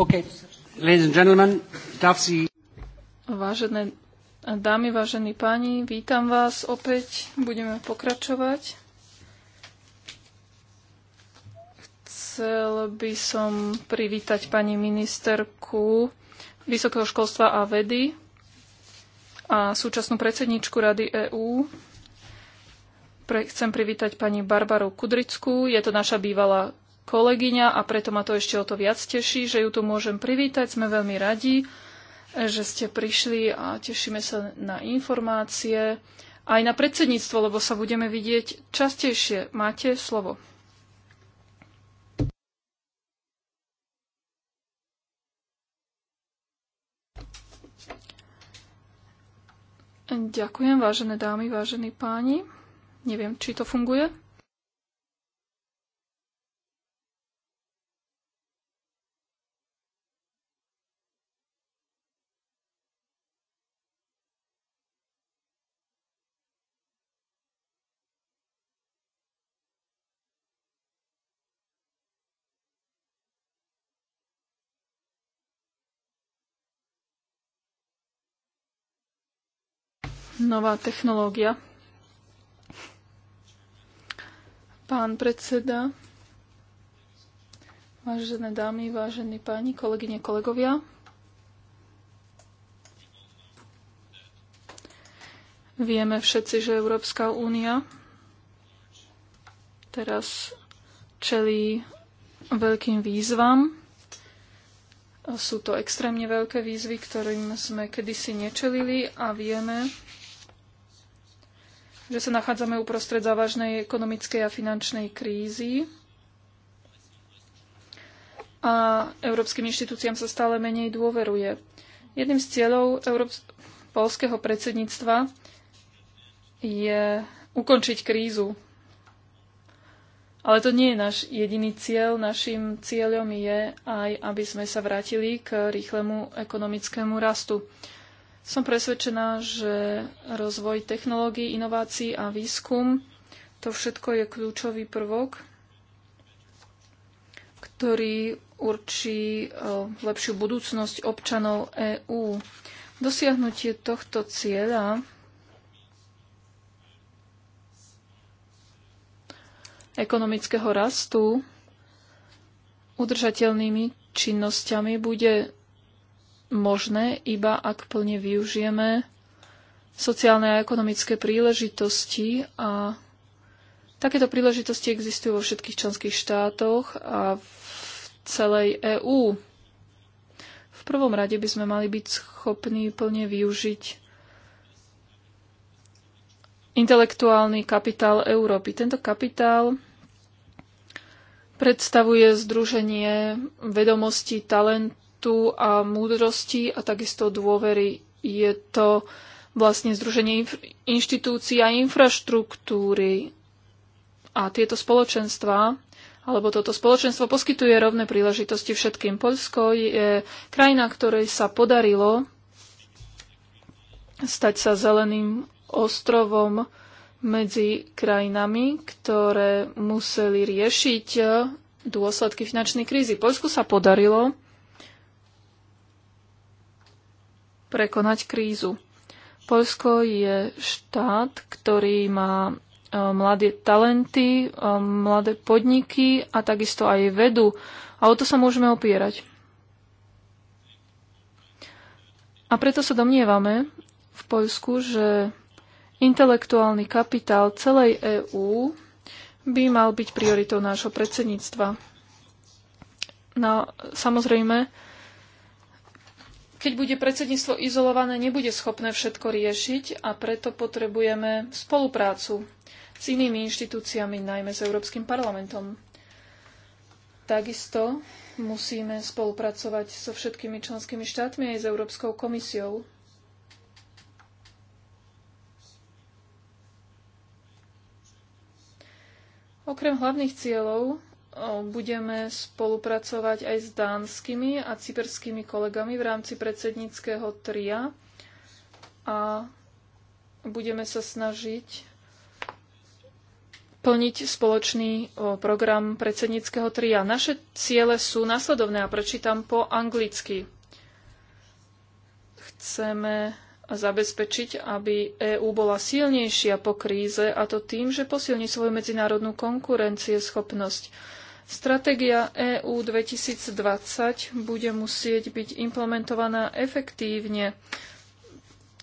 Okay. Vážené dámy, vážení páni, vítam vás opäť. Budeme pokračovať. Chcel by som privítať pani ministerku Vysokého školstva a vedy a súčasnú predsedničku Rady EÚ. Pre, chcem privítať pani Barbaru Kudrickú. Je to naša bývalá kolegyňa a preto ma to ešte o to viac teší, že ju tu môžem privítať. Sme veľmi radi, že ste prišli a tešíme sa na informácie aj na predsedníctvo, lebo sa budeme vidieť častejšie. Máte slovo. Ďakujem, vážené dámy, vážení páni. Neviem, či to funguje. nová technológia. Pán predseda, vážené dámy, vážení páni, kolegyne, kolegovia. Vieme všetci, že Európska únia teraz čelí veľkým výzvam. Sú to extrémne veľké výzvy, ktorým sme kedysi nečelili a vieme, že sa nachádzame uprostred závažnej ekonomickej a finančnej krízy a európskym inštitúciám sa stále menej dôveruje. Jedným z cieľov Európs- polského predsedníctva je ukončiť krízu. Ale to nie je náš jediný cieľ. Našim cieľom je aj, aby sme sa vrátili k rýchlemu ekonomickému rastu. Som presvedčená, že rozvoj technológií, inovácií a výskum, to všetko je kľúčový prvok, ktorý určí e, lepšiu budúcnosť občanov EÚ. Dosiahnutie tohto cieľa ekonomického rastu udržateľnými činnosťami bude možné, iba ak plne využijeme sociálne a ekonomické príležitosti a takéto príležitosti existujú vo všetkých členských štátoch a v celej EÚ. V prvom rade by sme mali byť schopní plne využiť intelektuálny kapitál Európy. Tento kapitál predstavuje združenie vedomostí, talentov, rešpektu a múdrosti a takisto dôvery. Je to vlastne združenie inštitúcií a infraštruktúry. A tieto spoločenstva alebo toto spoločenstvo poskytuje rovné príležitosti všetkým. Poľsko je krajina, ktorej sa podarilo stať sa zeleným ostrovom medzi krajinami, ktoré museli riešiť dôsledky finančnej krízy. Poľsku sa podarilo prekonať krízu. Polsko je štát, ktorý má e, mladé talenty, e, mladé podniky a takisto aj vedu. A o to sa môžeme opierať. A preto sa domnievame v Poľsku, že intelektuálny kapitál celej EÚ by mal byť prioritou nášho predsedníctva. No, samozrejme, keď bude predsedníctvo izolované, nebude schopné všetko riešiť a preto potrebujeme spoluprácu s inými inštitúciami, najmä s Európskym parlamentom. Takisto musíme spolupracovať so všetkými členskými štátmi aj s Európskou komisiou. Okrem hlavných cieľov budeme spolupracovať aj s dánskymi a cyperskými kolegami v rámci predsedníckého tria a budeme sa snažiť plniť spoločný program predsedníckého tria. Naše ciele sú následovné a prečítam po anglicky. Chceme zabezpečiť, aby EÚ bola silnejšia po kríze a to tým, že posilní svoju medzinárodnú konkurencieschopnosť Stratégia EÚ 2020 bude musieť byť implementovaná efektívne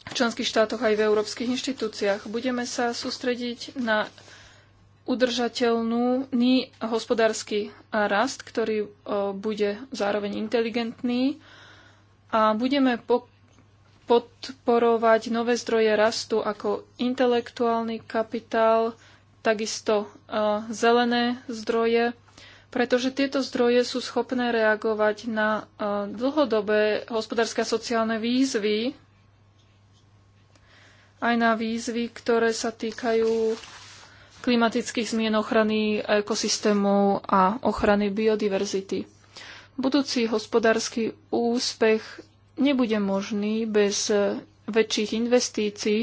v členských štátoch aj v európskych inštitúciách. Budeme sa sústrediť na udržateľný hospodársky rast, ktorý bude zároveň inteligentný a budeme po podporovať nové zdroje rastu ako intelektuálny kapitál, takisto zelené zdroje, pretože tieto zdroje sú schopné reagovať na e, dlhodobé hospodárske a sociálne výzvy, aj na výzvy, ktoré sa týkajú klimatických zmien, ochrany ekosystémov a ochrany biodiverzity. Budúci hospodársky úspech nebude možný bez väčších investícií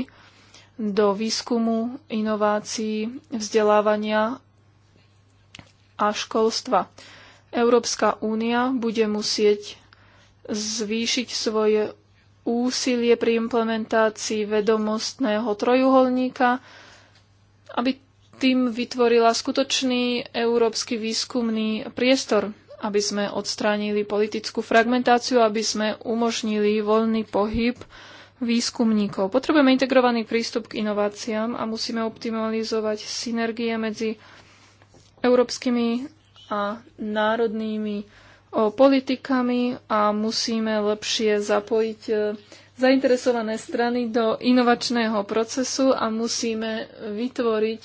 do výskumu, inovácií, vzdelávania a školstva. Európska únia bude musieť zvýšiť svoje úsilie pri implementácii vedomostného trojuholníka, aby tým vytvorila skutočný európsky výskumný priestor, aby sme odstránili politickú fragmentáciu, aby sme umožnili voľný pohyb výskumníkov. Potrebujeme integrovaný prístup k inováciám a musíme optimalizovať synergie medzi európskymi a národnými politikami a musíme lepšie zapojiť e, zainteresované strany do inovačného procesu a musíme vytvoriť,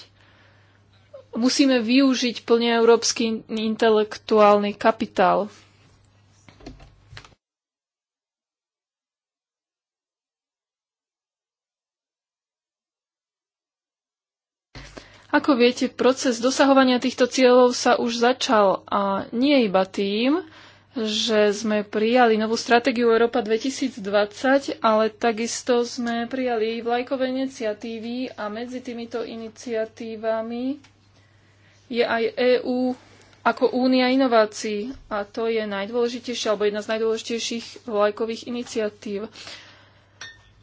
musíme využiť plne európsky intelektuálny kapitál. Ako viete, proces dosahovania týchto cieľov sa už začal a nie iba tým, že sme prijali novú stratégiu Európa 2020, ale takisto sme prijali vlajkové iniciatívy a medzi týmito iniciatívami je aj EÚ ako únia inovácií a to je najdôležitejšia alebo jedna z najdôležitejších vlajkových iniciatív.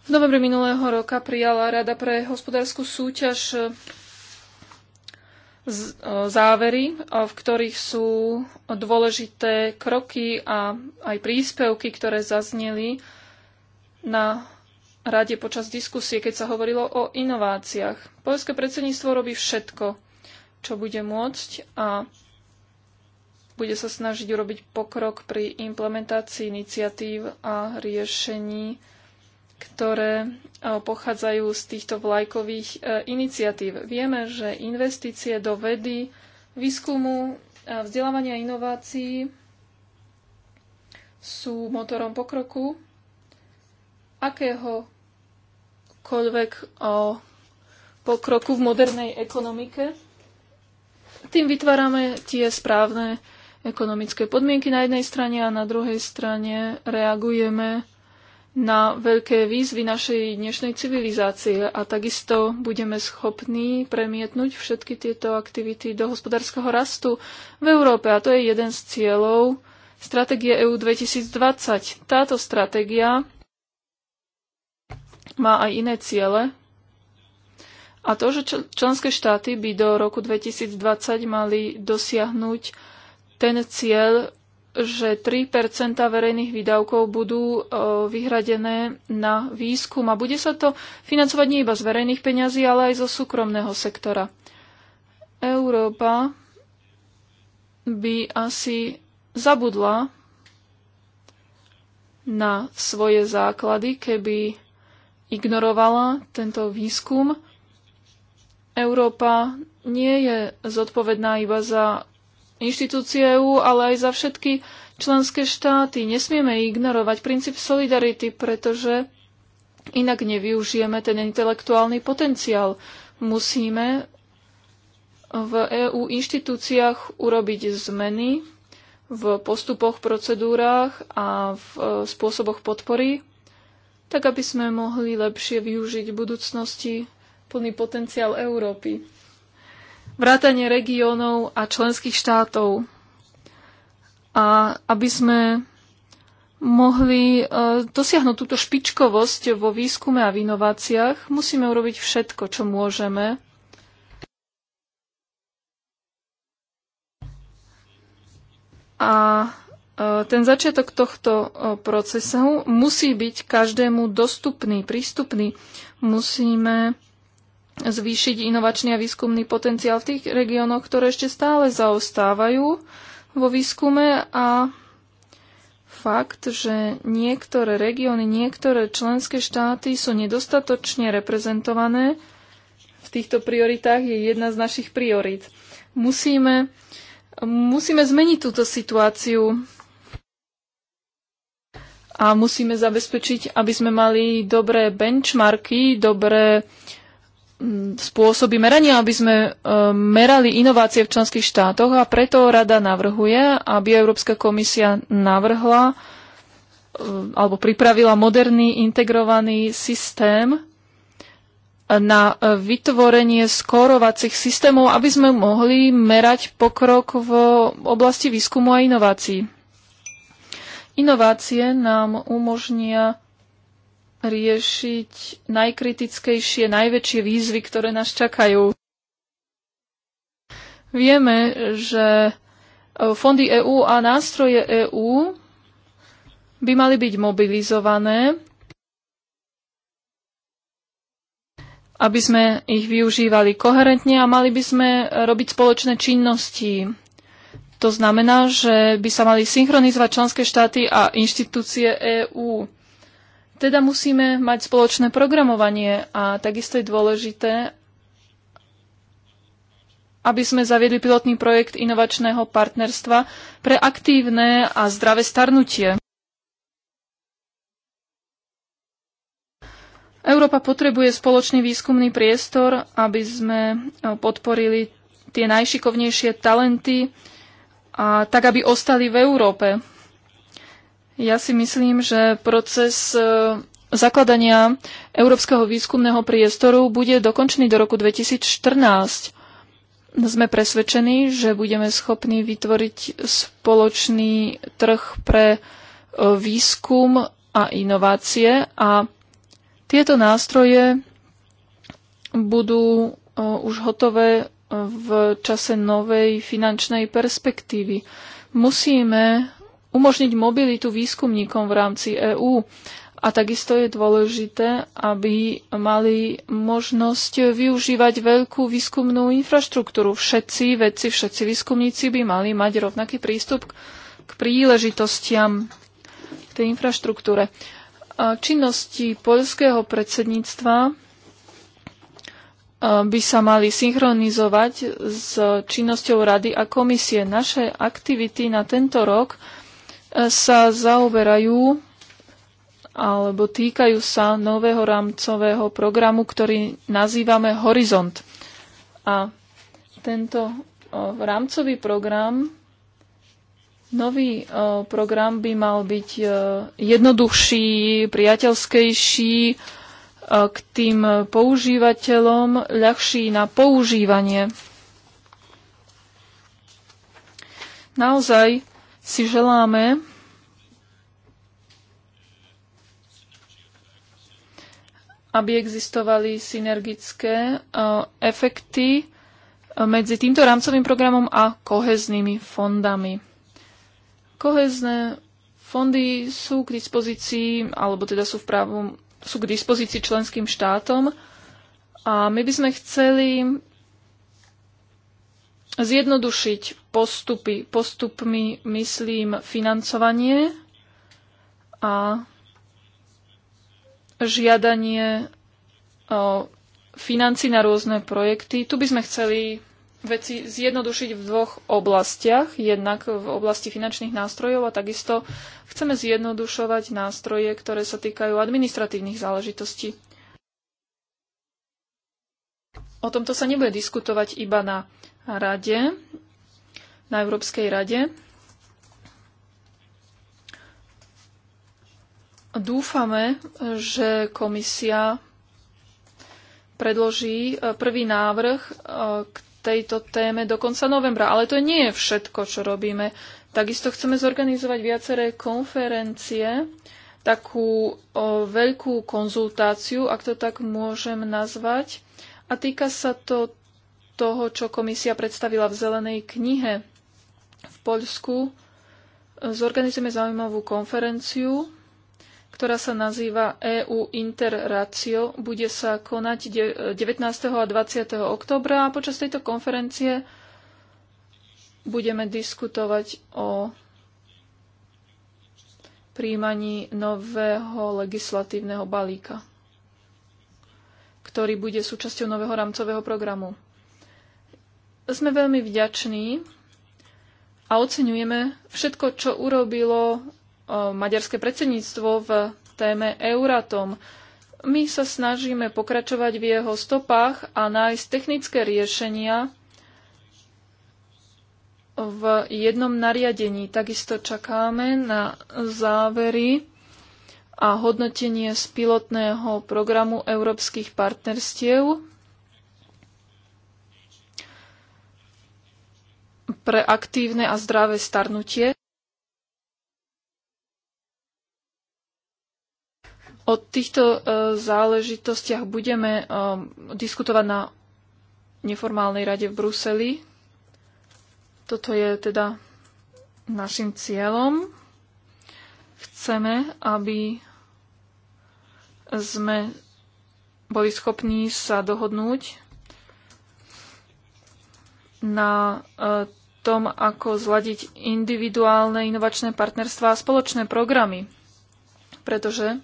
V novembri minulého roka prijala Rada pre hospodárskú súťaž závery, v ktorých sú dôležité kroky a aj príspevky, ktoré zazneli na rade počas diskusie, keď sa hovorilo o inováciách. Poľské predsedníctvo robí všetko, čo bude môcť a bude sa snažiť urobiť pokrok pri implementácii iniciatív a riešení ktoré e, pochádzajú z týchto vlajkových e, iniciatív. Vieme, že investície do vedy, výskumu, vzdelávania a inovácií sú motorom pokroku akéhokoľvek o pokroku v modernej ekonomike. Tým vytvárame tie správne ekonomické podmienky na jednej strane a na druhej strane reagujeme na veľké výzvy našej dnešnej civilizácie a takisto budeme schopní premietnúť všetky tieto aktivity do hospodárskeho rastu v Európe a to je jeden z cieľov stratégie EU 2020. Táto stratégia má aj iné ciele a to, že členské štáty by do roku 2020 mali dosiahnuť ten cieľ že 3 verejných výdavkov budú e, vyhradené na výskum a bude sa to financovať nie iba z verejných peňazí, ale aj zo súkromného sektora. Európa by asi zabudla na svoje základy, keby ignorovala tento výskum. Európa nie je zodpovedná iba za inštitúcie EÚ, ale aj za všetky členské štáty. Nesmieme ignorovať princíp solidarity, pretože inak nevyužijeme ten intelektuálny potenciál. Musíme v EÚ inštitúciách urobiť zmeny v postupoch, procedúrach a v e, spôsoboch podpory, tak aby sme mohli lepšie využiť v budúcnosti plný potenciál Európy vrátanie regiónov a členských štátov. A aby sme mohli e, dosiahnuť túto špičkovosť vo výskume a v inováciách, musíme urobiť všetko, čo môžeme. A e, ten začiatok tohto e, procesu musí byť každému dostupný, prístupný. Musíme zvýšiť inovačný a výskumný potenciál v tých regiónoch, ktoré ešte stále zaostávajú vo výskume a fakt, že niektoré regióny, niektoré členské štáty sú nedostatočne reprezentované v týchto prioritách je jedna z našich priorit. Musíme, musíme zmeniť túto situáciu a musíme zabezpečiť, aby sme mali dobré benchmarky, dobré Mm, spôsoby merania, aby sme e, merali inovácie v členských štátoch a preto rada navrhuje, aby Európska komisia navrhla e, alebo pripravila moderný integrovaný systém na vytvorenie skórovacích systémov, aby sme mohli merať pokrok v oblasti výskumu a inovácií. Inovácie nám umožnia riešiť najkritickejšie, najväčšie výzvy, ktoré nás čakajú. Vieme, že e, fondy EÚ a nástroje EÚ by mali byť mobilizované, aby sme ich využívali koherentne a mali by sme robiť spoločné činnosti. To znamená, že by sa mali synchronizovať členské štáty a inštitúcie EÚ. Teda musíme mať spoločné programovanie a takisto je dôležité, aby sme zaviedli pilotný projekt inovačného partnerstva pre aktívne a zdravé starnutie. Európa potrebuje spoločný výskumný priestor, aby sme e, podporili tie najšikovnejšie talenty, a tak aby ostali v Európe. Ja si myslím, že proces e, zakladania Európskeho výskumného priestoru bude dokončený do roku 2014. Sme presvedčení, že budeme schopní vytvoriť spoločný trh pre e, výskum a inovácie a tieto nástroje budú e, už hotové v čase novej finančnej perspektívy. Musíme umožniť mobilitu výskumníkom v rámci EÚ. A takisto je dôležité, aby mali možnosť využívať veľkú výskumnú infraštruktúru. Všetci vedci, všetci výskumníci by mali mať rovnaký prístup k príležitostiam k tej infraštruktúre. A činnosti poľského predsedníctva by sa mali synchronizovať s činnosťou Rady a komisie. Naše aktivity na tento rok sa zaoberajú alebo týkajú sa nového rámcového programu, ktorý nazývame Horizont. A tento rámcový program, nový program by mal byť e, jednoduchší, priateľskejší e, k tým používateľom, ľahší na používanie. Naozaj si želáme, aby existovali synergické e, efekty e, medzi týmto rámcovým programom a koheznými fondami. Kohezné fondy sú k dispozícii, alebo teda sú, v právom, sú k dispozícii členským štátom a my by sme chceli zjednodušiť postupy. Postupmi myslím financovanie a žiadanie o, financí na rôzne projekty. Tu by sme chceli veci zjednodušiť v dvoch oblastiach. Jednak v oblasti finančných nástrojov a takisto chceme zjednodušovať nástroje, ktoré sa týkajú administratívnych záležitostí. O tomto sa nebude diskutovať iba na rade, na Európskej rade. Dúfame, že komisia predloží e, prvý návrh e, k tejto téme do konca novembra. Ale to nie je všetko, čo robíme. Takisto chceme zorganizovať viaceré konferencie, takú o, e, veľkú konzultáciu, ak to tak môžem nazvať. A týka sa to toho, čo komisia predstavila v zelenej knihe v Poľsku, e, zorganizujeme zaujímavú konferenciu, ktorá sa nazýva EU Interratio. Bude sa konať 19. a 20. oktobra a počas tejto konferencie budeme diskutovať o príjmaní nového legislatívneho balíka, ktorý bude súčasťou nového rámcového programu. Sme veľmi vďační a oceňujeme všetko, čo urobilo e, maďarské predsedníctvo v téme Euratom. My sa snažíme pokračovať v jeho stopách a nájsť technické riešenia v jednom nariadení. Takisto čakáme na závery a hodnotenie z pilotného programu európskych partnerstiev pre aktívne a zdravé starnutie. O týchto e, záležitostiach budeme e, diskutovať na neformálnej rade v Bruseli. Toto je teda našim cieľom. Chceme, aby sme boli schopní sa dohodnúť na e, tom, ako zladiť individuálne inovačné partnerstva a spoločné programy. Pretože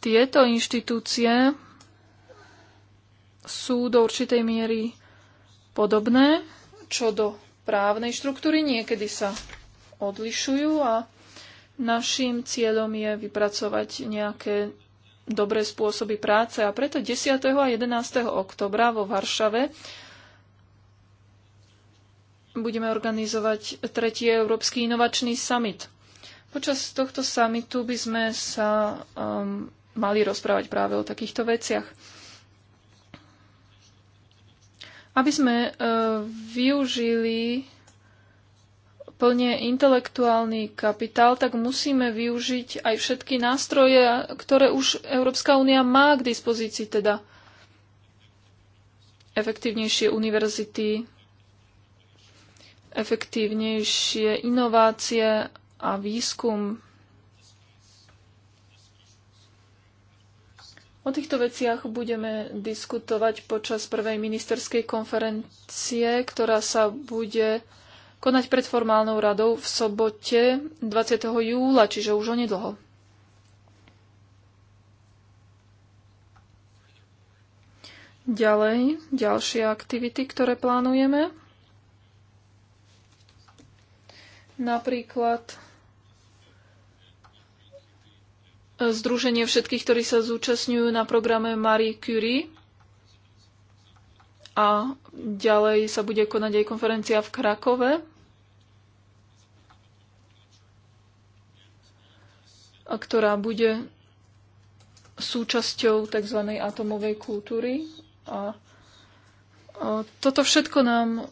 tieto inštitúcie sú do určitej miery podobné, čo do právnej štruktúry niekedy sa odlišujú a našim cieľom je vypracovať nejaké dobré spôsoby práce a preto 10. a 11. oktobra vo Varšave budeme organizovať tretí Európsky inovačný summit. Počas tohto summitu by sme sa um, mali rozprávať práve o takýchto veciach. Aby sme uh, využili plne intelektuálny kapitál, tak musíme využiť aj všetky nástroje, ktoré už Európska únia má k dispozícii, teda efektívnejšie univerzity, efektívnejšie inovácie a výskum. O týchto veciach budeme diskutovať počas prvej ministerskej konferencie, ktorá sa bude konať pred formálnou radou v sobote 20. júla, čiže už onedlho. Ďalej, ďalšie aktivity, ktoré plánujeme. Napríklad e, Združenie všetkých, ktorí sa zúčastňujú na programe Marie Curie. A ďalej sa bude konať aj konferencia v Krakove. A ktorá bude súčasťou tzv. atomovej kultúry. A, a e, toto všetko nám e,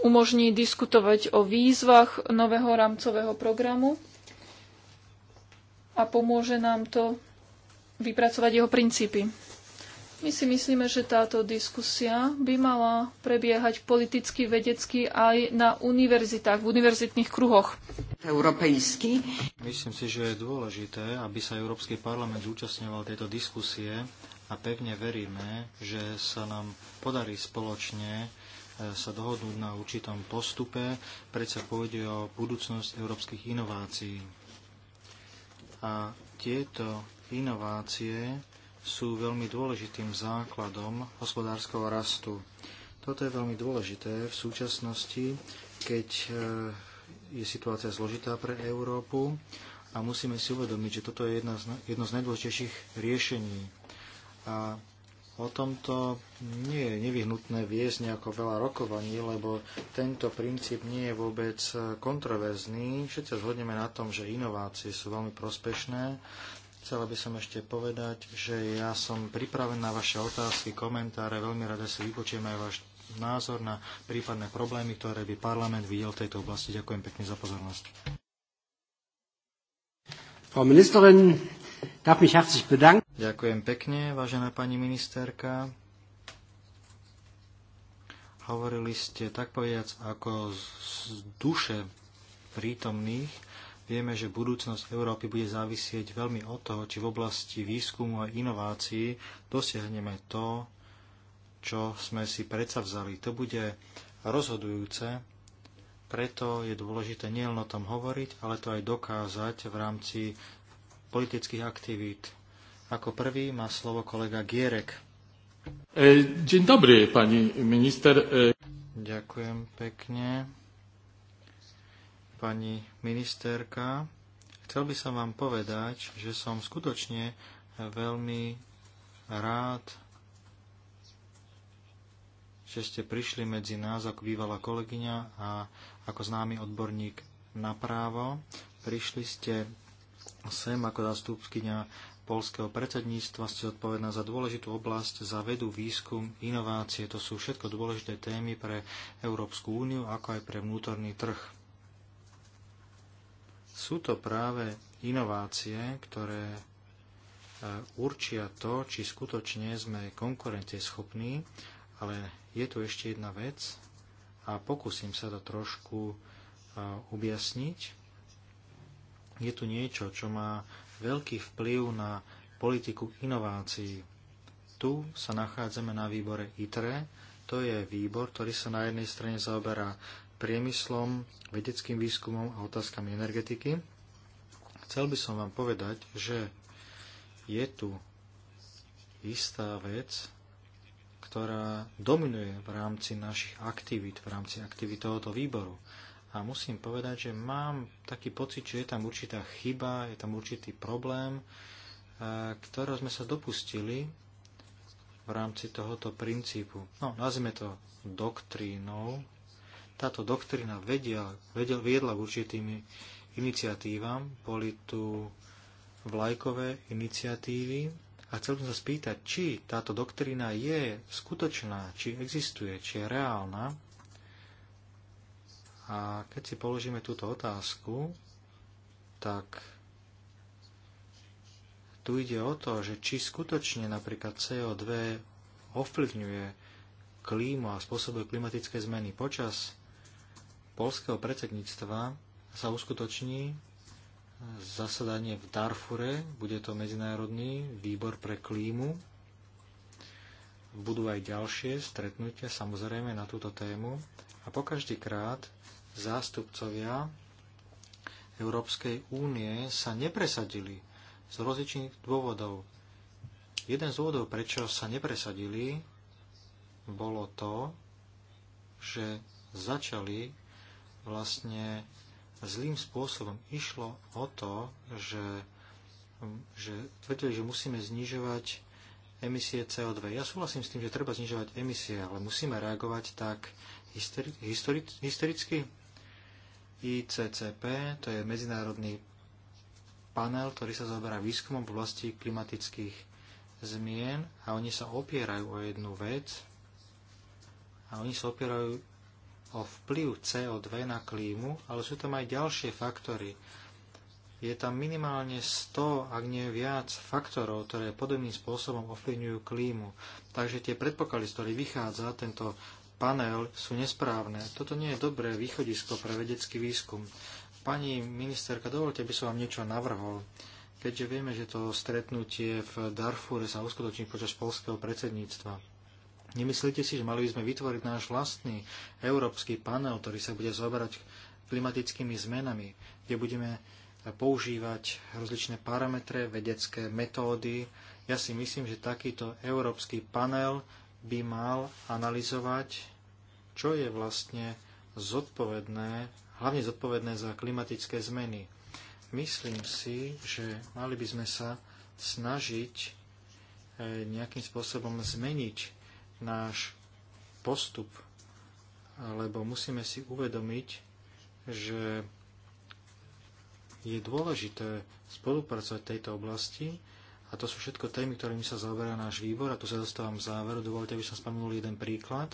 umožní diskutovať o výzvach nového rámcového programu a pomôže nám to vypracovať jeho princípy. My si myslíme, že táto diskusia by mala prebiehať politicky, vedecky aj na univerzitách, v univerzitných kruhoch. Európejský. Myslím si, že je dôležité, aby sa Európsky parlament zúčastňoval tejto diskusie a pevne veríme, že sa nám podarí spoločne sa dohodnúť na určitom postupe, predsa pôjde o budúcnosť európskych inovácií. A tieto inovácie sú veľmi dôležitým základom hospodárskeho rastu. Toto je veľmi dôležité v súčasnosti, keď e, je situácia zložitá pre Európu a musíme si uvedomiť, že toto je jedno z najdôležitejších riešení. A O tomto nie je nevyhnutné viesť nejako veľa rokovaní, lebo tento princíp nie je vôbec kontroverzný. Všetci zhodneme na tom, že inovácie sú veľmi prospešné. Chcela by som ešte povedať, že ja som pripravená na vaše otázky, komentáre. Veľmi rada si vypočujem aj váš názor na prípadné problémy, ktoré by parlament videl v tejto oblasti. Ďakujem pekne za pozornosť. Frau Ministerin, Darf mich herzlich bedanken. Ďakujem pekne, vážená pani ministerka. Hovorili ste tak povediac ako z duše prítomných. Vieme, že budúcnosť Európy bude závisieť veľmi od toho, či v oblasti výskumu a inovácií dosiahneme to, čo sme si vzali. To bude rozhodujúce, preto je dôležité nielen o tom hovoriť, ale to aj dokázať v rámci politických aktivít. Ako prvý má slovo kolega Gierek. E, dzień dobrý, pani minister. E, Ďakujem pekne. Pani ministerka, chcel by som vám povedať, že som skutočne veľmi rád, že ste prišli medzi nás ako bývalá kolegyňa a ako známy odborník na právo. Prišli ste Sem ako zástupkynia polského predsedníctva ste zodpovedná za dôležitú oblasť, za vedu, výskum, inovácie. To sú všetko dôležité témy pre Európsku úniu, ako aj pre vnútorný trh. Sú to práve inovácie, ktoré e, určia to, či skutočne sme konkurenteschopní, ale je tu ešte jedna vec a pokúsim sa to trošku e, objasniť je tu niečo, čo má veľký vplyv na politiku inovácií. Tu sa nachádzame na výbore ITRE. To je výbor, ktorý sa na jednej strane zaoberá priemyslom, vedeckým výskumom a otázkami energetiky. Chcel by som vám povedať, že je tu istá vec, ktorá dominuje v rámci našich aktivít, v rámci aktivít tohoto výboru a musím povedať, že mám taký pocit, že je tam určitá chyba, je tam určitý problém, e, ktorého sme sa dopustili v rámci tohoto princípu. No, nazvime to doktrínou. Táto doktrína vedel, viedla k určitým iniciatívam. Boli tu vlajkové iniciatívy, a chcel som sa spýtať, či táto doktrína je skutočná, či existuje, či je reálna. A keď si položíme túto otázku, tak tu ide o to, že či skutočne napríklad CO2 ovplyvňuje klímu a spôsobuje klimatické zmeny. Počas polského predsedníctva sa uskutoční zasadanie v Darfure, bude to Medzinárodný výbor pre klímu. Budú aj ďalšie stretnutia samozrejme na túto tému a po každý krát zástupcovia Európskej únie sa nepresadili z rozličných dôvodov. Jeden z dôvodov, prečo sa nepresadili, bolo to, že začali vlastne zlým spôsobom. Išlo o to, že, že tvrdili, že musíme znižovať emisie CO2. Ja súhlasím s tým, že treba znižovať emisie, ale musíme reagovať tak hysteri- hysteri- hystericky, ICCP, to je medzinárodný panel, ktorý sa zaoberá výskumom v oblasti klimatických zmien a oni sa opierajú o jednu vec a oni sa opierajú o vplyv CO2 na klímu, ale sú tam aj ďalšie faktory. Je tam minimálne 100, ak nie viac, faktorov, ktoré podobným spôsobom ovplyvňujú klímu. Takže tie predpoklady, z ktorých vychádza tento panel sú nesprávne. Toto nie je dobré východisko pre vedecký výskum. Pani ministerka, dovolte, aby som vám niečo navrhol. Keďže vieme, že to stretnutie v Darfúre sa uskutoční počas polského predsedníctva. Nemyslíte si, že mali by sme vytvoriť náš vlastný európsky panel, ktorý sa bude zoberať klimatickými zmenami, kde budeme používať rozličné parametre, vedecké metódy. Ja si myslím, že takýto európsky panel by mal analyzovať, čo je vlastne zodpovedné, hlavne zodpovedné za klimatické zmeny. Myslím si, že mali by sme sa snažiť eh, nejakým spôsobom zmeniť náš postup, lebo musíme si uvedomiť, že je dôležité spolupracovať v tejto oblasti, a to sú všetko témy, ktorými sa zaoberá náš výbor a tu sa dostávam v záveru. Dovolte, aby som spomenul jeden príklad.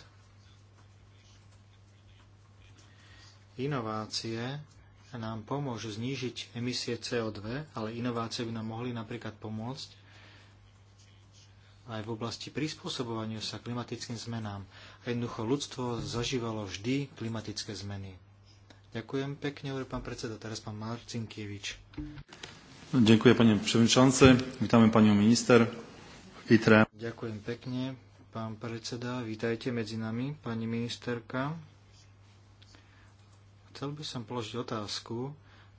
Inovácie nám pomôžu znížiť emisie CO2, ale inovácie by nám mohli napríklad pomôcť aj v oblasti prispôsobovania sa klimatickým zmenám. A jednoducho ľudstvo zažívalo vždy klimatické zmeny. Ďakujem pekne, hovorí pán predseda, teraz pán Marcinkievič. Ďakujem, pani predsedajúci. Vítame pani minister. Itre. Ďakujem pekne, pán predseda. Vítajte medzi nami, pani ministerka. Chcel by som položiť otázku,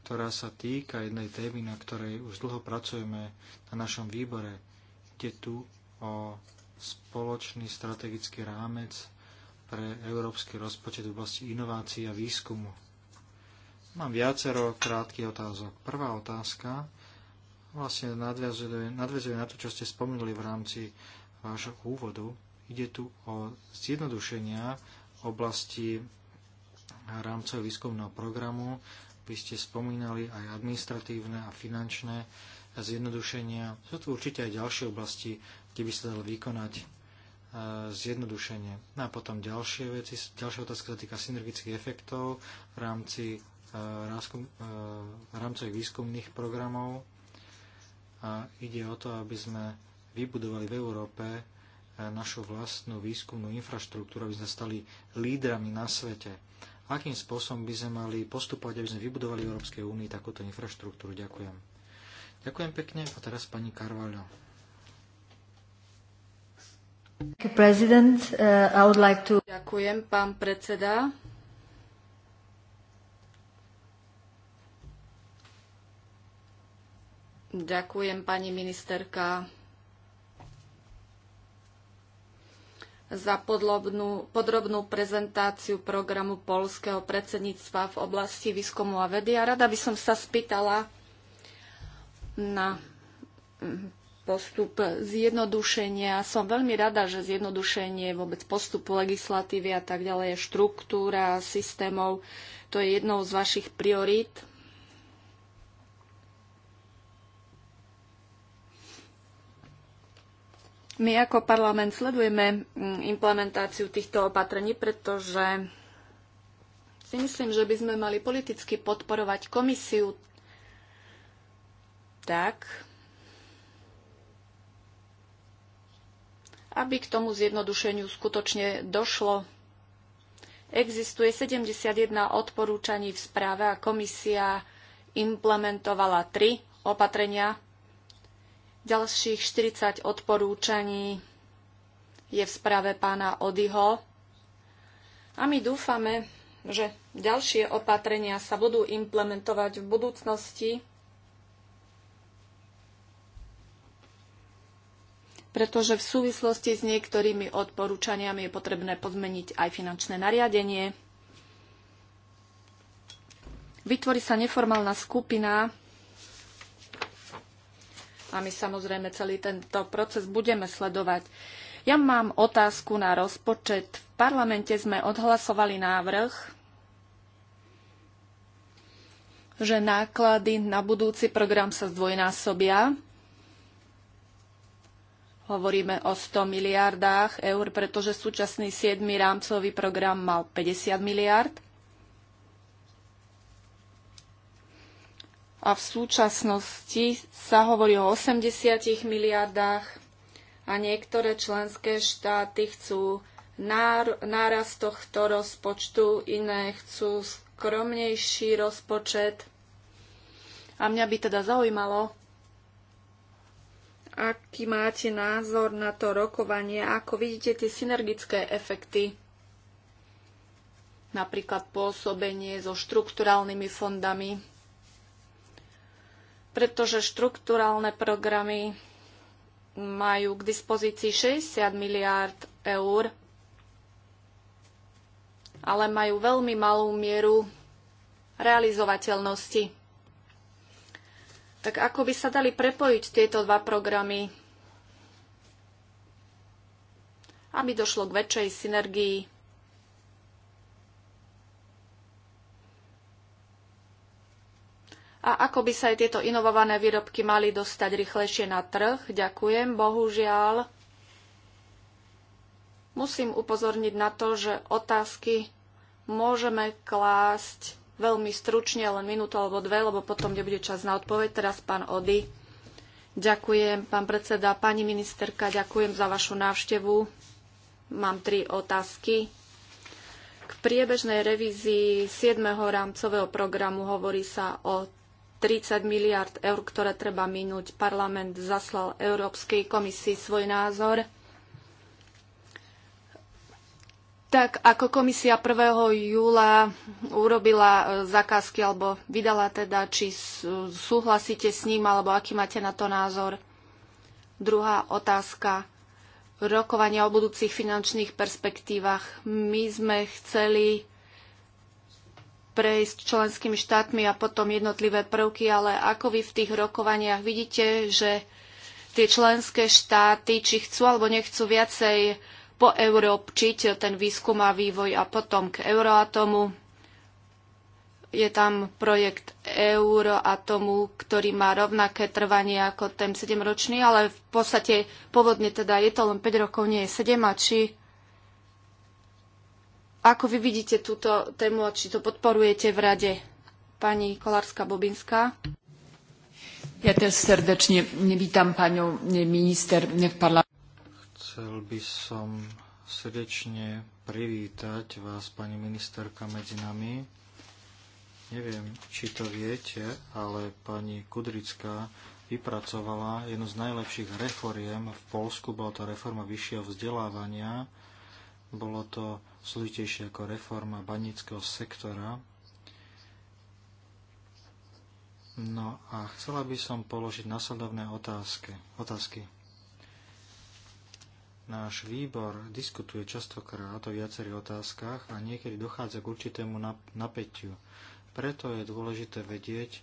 ktorá sa týka jednej témy, na ktorej už dlho pracujeme na našom výbore. Ide tu o spoločný strategický rámec pre európsky rozpočet v oblasti inovácií a výskumu. Mám viacero krátkých otázok. Prvá otázka vlastne nadviazuje, nadviazuje na to, čo ste spomenuli v rámci vášho úvodu. Ide tu o zjednodušenia oblasti rámcového výskumného programu. Vy ste spomínali aj administratívne a finančné zjednodušenia. Sú tu určite aj ďalšie oblasti, kde by sa dalo vykonať e, zjednodušenie. No a potom ďalšie veci, ďalšia otázka sa týka synergických efektov v rámci e, e, rámcových výskumných programov a ide o to, aby sme vybudovali v Európe e, našu vlastnú výskumnú infraštruktúru, aby sme stali lídrami na svete. Akým spôsobom by sme mali postupovať, aby sme vybudovali v Európskej únii takúto infraštruktúru? Ďakujem. Ďakujem pekne a teraz pani Carvalho. Uh, like to... Ďakujem, pán predseda. Ďakujem, pani ministerka, za podrobnú, podrobnú prezentáciu programu polského predsedníctva v oblasti výskumu a vedy. A rada by som sa spýtala na mm, postup zjednodušenia. Som veľmi rada, že zjednodušenie vôbec postupu legislatívy a tak ďalej, štruktúra systémov, to je jednou z vašich priorít My ako parlament sledujeme mm, implementáciu týchto opatrení, pretože si myslím, že by sme mali politicky podporovať komisiu tak, aby k tomu zjednodušeniu skutočne došlo. Existuje 71 odporúčaní v správe a komisia implementovala 3 opatrenia. Ďalších 40 odporúčaní je v správe pána Odyho. A my dúfame, že ďalšie opatrenia sa budú implementovať v budúcnosti, pretože v súvislosti s niektorými odporúčaniami je potrebné pozmeniť aj finančné nariadenie. Vytvorí sa neformálna skupina a my samozrejme celý tento proces budeme sledovať. Ja mám otázku na rozpočet. V parlamente sme odhlasovali návrh že náklady na budúci program sa zdvojnásobia. Hovoríme o 100 miliardách eur, pretože súčasný 7. rámcový program mal 50 miliard. a v súčasnosti sa hovorí o 80 miliardách a niektoré členské štáty chcú nárast tohto rozpočtu, iné chcú skromnejší rozpočet. A mňa by teda zaujímalo, aký máte názor na to rokovanie, ako vidíte tie synergické efekty, napríklad pôsobenie so štrukturálnymi fondami pretože štrukturálne programy majú k dispozícii 60 miliárd eur, ale majú veľmi malú mieru realizovateľnosti. Tak ako by sa dali prepojiť tieto dva programy, aby došlo k väčšej synergii a ako by sa aj tieto inovované výrobky mali dostať rýchlejšie na trh. Ďakujem. Bohužiaľ, musím upozorniť na to, že otázky môžeme klásť veľmi stručne, len minútu alebo dve, lebo potom nebude čas na odpoveď. Teraz pán Ody. Ďakujem, pán predseda, pani ministerka, ďakujem za vašu návštevu. Mám tri otázky. K priebežnej revízii 7. rámcového programu hovorí sa o 30 miliard eur, ktoré treba minúť. Parlament zaslal Európskej komisii svoj názor. Tak ako komisia 1. júla urobila e, zakázky alebo vydala teda, či súhlasíte s ním alebo aký máte na to názor. Druhá otázka. Rokovania o budúcich finančných perspektívach. My sme chceli prejsť členskými štátmi a potom jednotlivé prvky, ale ako vy v tých rokovaniach vidíte, že tie členské štáty, či chcú alebo nechcú viacej poeurópčiť ten výskum a vývoj a potom k Euroatomu. Je tam projekt Euroatomu, ktorý má rovnaké trvanie ako ten 7-ročný, ale v podstate pôvodne teda je to len 5 rokov, nie je 7 a či ako vy vidíte túto tému a či to podporujete v rade? Pani Kolárska-Bobinská. Ja teraz srdečne nevítam pani minister v parlamencie. Chcel by som srdečne privítať vás, pani ministerka, medzi nami. Neviem, či to viete, ale pani Kudrická vypracovala jednu z najlepších reforiem v Polsku. Bola to reforma vyššieho vzdelávania. Bolo to zložitejšie ako reforma banického sektora. No a chcela by som položiť nasledovné otázky. otázky. Náš výbor diskutuje častokrát o viacerých otázkach a niekedy dochádza k určitému napätiu. Preto je dôležité vedieť,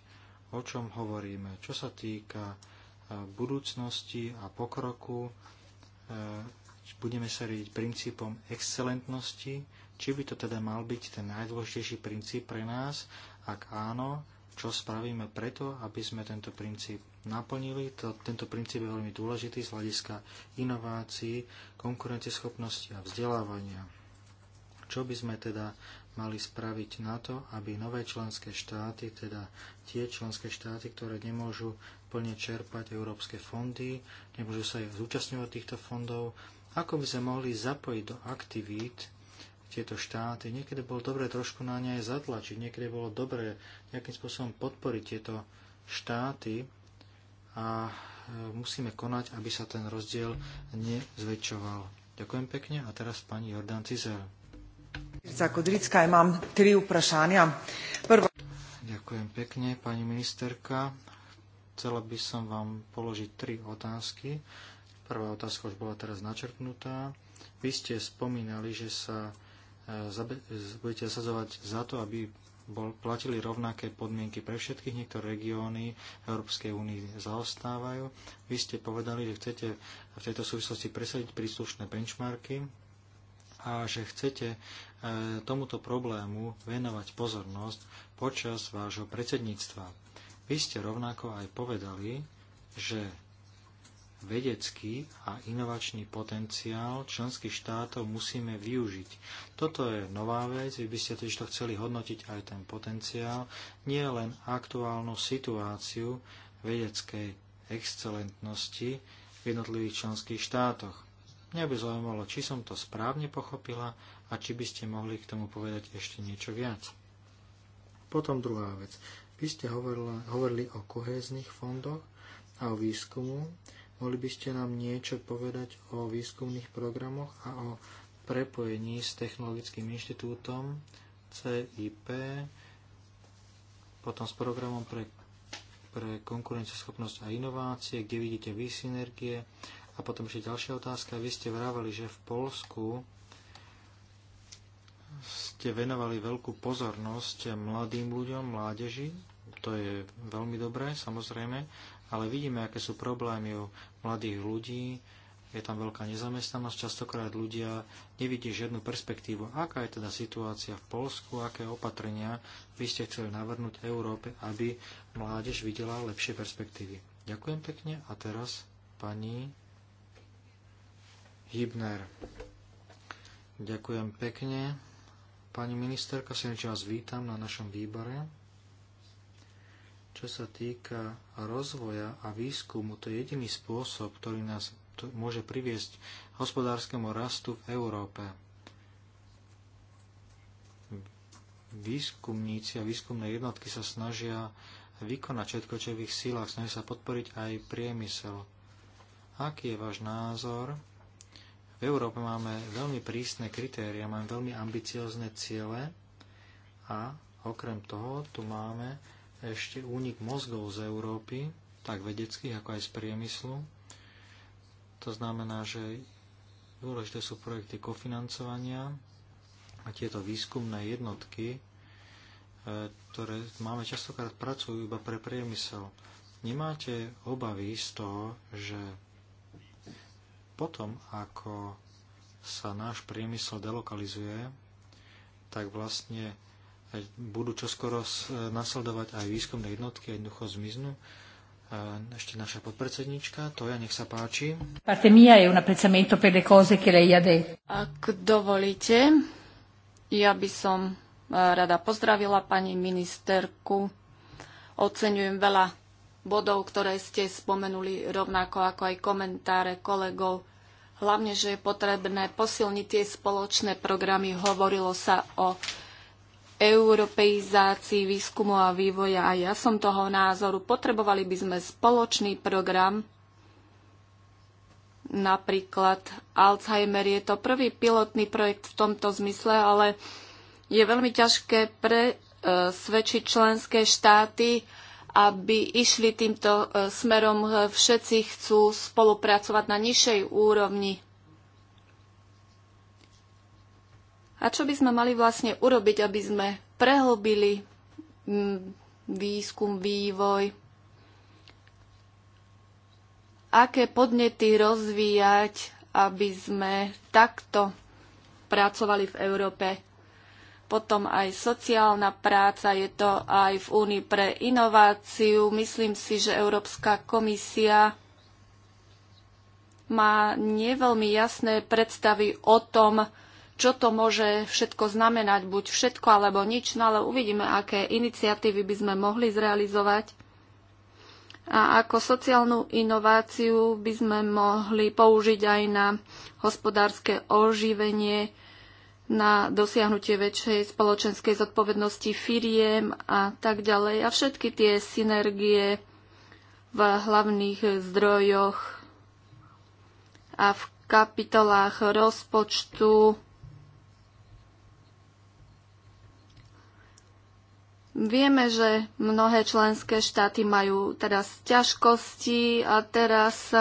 o čom hovoríme, čo sa týka eh, budúcnosti a pokroku eh, budeme sa riediť princípom excelentnosti, či by to teda mal byť ten najdôležitejší princíp pre nás, ak áno, čo spravíme preto, aby sme tento princíp naplnili. To, tento princíp je veľmi dôležitý z hľadiska inovácií, konkurenceschopnosti a vzdelávania. Čo by sme teda mali spraviť na to, aby nové členské štáty, teda tie členské štáty, ktoré nemôžu plne čerpať európske fondy, nemôžu sa aj zúčastňovať týchto fondov, ako by sme mohli zapojiť do aktivít tieto štáty? Niekedy bolo dobre trošku na ne aj zatlačiť, niekedy bolo dobré nejakým spôsobom podporiť tieto štáty a e, musíme konať, aby sa ten rozdiel nezväčšoval. Ďakujem pekne a teraz pani Jordan Cizel. Kudrická, mám tri uprašania. Prvo... Ďakujem pekne, pani ministerka. Chcela by som vám položiť tri otázky. Prvá otázka už bola teraz načrtnutá. Vy ste spomínali, že sa e, budete zasadzovať za to, aby bol, platili rovnaké podmienky pre všetkých. Niektoré regióny Európskej únie zaostávajú. Vy ste povedali, že chcete v tejto súvislosti presadiť príslušné benchmarky a že chcete e, tomuto problému venovať pozornosť počas vášho predsedníctva. Vy ste rovnako aj povedali, že vedecký a inovačný potenciál členských štátov musíme využiť. Toto je nová vec, vy by ste totiž to chceli hodnotiť aj ten potenciál, nie len aktuálnu situáciu vedeckej excelentnosti v jednotlivých členských štátoch. Mňa by zaujímalo, či som to správne pochopila a či by ste mohli k tomu povedať ešte niečo viac. Potom druhá vec. Vy ste hovorila, hovorili o kohéznych fondoch a o výskumu. Mohli by ste nám niečo povedať o výskumných programoch a o prepojení s Technologickým inštitútom CIP, potom s programom pre, pre konkurenceschopnosť a inovácie, kde vidíte vy synergie. A potom ešte ďalšia otázka. Vy ste vravali, že v Polsku ste venovali veľkú pozornosť mladým ľuďom, mládeži. To je veľmi dobré, samozrejme ale vidíme, aké sú problémy u mladých ľudí, je tam veľká nezamestnanosť, častokrát ľudia nevidí žiadnu perspektívu. Aká je teda situácia v Polsku, aké opatrenia by ste chceli navrhnúť Európe, aby mládež videla lepšie perspektívy? Ďakujem pekne a teraz pani Hibner. Ďakujem pekne. Pani ministerka, srdečne vás vítam na našom výbore. Čo sa týka rozvoja a výskumu, to je jediný spôsob, ktorý nás môže priviesť hospodárskemu rastu v Európe. Výskumníci a výskumné jednotky sa snažia vykonať všetko, čo je v ich silách, snažia sa podporiť aj priemysel. Aký je váš názor? V Európe máme veľmi prísne kritéria, máme veľmi ambiciozne ciele a okrem toho tu máme ešte únik mozgov z Európy, tak vedeckých, ako aj z priemyslu. To znamená, že dôležité sú projekty kofinancovania a tieto výskumné jednotky, e, ktoré máme častokrát pracujú iba pre priemysel. Nemáte obavy z toho, že potom, ako sa náš priemysel delokalizuje, tak vlastne budú čoskoro e, nasledovať aj výskumné jednotky a jednoducho zmiznú. Ešte naša podpredsednička, ja nech sa páči. Parte mia je un apprezzamento per le cose che lei ha detto. Ak dovolíte, ja by som e, rada pozdravila pani ministerku. Oceňujem veľa bodov, ktoré ste spomenuli, rovnako ako aj komentáre kolegov. Hlavne, že je potrebné posilniť tie spoločné programy. Hovorilo sa o europeizácii výskumu a vývoja. A ja som toho názoru, potrebovali by sme spoločný program. Napríklad Alzheimer je to prvý pilotný projekt v tomto zmysle, ale je veľmi ťažké presvedčiť členské štáty, aby išli týmto smerom. Všetci chcú spolupracovať na nižšej úrovni A čo by sme mali vlastne urobiť, aby sme prehlbili mm, výskum, vývoj, aké podnety rozvíjať, aby sme takto pracovali v Európe. Potom aj sociálna práca, je to aj v Únii pre inováciu. Myslím si, že Európska komisia má neveľmi jasné predstavy o tom, čo to môže všetko znamenať, buď všetko alebo nič, no ale uvidíme, aké iniciatívy by sme mohli zrealizovať a ako sociálnu inováciu by sme mohli použiť aj na hospodárske oživenie, na dosiahnutie väčšej spoločenskej zodpovednosti firiem a tak ďalej. A všetky tie synergie v hlavných zdrojoch a v kapitolách rozpočtu Vieme, že mnohé členské štáty majú teraz ťažkosti a teraz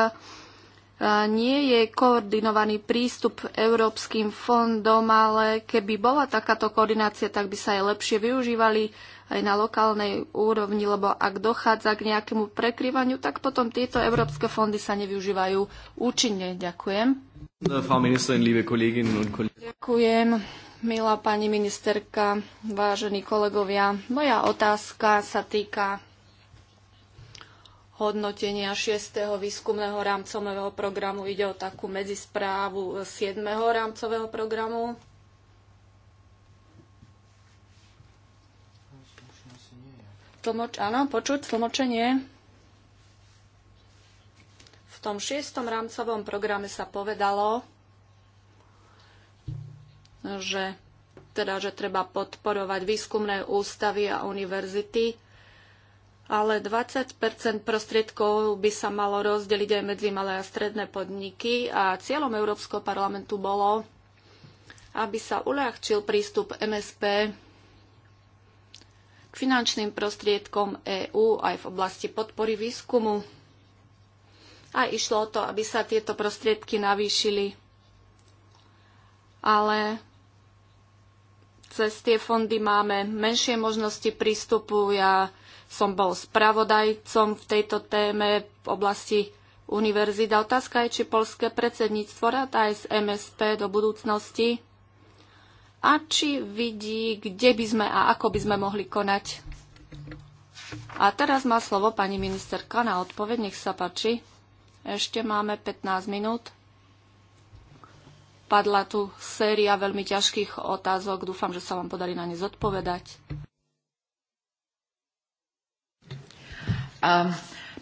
nie je koordinovaný prístup európskym fondom, ale keby bola takáto koordinácia, tak by sa aj lepšie využívali aj na lokálnej úrovni, lebo ak dochádza k nejakému prekryvaniu, tak potom tieto európske fondy sa nevyužívajú účinne. Ďakujem. Ďakujem. Milá pani ministerka, vážení kolegovia, moja otázka sa týka hodnotenia 6. výskumného rámcového programu. Ide o takú medzisprávu 7. rámcového programu. Tlmoč, áno, počuť tlmočenie. V tom 6. rámcovom programe sa povedalo, že, teda, že treba podporovať výskumné ústavy a univerzity, ale 20 prostriedkov by sa malo rozdeliť aj medzi malé a stredné podniky a cieľom Európskeho parlamentu bolo, aby sa uľahčil prístup MSP k finančným prostriedkom EÚ aj v oblasti podpory výskumu. A išlo o to, aby sa tieto prostriedky navýšili. Ale cez tie fondy máme menšie možnosti prístupu. Ja som bol spravodajcom v tejto téme v oblasti univerzita. Otázka je, či polské predsedníctvo ráta aj z MSP do budúcnosti a či vidí, kde by sme a ako by sme mohli konať. A teraz má slovo pani ministerka na odpoveď, nech sa páči. Ešte máme 15 minút padla tu séria veľmi ťažkých otázok. Dúfam, že sa vám podarí na ne zodpovedať. Um,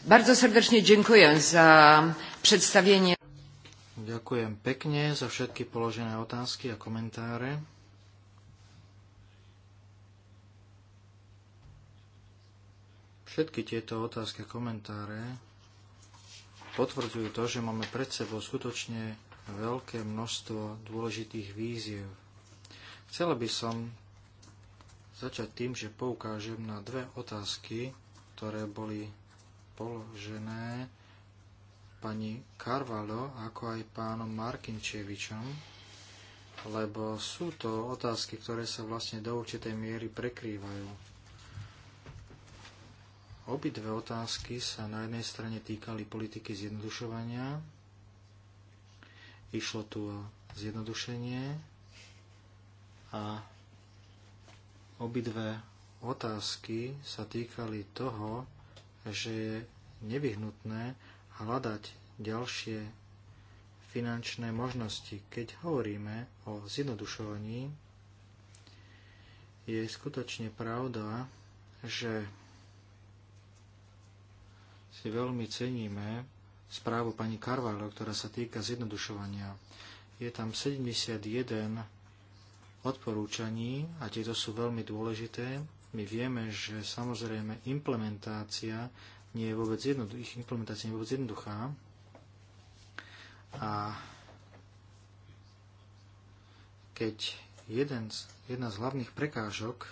bardzo srdečne ďakujem za predstavenie. Ďakujem pekne za všetky položené otázky a komentáre. Všetky tieto otázky a komentáre potvrdzujú to, že máme pred sebou skutočne veľké množstvo dôležitých víziev. Chcela by som začať tým, že poukážem na dve otázky, ktoré boli položené pani Carvalho, ako aj pánom Markinčevičom, lebo sú to otázky, ktoré sa vlastne do určitej miery prekrývajú. Obidve otázky sa na jednej strane týkali politiky zjednodušovania Išlo tu o zjednodušenie a obidve otázky sa týkali toho, že je nevyhnutné hľadať ďalšie finančné možnosti. Keď hovoríme o zjednodušovaní, je skutočne pravda, že si veľmi ceníme správu pani Carvalho, ktorá sa týka zjednodušovania. Je tam 71 odporúčaní a tieto sú veľmi dôležité. My vieme, že samozrejme implementácia nie je vôbec jednoduchá, ich implementácia nie je vôbec jednoduchá. A keď jeden z, jedna z hlavných prekážok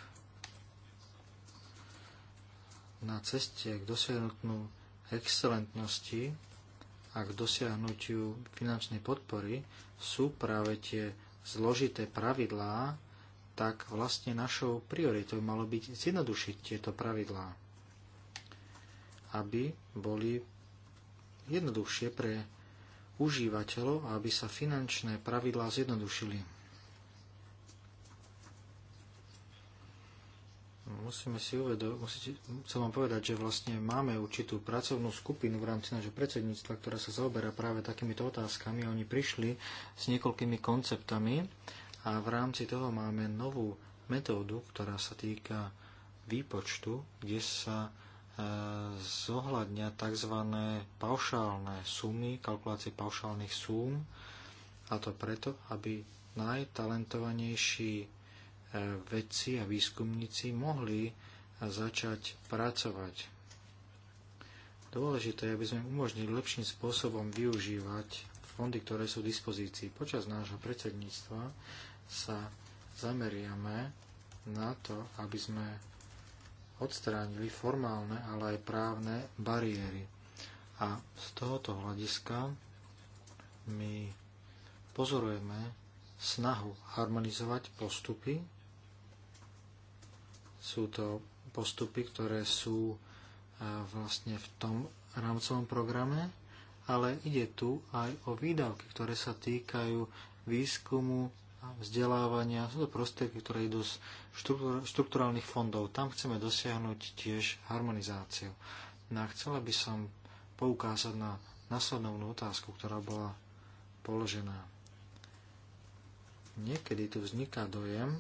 na ceste k dosiahnutnú excelentnosti a k dosiahnutiu finančnej podpory sú práve tie zložité pravidlá, tak vlastne našou prioritou malo byť zjednodušiť tieto pravidlá, aby boli jednoduchšie pre užívateľov a aby sa finančné pravidlá zjednodušili. Musíme si uvedomiť, chcem vám povedať, že vlastne máme určitú pracovnú skupinu v rámci nášho predsedníctva, ktorá sa zaoberá práve takýmito otázkami. Oni prišli s niekoľkými konceptami a v rámci toho máme novú metódu, ktorá sa týka výpočtu, kde sa e, zohľadňa tzv. paušálne sumy, kalkulácie paušálnych súm, a to preto, aby najtalentovanejší vedci a výskumníci mohli začať pracovať. Dôležité je, aby sme umožnili lepším spôsobom využívať fondy, ktoré sú v dispozícii. Počas nášho predsedníctva sa zameriame na to, aby sme odstránili formálne, ale aj právne bariéry. A z tohoto hľadiska my pozorujeme snahu harmonizovať postupy sú to postupy, ktoré sú e, vlastne v tom rámcovom programe, ale ide tu aj o výdavky, ktoré sa týkajú výskumu, a vzdelávania, sú to prostriedky, ktoré idú z štrukturálnych fondov. Tam chceme dosiahnuť tiež harmonizáciu. No a chcela by som poukázať na nasledovnú otázku, ktorá bola položená. Niekedy tu vzniká dojem,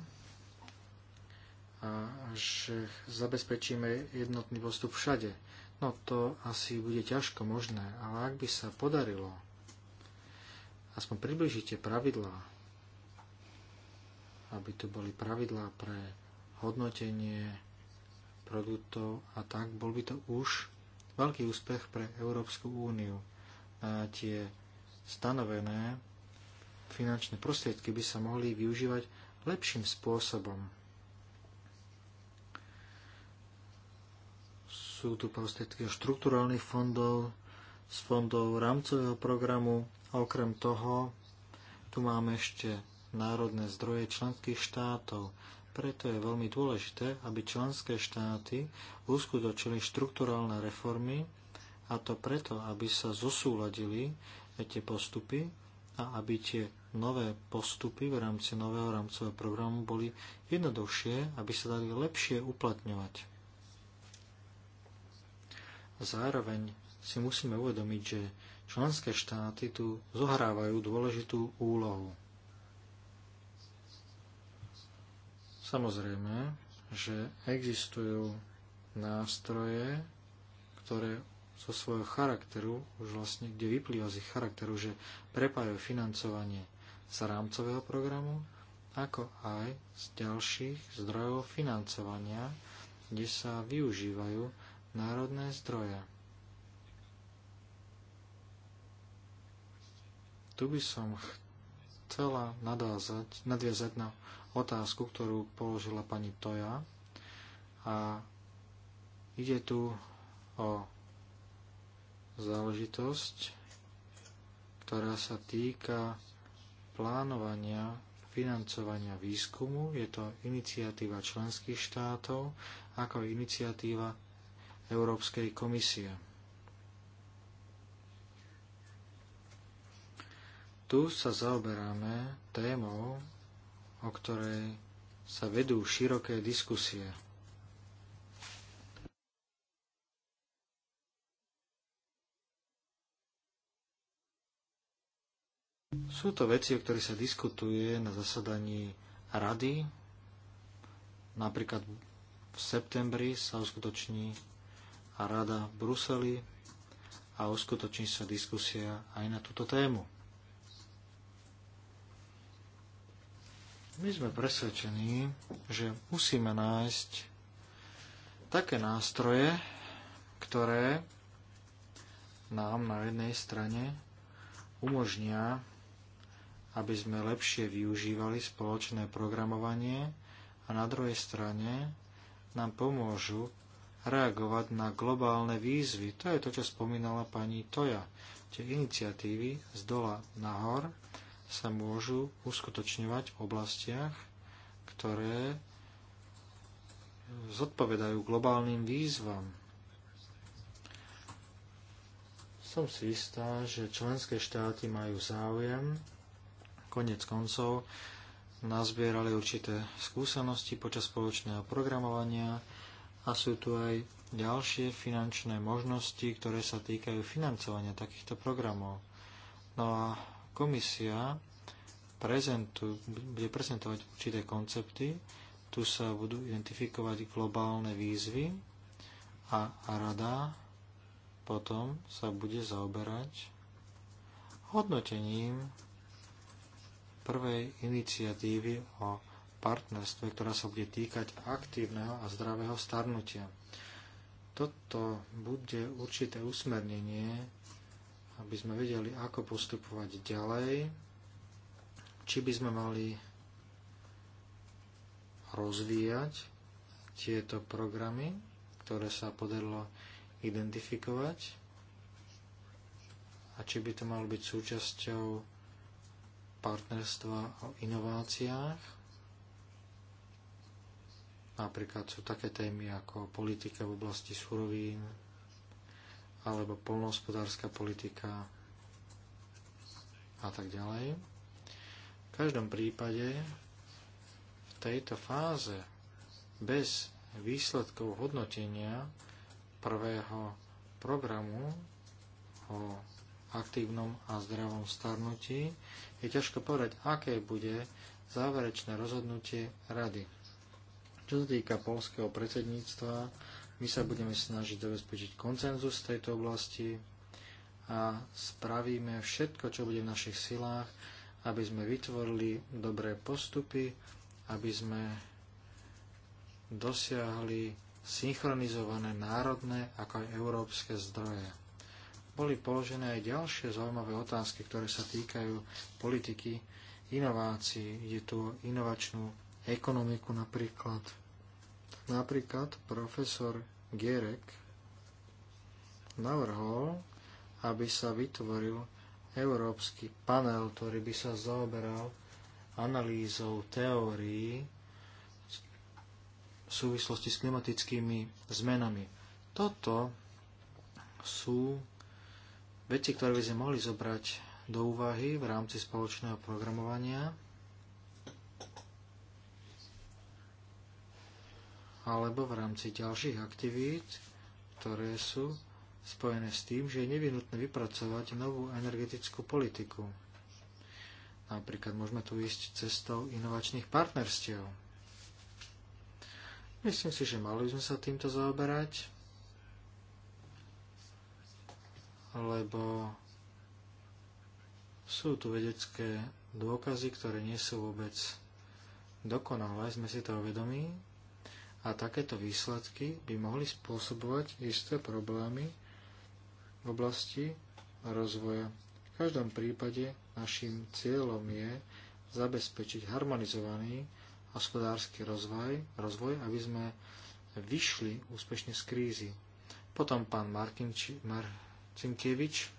a že zabezpečíme jednotný postup všade. No to asi bude ťažko možné, ale ak by sa podarilo, aspoň približite pravidlá, aby tu boli pravidlá pre hodnotenie produktov a tak, bol by to už veľký úspech pre Európsku úniu. A tie stanovené finančné prostriedky by sa mohli využívať lepším spôsobom sú tu prostriedky štrukturálnych fondov, z fondov rámcového programu a okrem toho tu máme ešte národné zdroje členských štátov. Preto je veľmi dôležité, aby členské štáty uskutočili štrukturálne reformy a to preto, aby sa zosúladili tie postupy a aby tie nové postupy v rámci nového rámcového programu boli jednoduchšie, aby sa dali lepšie uplatňovať. Zároveň si musíme uvedomiť, že členské štáty tu zohrávajú dôležitú úlohu. Samozrejme, že existujú nástroje, ktoré zo svojho charakteru, už vlastne kde vyplýva z ich charakteru, že prepájajú financovanie z rámcového programu, ako aj z ďalších zdrojov financovania, kde sa využívajú národné zdroje. Tu by som chcela nadvázať, nadviazať na otázku, ktorú položila pani Toja. A ide tu o záležitosť, ktorá sa týka plánovania financovania výskumu. Je to iniciatíva členských štátov, ako iniciatíva Európskej komisie. Tu sa zaoberáme témou, o ktorej sa vedú široké diskusie. Sú to veci, o ktorých sa diskutuje na zasadaní rady. Napríklad v septembri sa uskutoční a rada v Bruseli a uskutoční sa diskusia aj na túto tému. My sme presvedčení, že musíme nájsť také nástroje, ktoré nám na jednej strane umožnia, aby sme lepšie využívali spoločné programovanie a na druhej strane nám pomôžu reagovať na globálne výzvy. To je to, čo spomínala pani Toja. Tie iniciatívy z dola nahor sa môžu uskutočňovať v oblastiach, ktoré zodpovedajú globálnym výzvam. Som si istá, že členské štáty majú záujem. Konec koncov nazbierali určité skúsenosti počas spoločného programovania, a sú tu aj ďalšie finančné možnosti, ktoré sa týkajú financovania takýchto programov. No a komisia prezentu, bude prezentovať určité koncepty, tu sa budú identifikovať globálne výzvy a rada potom sa bude zaoberať hodnotením prvej iniciatívy o partnerstve, ktorá sa bude týkať aktívneho a zdravého starnutia. Toto bude určité usmernenie, aby sme vedeli, ako postupovať ďalej, či by sme mali rozvíjať tieto programy, ktoré sa podarilo identifikovať a či by to malo byť súčasťou partnerstva o inováciách Napríklad sú také témy ako politika v oblasti surovín alebo polnohospodárska politika a tak ďalej. V každom prípade v tejto fáze bez výsledkov hodnotenia prvého programu o aktívnom a zdravom starnutí, je ťažko povedať, aké bude záverečné rozhodnutie rady. Čo sa týka polského predsedníctva, my sa budeme snažiť zabezpečiť koncenzus v tejto oblasti a spravíme všetko, čo bude v našich silách, aby sme vytvorili dobré postupy, aby sme dosiahli synchronizované národné ako aj európske zdroje. Boli položené aj ďalšie zaujímavé otázky, ktoré sa týkajú politiky inovácií. Ide tu o inovačnú ekonomiku napríklad. Napríklad profesor Gierek navrhol, aby sa vytvoril európsky panel, ktorý by sa zaoberal analýzou teórií v súvislosti s klimatickými zmenami. Toto sú veci, ktoré by sme mohli zobrať do úvahy v rámci spoločného programovania alebo v rámci ďalších aktivít, ktoré sú spojené s tým, že je nevyhnutné vypracovať novú energetickú politiku. Napríklad môžeme tu ísť cestou inovačných partnerstiev. Myslím si, že mali by sme sa týmto zaoberať, lebo sú tu vedecké dôkazy, ktoré nie sú vôbec dokonalé, sme si to vedomí, a takéto výsledky by mohli spôsobovať isté problémy v oblasti rozvoja. V každom prípade našim cieľom je zabezpečiť harmonizovaný hospodársky rozvoj, rozvoj aby sme vyšli úspešne z krízy. Potom pán Marcinkievič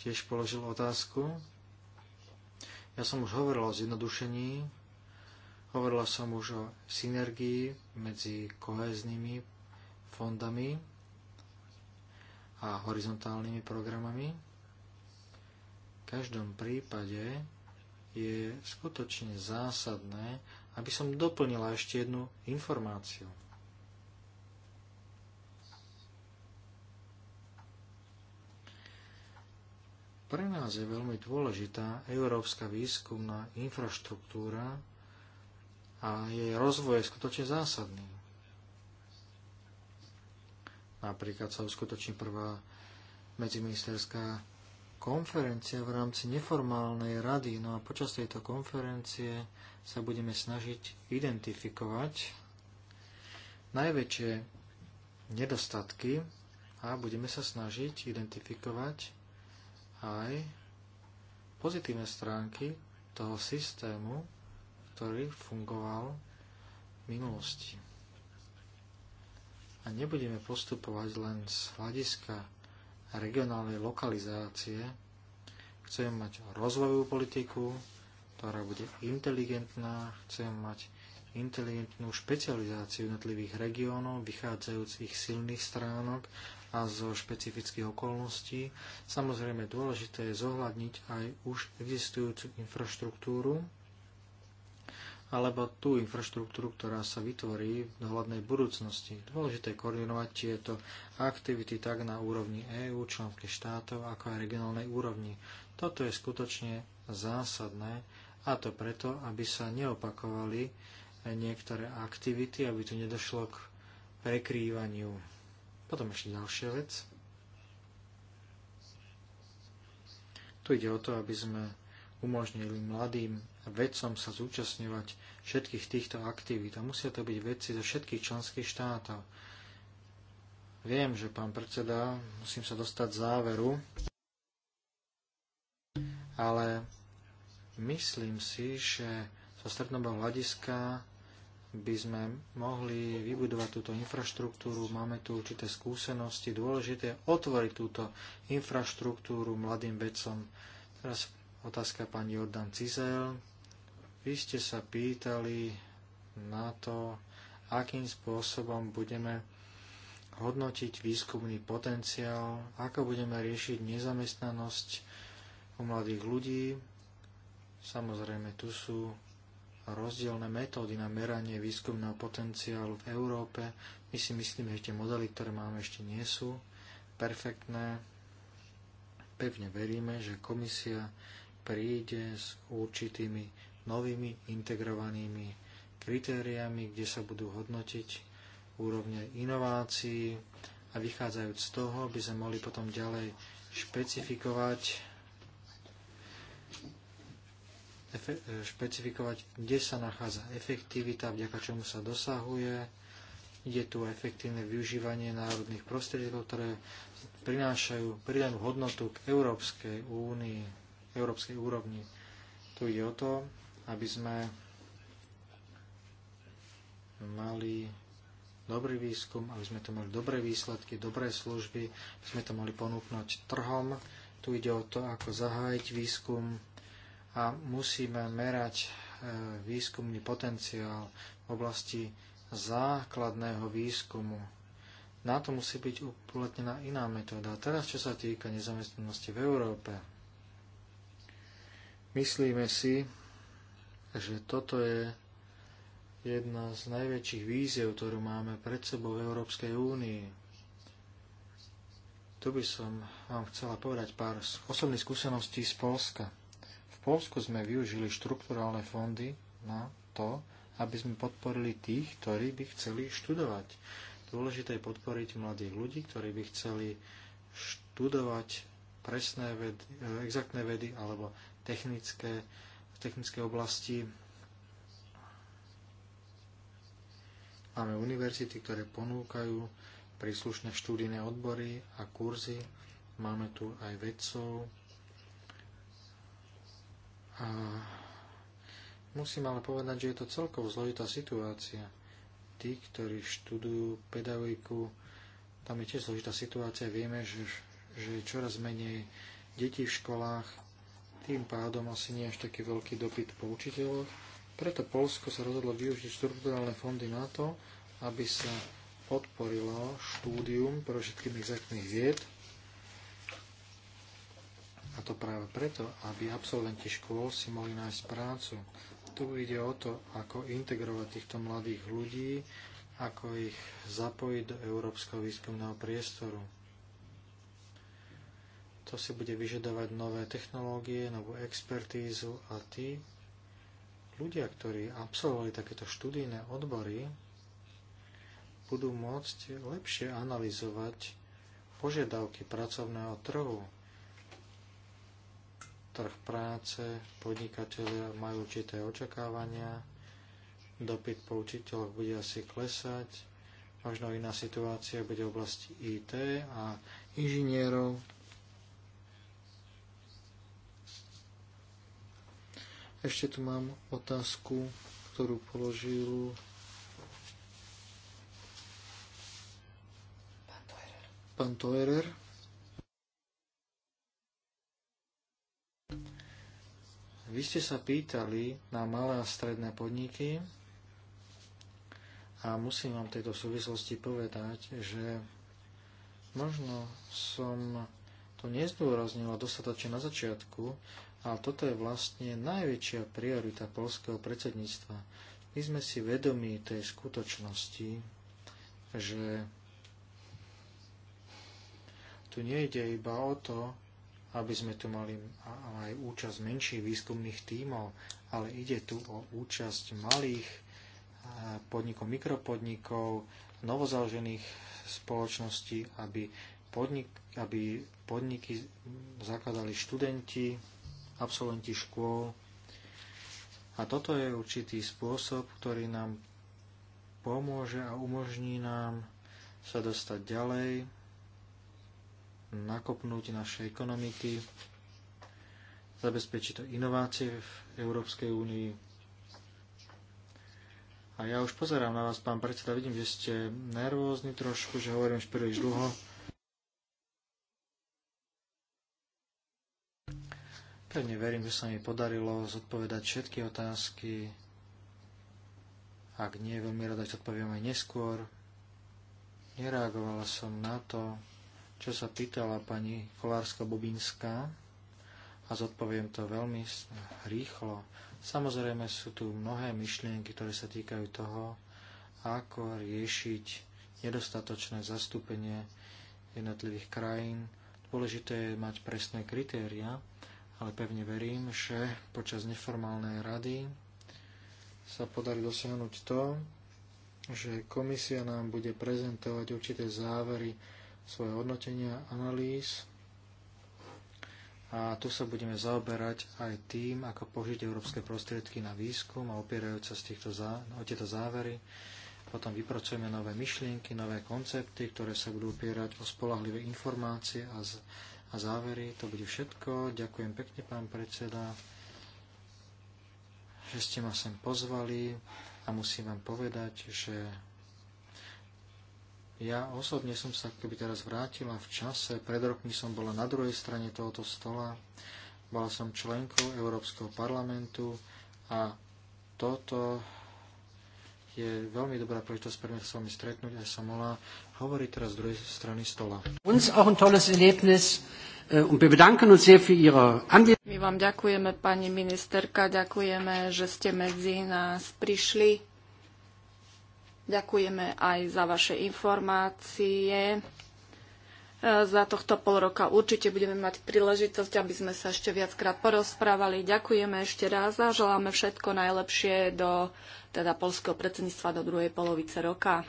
tiež položil otázku. Ja som už hovoril o zjednodušení Hovorila som už o synergii medzi koheznými fondami a horizontálnymi programami. V každom prípade je skutočne zásadné, aby som doplnila ešte jednu informáciu. Pre nás je veľmi dôležitá európska výskumná infraštruktúra, a jej rozvoj je skutočne zásadný. Napríklad sa uskutoční prvá medziministerská konferencia v rámci neformálnej rady. No a počas tejto konferencie sa budeme snažiť identifikovať najväčšie nedostatky a budeme sa snažiť identifikovať aj pozitívne stránky toho systému, ktorý fungoval v minulosti. A nebudeme postupovať len z hľadiska regionálnej lokalizácie. Chceme mať rozvojovú politiku, ktorá bude inteligentná, chceme mať inteligentnú špecializáciu jednotlivých regiónov, vychádzajúcich silných stránok a zo špecifických okolností. Samozrejme dôležité je zohľadniť aj už existujúcu infraštruktúru, alebo tú infraštruktúru, ktorá sa vytvorí v dohľadnej budúcnosti. Dôležité je koordinovať tieto aktivity tak na úrovni EÚ, členských štátov, ako aj regionálnej úrovni. Toto je skutočne zásadné a to preto, aby sa neopakovali niektoré aktivity, aby tu nedošlo k prekrývaniu. Potom ešte ďalšia vec. Tu ide o to, aby sme umožnili mladým vedcom sa zúčastňovať všetkých týchto aktivít. A musia to byť vedci zo všetkých členských štátov. Viem, že pán predseda, musím sa dostať záveru, ale myslím si, že zo stredného hľadiska by sme mohli vybudovať túto infraštruktúru. Máme tu určité skúsenosti. Dôležité je otvoriť túto infraštruktúru mladým vedcom. Teraz otázka pani Jordan Cizel. Vy ste sa pýtali na to, akým spôsobom budeme hodnotiť výskumný potenciál, ako budeme riešiť nezamestnanosť u mladých ľudí. Samozrejme, tu sú rozdielne metódy na meranie výskumného potenciálu v Európe. My si myslíme, že tie modely, ktoré máme, ešte nie sú perfektné. Pevne veríme, že komisia príde s určitými novými integrovanými kritériami, kde sa budú hodnotiť úrovne inovácií a vychádzajúc z toho by sme mohli potom ďalej špecifikovať špecifikovať, kde sa nachádza efektivita, vďaka čomu sa dosahuje. Ide tu efektívne využívanie národných prostriedkov, ktoré prinášajú pridanú hodnotu k Európskej únii, Európskej úrovni. Tu ide o to, aby sme mali dobrý výskum, aby sme to mali dobré výsledky, dobré služby, aby sme to mali ponúknuť trhom. Tu ide o to, ako zahájiť výskum a musíme merať e, výskumný potenciál v oblasti základného výskumu. Na to musí byť uplatnená iná metóda. Teraz, čo sa týka nezamestnanosti v Európe, myslíme si, Takže toto je jedna z najväčších víziev, ktorú máme pred sebou v Európskej únii. Tu by som vám chcela povedať pár osobných skúseností z Polska. V Polsku sme využili štrukturálne fondy na to, aby sme podporili tých, ktorí by chceli študovať. Dôležité je podporiť mladých ľudí, ktorí by chceli študovať presné vedy, e, exaktné vedy alebo technické technickej oblasti. Máme univerzity, ktoré ponúkajú príslušné štúdijné odbory a kurzy. Máme tu aj vedcov. A musím ale povedať, že je to celkovo zložitá situácia. Tí, ktorí študujú pedagogiku, tam je tiež zložitá situácia. Vieme, že, že je čoraz menej detí v školách, tým pádom asi nie až taký veľký dopyt po učiteľoch. Preto Polsko sa rozhodlo využiť štruktúrálne fondy na to, aby sa podporilo štúdium pre všetkým exaktných vied, a to práve preto, aby absolventi škôl si mohli nájsť prácu. Tu ide o to, ako integrovať týchto mladých ľudí, ako ich zapojiť do európskeho výskumného priestoru. To si bude vyžadovať nové technológie, novú expertízu a tí ľudia, ktorí absolvovali takéto študijné odbory, budú môcť lepšie analyzovať požiadavky pracovného trhu. Trh práce, podnikatelia majú určité očakávania, dopyt po učiteľoch bude asi klesať, možno iná situácia bude v oblasti IT a inžinierov, Ešte tu mám otázku, ktorú položil pán Toerer. Vy ste sa pýtali na malé a stredné podniky a musím vám tejto súvislosti povedať, že možno som to nezdôraznila dostatočne na začiatku, ale toto je vlastne najväčšia priorita polského predsedníctva. My sme si vedomí tej skutočnosti, že tu nejde iba o to, aby sme tu mali aj účasť menších výskumných tímov, ale ide tu o účasť malých podnikov, mikropodnikov, novozaložených spoločností, aby, podnik, aby podniky zakladali študenti, absolventi škôl. A toto je určitý spôsob, ktorý nám pomôže a umožní nám sa dostať ďalej, nakopnúť naše ekonomiky, zabezpečiť to inovácie v Európskej únii. A ja už pozerám na vás, pán predseda, vidím, že ste nervózni trošku, že hovorím už príliš dlho. Pevne verím, že sa mi podarilo zodpovedať všetky otázky. Ak nie, veľmi rada odpoviem aj neskôr. Nereagovala som na to, čo sa pýtala pani Kolárska-Bobinská a zodpoviem to veľmi rýchlo. Samozrejme sú tu mnohé myšlienky, ktoré sa týkajú toho, ako riešiť nedostatočné zastúpenie jednotlivých krajín. Dôležité je mať presné kritéria, ale pevne verím, že počas neformálnej rady sa podarí dosiahnuť to, že komisia nám bude prezentovať určité závery svoje hodnotenia, analýz a tu sa budeme zaoberať aj tým, ako použiť európske prostriedky na výskum a opierajúca z týchto zá, o tieto závery. Potom vypracujeme nové myšlienky, nové koncepty, ktoré sa budú opierať o spolahlivé informácie a z, a závery. To bude všetko. Ďakujem pekne, pán predseda, že ste ma sem pozvali a musím vám povedať, že ja osobne som sa keby teraz vrátila v čase. Pred rokmi som bola na druhej strane tohoto stola. Bola som členkou Európskeho parlamentu a toto je veľmi dobrá príležitosť pre mňa s vami stretnúť aj som mohla hovoriť teraz z druhej strany stola. My vám ďakujeme, pani ministerka, ďakujeme, že ste medzi nás prišli. Ďakujeme aj za vaše informácie. Äh, za tohto pol roka určite budeme mať príležitosť, aby sme sa ešte viackrát porozprávali. Ďakujeme ešte raz a želáme všetko najlepšie do teda polského predsedníctva do druhej polovice roka.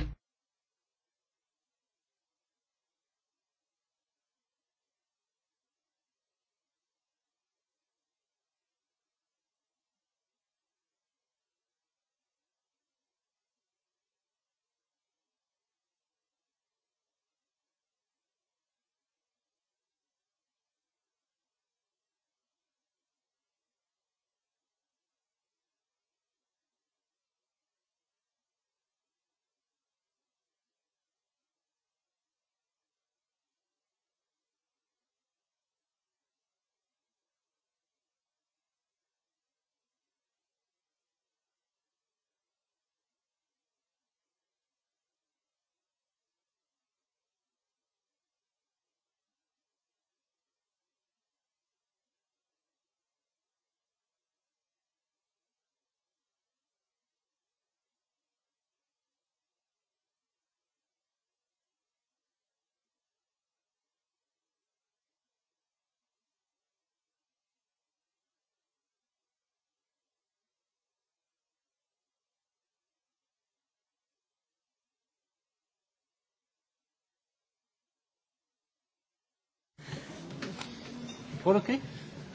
Four okay?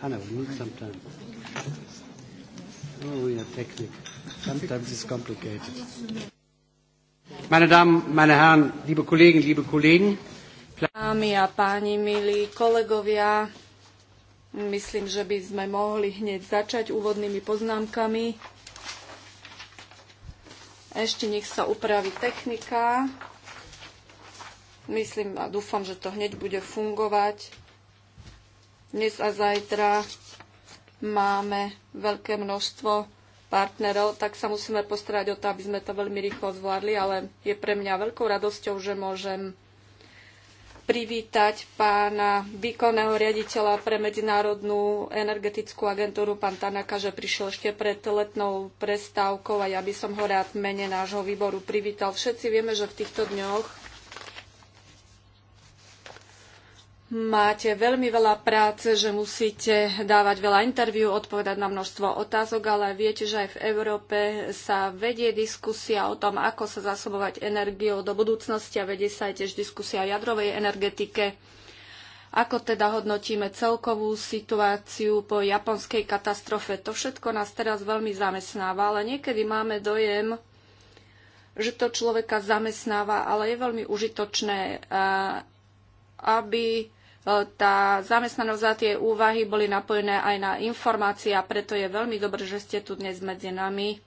Anna, we need some time. Oh, we are Sometimes it's complicated. Meine Damen, meine Herren, liebe Kollegen, liebe Kollegen. Dámy a páni, milí kolegovia, myslím, že by sme mohli hneď začať úvodnými poznámkami. Ešte nech sa upraví technika. Myslím a dúfam, že to hneď bude fungovať. Dnes a zajtra máme veľké množstvo partnerov, tak sa musíme postarať o to, aby sme to veľmi rýchlo zvládli, ale je pre mňa veľkou radosťou, že môžem privítať pána výkonného riaditeľa pre Medzinárodnú energetickú agentúru, pán Tanaka, že prišiel ešte pred letnou prestávkou a ja by som ho rád mene nášho výboru privítal. Všetci vieme, že v týchto dňoch máte veľmi veľa práce, že musíte dávať veľa interviú, odpovedať na množstvo otázok, ale viete, že aj v Európe sa vedie diskusia o tom, ako sa zasobovať energiou do budúcnosti a vedie sa aj tiež diskusia o jadrovej energetike. Ako teda hodnotíme celkovú situáciu po japonskej katastrofe? To všetko nás teraz veľmi zamestnáva, ale niekedy máme dojem, že to človeka zamestnáva, ale je veľmi užitočné, aby E, tá zamestnanosť za tie úvahy boli napojené aj na informácie a preto je veľmi dobré, že ste tu dnes medzi nami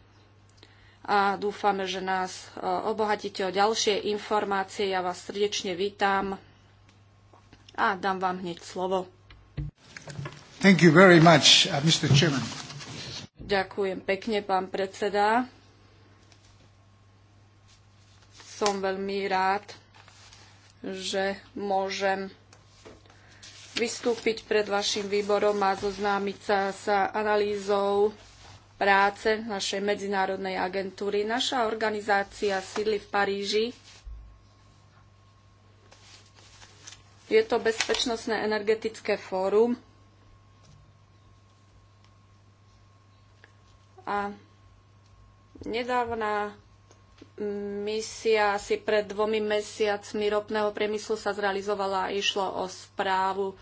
a dúfame, že nás e, obohatíte o ďalšie informácie. Ja vás srdečne vítam a dám vám hneď slovo. Thank you very much, uh, Mr. Chairman. Ďakujem pekne, pán predseda. Som veľmi rád, že môžem vystúpiť pred vašim výborom a zoznámiť sa s analýzou práce našej medzinárodnej agentúry. Naša organizácia sídli v Paríži. Je to Bezpečnostné energetické fórum. A nedávna Misia asi pred dvomi mesiacmi ropného priemyslu sa zrealizovala a išlo o správu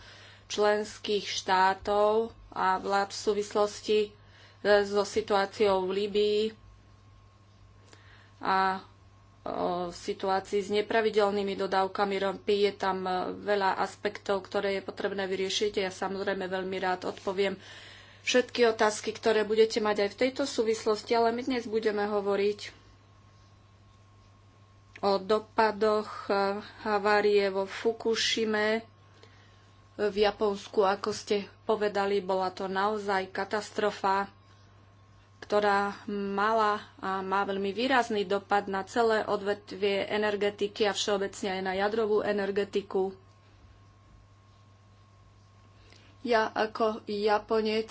členských štátov a vlád v súvislosti e, so situáciou v Líbii a o situácii s nepravidelnými dodávkami ropy. Je tam e, veľa aspektov, ktoré je potrebné vyriešiť. Ja samozrejme veľmi rád odpoviem všetky otázky, ktoré budete mať aj v tejto súvislosti, ale my dnes budeme hovoriť o dopadoch e, havárie vo Fukushime e, v Japonsku, ako ste povedali, bola to naozaj katastrofa, ktorá mala a má veľmi výrazný dopad na celé odvetvie energetiky a všeobecne aj na jadrovú energetiku. Ja ako Japonec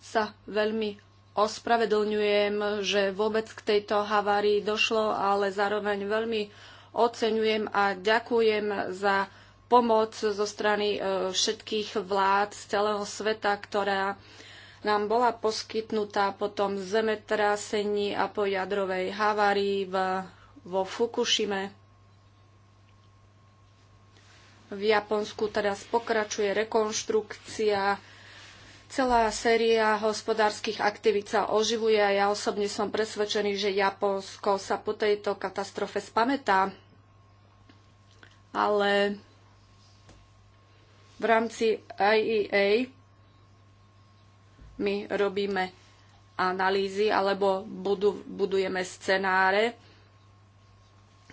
sa veľmi ospravedlňujem, že vôbec k tejto havárii došlo, ale zároveň veľmi oceňujem a ďakujem za pomoc zo strany e, všetkých vlád z celého sveta, ktorá nám bola poskytnutá po tom zemetrasení a po jadrovej havárii v, vo Fukushime. V Japonsku teraz pokračuje rekonštrukcia Celá séria hospodárskych aktivít sa oživuje a ja osobne som presvedčený, že Japonsko sa po tejto katastrofe spamätá. Ale v rámci IEA my robíme analýzy alebo budu, budujeme scenáre,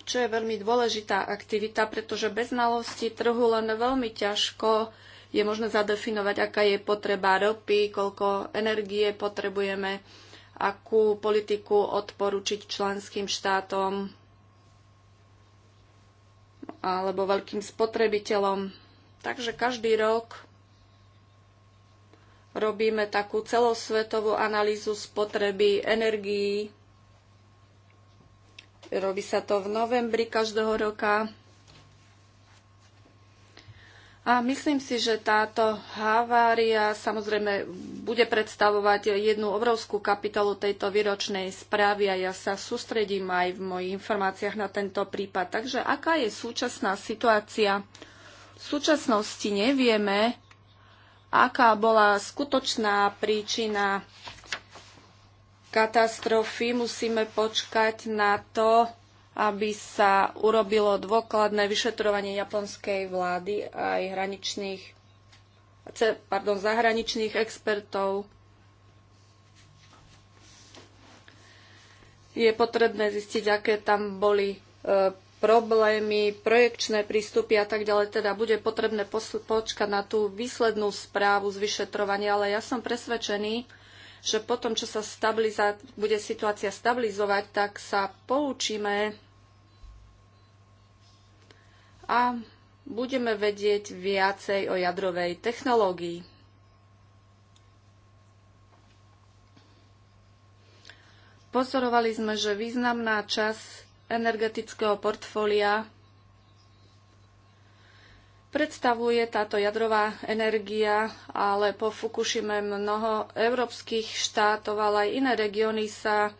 čo je veľmi dôležitá aktivita, pretože bez znalosti trhu len veľmi ťažko je možné zadefinovať, aká je potreba ropy, koľko energie potrebujeme, akú politiku odporučiť členským štátom alebo veľkým spotrebiteľom. Takže každý rok robíme takú celosvetovú analýzu spotreby energií. Robí sa to v novembri každého roka. A myslím si, že táto havária samozrejme bude predstavovať jednu obrovskú kapitolu tejto výročnej správy a ja sa sústredím aj v mojich informáciách na tento prípad. Takže aká je súčasná situácia? V súčasnosti nevieme, aká bola skutočná príčina katastrofy. Musíme počkať na to, aby sa urobilo dôkladné vyšetrovanie japonskej vlády aj hraničných, pardon, zahraničných expertov. Je potrebné zistiť, aké tam boli e, problémy, projekčné prístupy a tak ďalej. Teda bude potrebné počkať na tú výslednú správu z vyšetrovania, ale ja som presvedčený, že potom, čo sa bude situácia stabilizovať, tak sa poučíme a budeme vedieť viacej o jadrovej technológii. Pozorovali sme, že významná časť energetického portfólia predstavuje táto jadrová energia, ale po Fukushime mnoho európskych štátov, ale aj iné regióny sa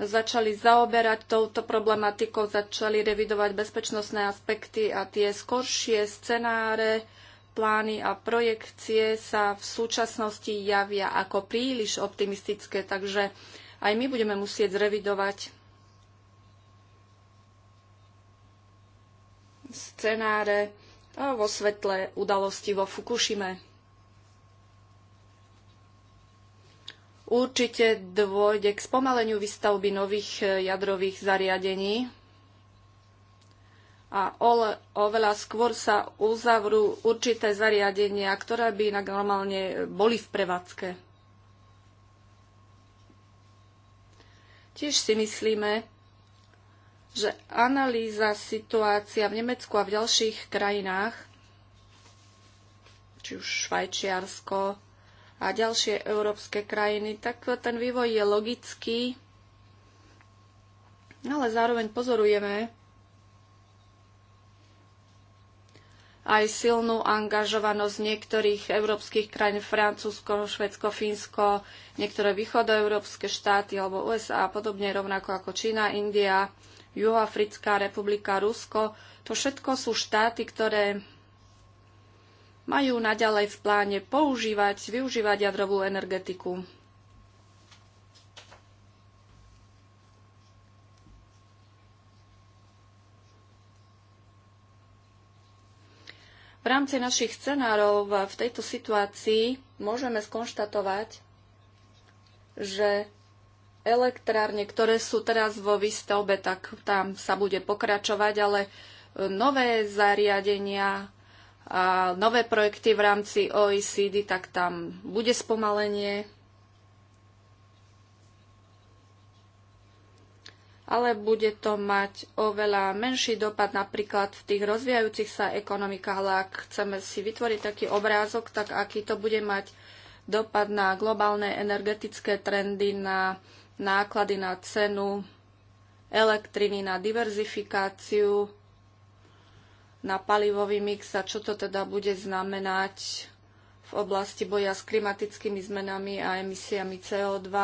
začali zaoberať touto problematikou, začali revidovať bezpečnostné aspekty a tie skoršie scenáre, plány a projekcie sa v súčasnosti javia ako príliš optimistické, takže aj my budeme musieť zrevidovať scenáre vo svetle udalosti vo Fukushime. určite dôjde k spomaleniu výstavby nových e, jadrových zariadení a oveľa skôr sa uzavrú určité zariadenia, ktoré by inak normálne boli v prevádzke. Tiež si myslíme, že analýza situácia v Nemecku a v ďalších krajinách, či už Švajčiarsko, a ďalšie európske krajiny, tak ten vývoj je logický, ale zároveň pozorujeme aj silnú angažovanosť niektorých európskych krajín, Francúzsko, Švedsko, Fínsko, niektoré východoeurópske štáty alebo USA a podobne, rovnako ako Čína, India, Juhoafrická republika, Rusko. To všetko sú štáty, ktoré majú naďalej v pláne používať, využívať jadrovú energetiku. V rámci našich scenárov v tejto situácii môžeme skonštatovať, že elektrárne, ktoré sú teraz vo výstavbe, tak tam sa bude pokračovať, ale e, nové zariadenia, a nové projekty v rámci OECD, tak tam bude spomalenie. ale bude to mať oveľa menší dopad napríklad v tých rozvíjajúcich sa ekonomikách, ale ak chceme si vytvoriť taký obrázok, tak aký to bude mať dopad na globálne energetické trendy, na náklady na cenu elektriny, na diverzifikáciu na palivový mix a čo to teda bude znamenať v oblasti boja s klimatickými zmenami a emisiami CO2.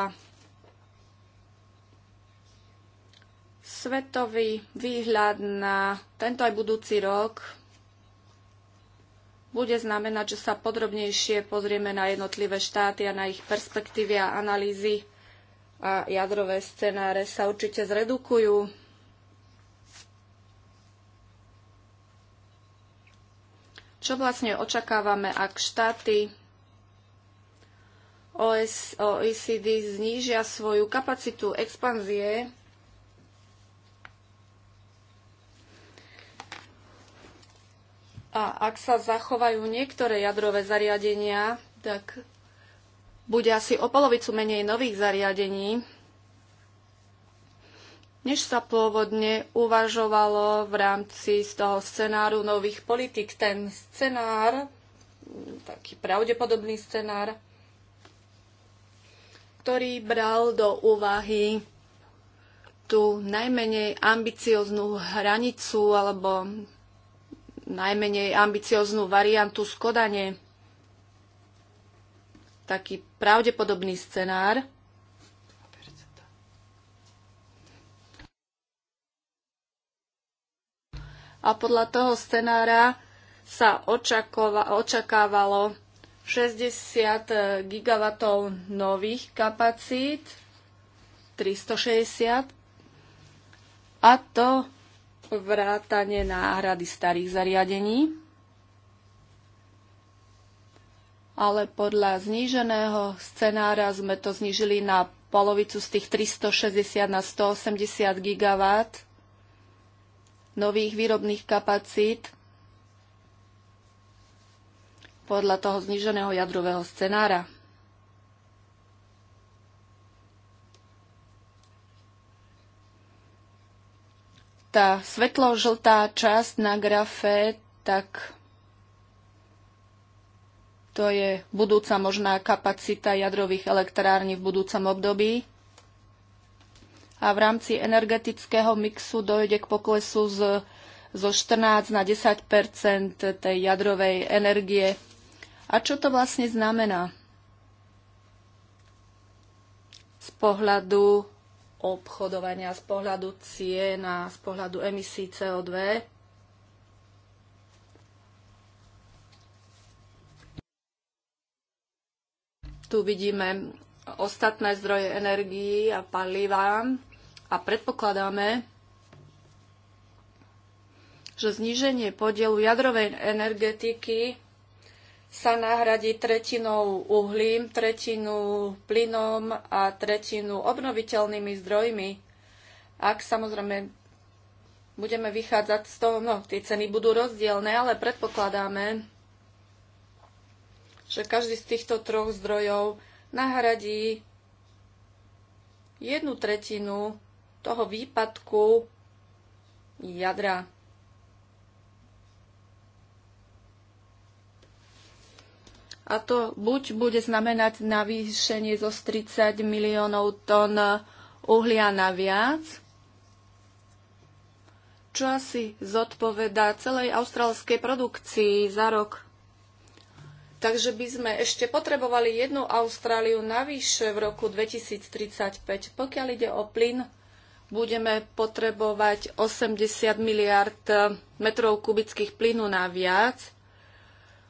Svetový výhľad na tento aj budúci rok bude znamenať, že sa podrobnejšie pozrieme na jednotlivé štáty a na ich perspektívy a analýzy a jadrové scenáre sa určite zredukujú. Čo vlastne očakávame, ak štáty OS, OECD znížia svoju kapacitu expanzie a ak sa zachovajú niektoré jadrové zariadenia, tak bude asi o polovicu menej nových zariadení než sa pôvodne uvažovalo v rámci z toho scenáru nových politik. Ten scenár, taký pravdepodobný scenár, ktorý bral do úvahy tú najmenej ambicioznú hranicu alebo najmenej ambicioznú variantu skodanie. Taký pravdepodobný scenár. a podľa toho scenára sa očakova, očakávalo 60 e, gigawatov nových kapacít, 360, a to vrátanie náhrady starých zariadení, ale podľa zníženého scenára sme to znížili na polovicu z tých 360 na 180 gigawatt nových výrobných kapacít podľa toho zniženého jadrového scenára. Tá svetlo-žltá časť na grafe, tak to je budúca možná kapacita jadrových elektrární v budúcom období a v rámci energetického mixu dojde k poklesu z, zo 14 na 10 tej jadrovej energie. A čo to vlastne znamená? Z pohľadu obchodovania, z pohľadu cien a z pohľadu emisí CO2. Tu vidíme ostatné zdroje energií a paliva, a predpokladáme, že zníženie podielu jadrovej energetiky sa nahradí tretinou uhlím, tretinu plynom a tretinu obnoviteľnými zdrojmi. Ak samozrejme budeme vychádzať z toho, no tie ceny budú rozdielne, ale predpokladáme, že každý z týchto troch zdrojov nahradí jednu tretinu toho výpadku jadra. A to buď bude znamenať navýšenie zo 30 miliónov tón uhlia na viac, čo asi zodpoveda celej austrálskej produkcii za rok. Takže by sme ešte potrebovali jednu Austráliu navýše v roku 2035, pokiaľ ide o plyn budeme potrebovať 80 miliard eh, metrov kubických plynu na viac.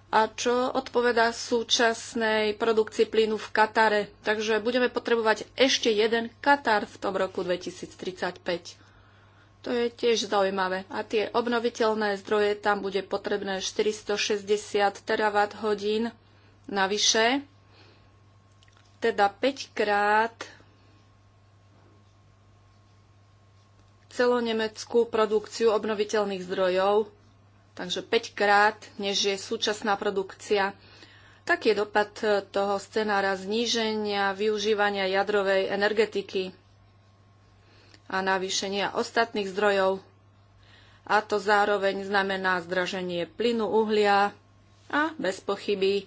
A čo odpoveda súčasnej produkcii plynu v Katare? Takže budeme potrebovať ešte jeden Katar v tom roku 2035. To je tiež zaujímavé. A tie obnoviteľné zdroje, tam bude potrebné 460 terawatt hodín navyše, teda 5 krát celonemeckú produkciu obnoviteľných zdrojov, takže 5 krát, než je súčasná produkcia. tak je dopad e, toho scenára zníženia využívania jadrovej energetiky a navýšenia ostatných zdrojov. A to zároveň znamená zdraženie plynu uhlia a bez pochyby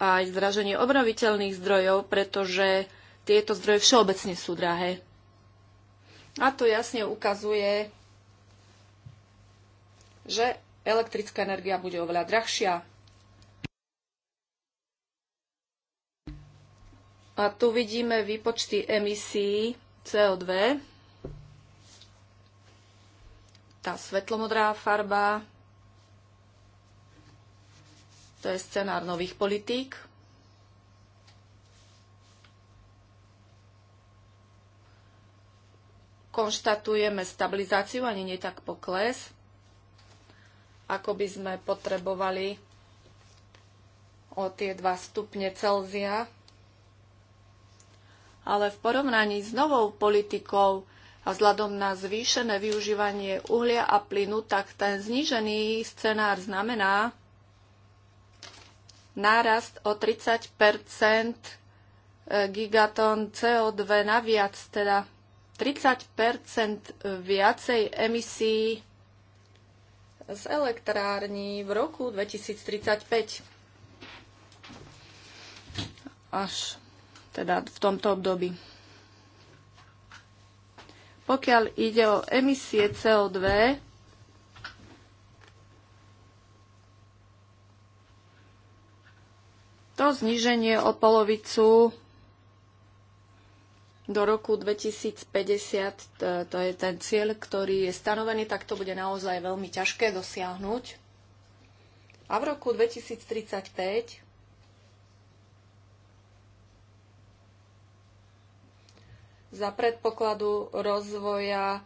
aj zdraženie obnoviteľných zdrojov, pretože tieto zdroje všeobecne sú drahé. A to jasne ukazuje, že elektrická energia bude oveľa drahšia. A tu vidíme výpočty emisí CO2. Tá svetlomodrá farba, to je scenár nových politík. konštatujeme stabilizáciu, ani nie tak pokles, ako by sme potrebovali o tie 2 stupne Celzia. Ale v porovnaní s novou politikou a vzhľadom na zvýšené využívanie uhlia a plynu, tak ten znížený scenár znamená nárast o 30 gigaton CO2 naviac, teda 30 viacej emisí z elektrární v roku 2035. Až teda v tomto období. Pokiaľ ide o emisie CO2, to zníženie o polovicu do roku 2050, to je ten cieľ, ktorý je stanovený, tak to bude naozaj veľmi ťažké dosiahnuť. A v roku 2035 za predpokladu rozvoja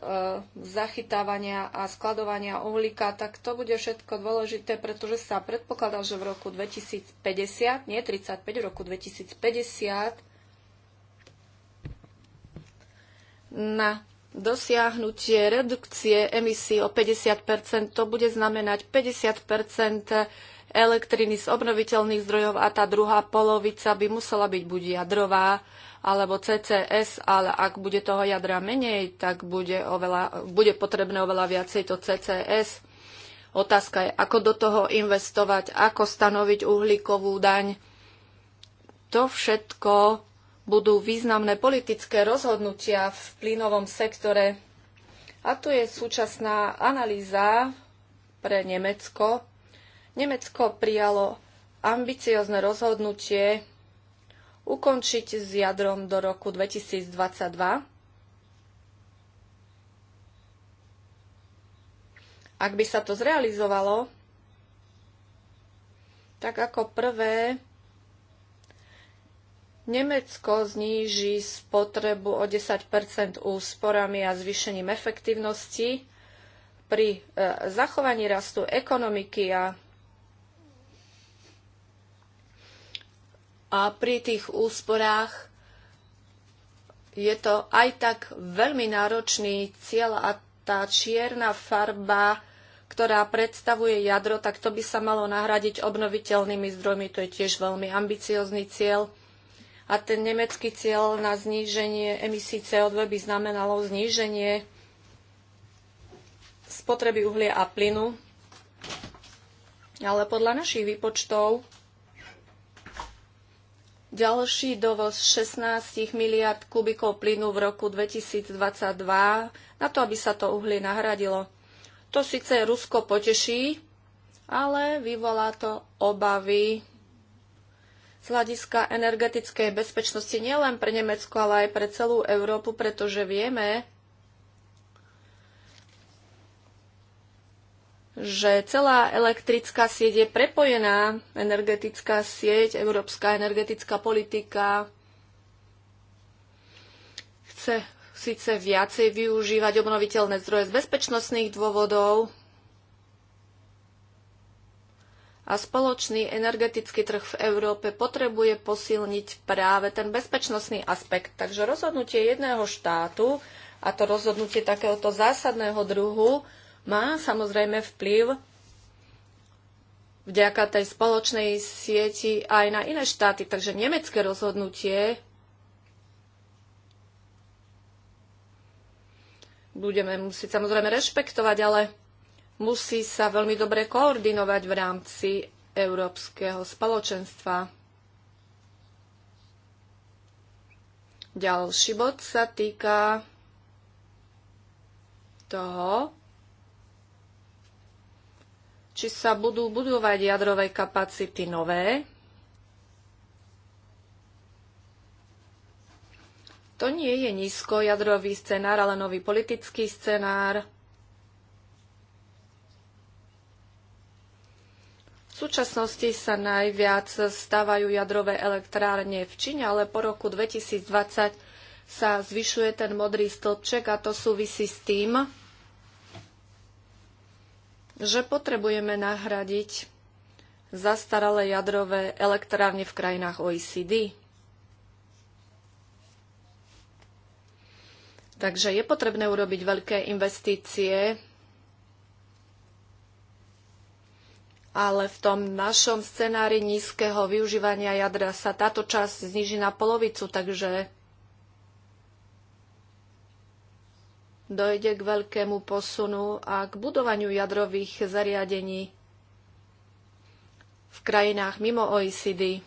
e, zachytávania a skladovania uhlíka, tak to bude všetko dôležité, pretože sa predpokladá, že v roku 2050, nie 35, v roku 2050 na dosiahnutie redukcie emisí o 50 to bude znamenať 50 elektriny z obnoviteľných zdrojov a tá druhá polovica by musela byť buď jadrová alebo CCS, ale ak bude toho jadra menej, tak bude, oveľa, bude potrebné oveľa viacej to CCS. Otázka je, ako do toho investovať, ako stanoviť uhlíkovú daň. To všetko budú významné politické rozhodnutia v plynovom sektore. A tu je súčasná analýza pre Nemecko. Nemecko prijalo ambiciozne rozhodnutie ukončiť s jadrom do roku 2022. Ak by sa to zrealizovalo, tak ako prvé Nemecko zníži spotrebu o 10 úsporami a zvýšením efektívnosti pri e, zachovaní rastu ekonomiky a, a pri tých úsporách je to aj tak veľmi náročný cieľ a tá čierna farba, ktorá predstavuje jadro, tak to by sa malo nahradiť obnoviteľnými zdrojmi. To je tiež veľmi ambiciózny cieľ a ten nemecký cieľ na zníženie emisí CO2 by znamenalo zníženie spotreby uhlia a plynu. Ale podľa našich výpočtov ďalší dovoz 16 miliard kubikov plynu v roku 2022 na to, aby sa to uhlie nahradilo. To síce Rusko poteší, ale vyvolá to obavy z hľadiska energetickej bezpečnosti nielen pre Nemecko, ale aj pre celú Európu, pretože vieme, že celá elektrická sieť je prepojená, energetická sieť, európska energetická politika chce síce viacej využívať obnoviteľné zdroje z bezpečnostných dôvodov, a spoločný energetický trh v Európe potrebuje posilniť práve ten bezpečnostný aspekt. Takže rozhodnutie jedného štátu a to rozhodnutie takéhoto zásadného druhu má samozrejme vplyv vďaka tej spoločnej sieti aj na iné štáty. Takže nemecké rozhodnutie budeme musieť samozrejme rešpektovať, ale musí sa veľmi dobre koordinovať v rámci Európskeho spoločenstva. Ďalší bod sa týka toho, či sa budú budovať jadrové kapacity nové. To nie je nízko jadrový scenár, ale nový politický scenár. V súčasnosti sa najviac stávajú jadrové elektrárne v Číne, ale po roku 2020 sa zvyšuje ten modrý stĺpček a to súvisí s tým, že potrebujeme nahradiť zastaralé jadrové elektrárne v krajinách OECD. Takže je potrebné urobiť veľké investície ale v tom našom scenári nízkeho využívania jadra sa táto časť zniží na polovicu, takže dojde k veľkému posunu a k budovaniu jadrových zariadení v krajinách mimo OECD.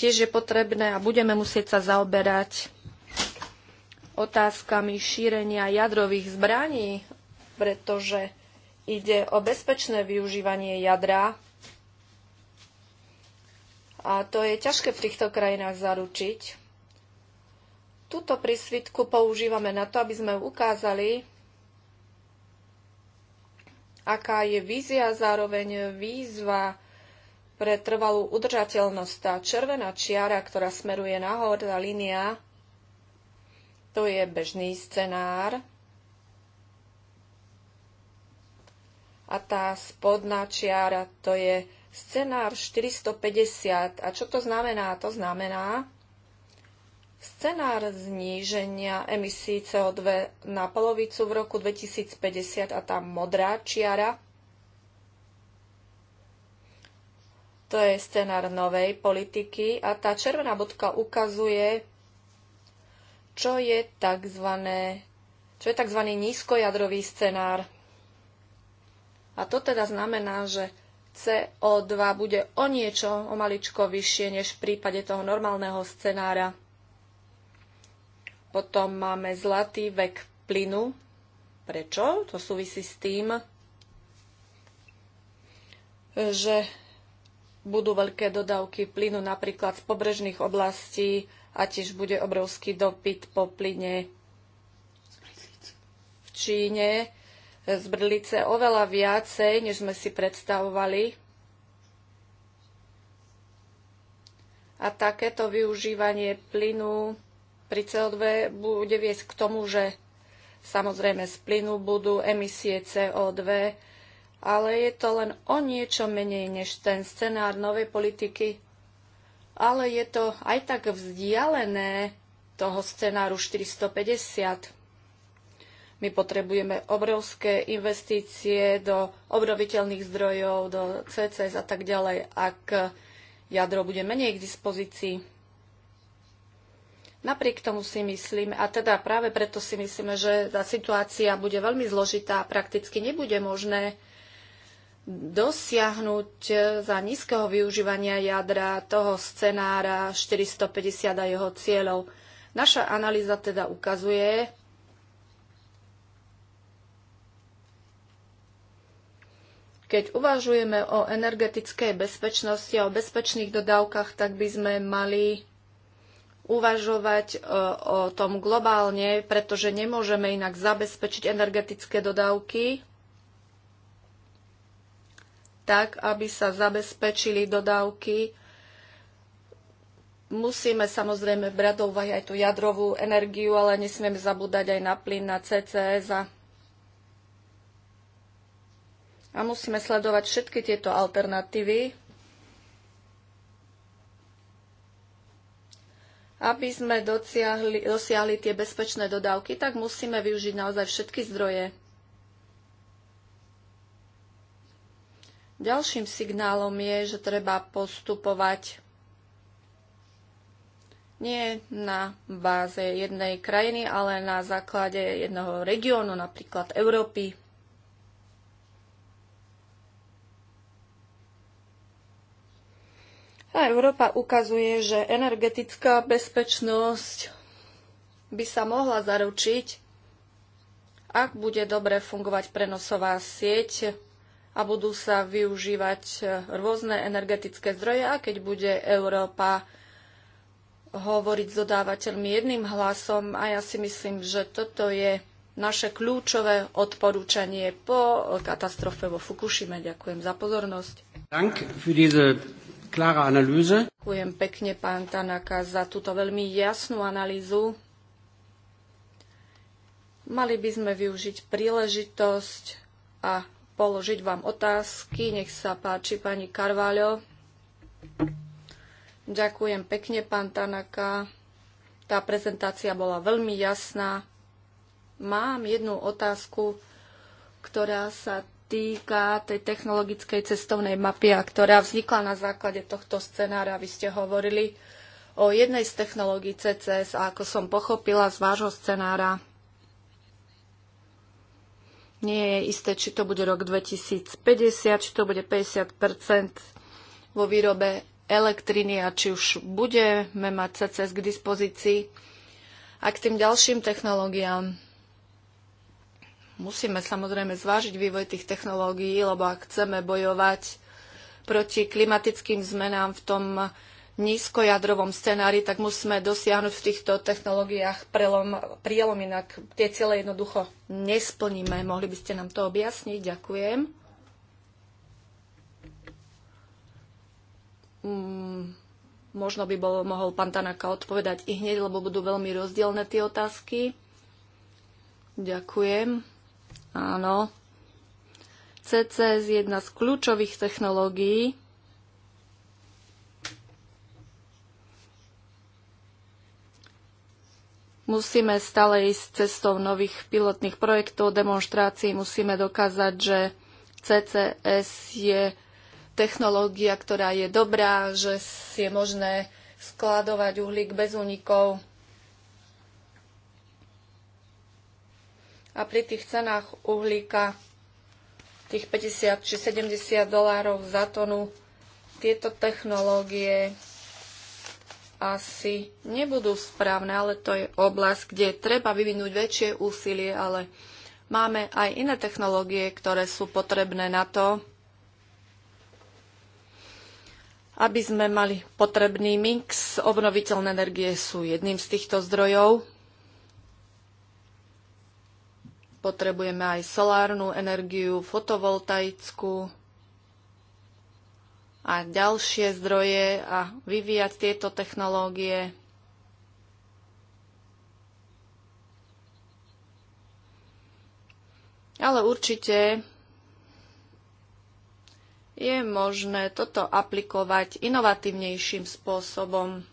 Tiež je potrebné a budeme musieť sa zaoberať otázkami šírenia jadrových zbraní pretože ide o bezpečné využívanie jadra a to je ťažké v týchto krajinách zaručiť. Túto prísvitku používame na to, aby sme ukázali, aká je vízia, zároveň výzva pre trvalú udržateľnosť. Tá červená čiara, ktorá smeruje nahor, tá línia, to je bežný scenár, a tá spodná čiara to je scenár 450. A čo to znamená? To znamená scenár zníženia emisí CO2 na polovicu v roku 2050 a tá modrá čiara to je scenár novej politiky a tá červená bodka ukazuje, čo je tzv. Čo je tzv. nízkojadrový scenár. A to teda znamená, že CO2 bude o niečo, o maličko vyššie než v prípade toho normálneho scenára. Potom máme zlatý vek plynu. Prečo? To súvisí s tým, že budú veľké dodávky plynu napríklad z pobrežných oblastí a tiež bude obrovský dopyt po plyne v Číne z Brlice oveľa viacej, než sme si predstavovali. A takéto využívanie plynu pri CO2 bude viesť k tomu, že samozrejme z plynu budú emisie CO2, ale je to len o niečo menej než ten scenár novej politiky. Ale je to aj tak vzdialené toho scenáru 450. My potrebujeme obrovské investície do obnoviteľných zdrojov, do CCS a tak ďalej, ak jadro bude menej k dispozícii. Napriek tomu si myslím, a teda práve preto si myslíme, že tá situácia bude veľmi zložitá a prakticky nebude možné dosiahnuť za nízkeho využívania jadra toho scenára 450 a jeho cieľov. Naša analýza teda ukazuje, Keď uvažujeme o energetickej bezpečnosti a o bezpečných dodávkach, tak by sme mali uvažovať e, o tom globálne, pretože nemôžeme inak zabezpečiť energetické dodávky tak, aby sa zabezpečili dodávky. Musíme samozrejme brať do úvahy aj tú jadrovú energiu, ale nesmieme zabúdať aj na plyn, na CCS a a musíme sledovať všetky tieto alternatívy, aby sme dosiahli, dosiahli tie bezpečné dodávky, tak musíme využiť naozaj všetky zdroje. Ďalším signálom je, že treba postupovať nie na báze jednej krajiny, ale na základe jedného regiónu, napríklad Európy. A Európa ukazuje, že energetická bezpečnosť by sa mohla zaručiť, ak bude dobre fungovať prenosová sieť a budú sa využívať rôzne energetické zdroje a keď bude Európa hovoriť s dodávateľmi jedným hlasom a ja si myslím, že toto je naše kľúčové odporúčanie po katastrofe vo Fukushime. Ďakujem za pozornosť. Dank für diese klare Analyse. Ďakujem pekne, pán Tanaka, za túto veľmi jasnú analýzu. Mali by sme využiť príležitosť a položiť vám otázky. Nech sa páči, pani Karváľo. Ďakujem pekne, pán Tanaka. Tá prezentácia bola veľmi jasná. Mám jednu otázku, ktorá sa týka tej technologickej cestovnej mapy, ktorá vznikla na základe tohto scenára. Vy ste hovorili o jednej z technológií CCS a ako som pochopila z vášho scenára, nie je isté, či to bude rok 2050, či to bude 50 vo výrobe elektriny a či už budeme mať CCS k dispozícii a k tým ďalším technológiám musíme samozrejme zvážiť vývoj tých technológií, lebo ak chceme bojovať proti klimatickým zmenám v tom nízkojadrovom scenári, tak musíme dosiahnuť v týchto technológiách prelom, prielom, inak tie ciele jednoducho nesplníme. Mohli by ste nám to objasniť? Ďakujem. Mm, možno by bol, mohol pán Tanaka odpovedať i hneď, lebo budú veľmi rozdielne tie otázky. Ďakujem. Áno. CCS je jedna z kľúčových technológií. Musíme stále ísť cestou nových pilotných projektov, demonstrácií. Musíme dokázať, že CCS je technológia, ktorá je dobrá, že je možné skladovať uhlík bez únikov a pri tých cenách uhlíka tých 50 či 70 dolárov za tonu tieto technológie asi nebudú správne, ale to je oblasť, kde treba vyvinúť väčšie úsilie, ale máme aj iné technológie, ktoré sú potrebné na to, aby sme mali potrebný mix. Obnoviteľné energie sú jedným z týchto zdrojov potrebujeme aj solárnu energiu, fotovoltaickú a ďalšie zdroje a vyvíjať tieto technológie. Ale určite je možné toto aplikovať inovatívnejším spôsobom.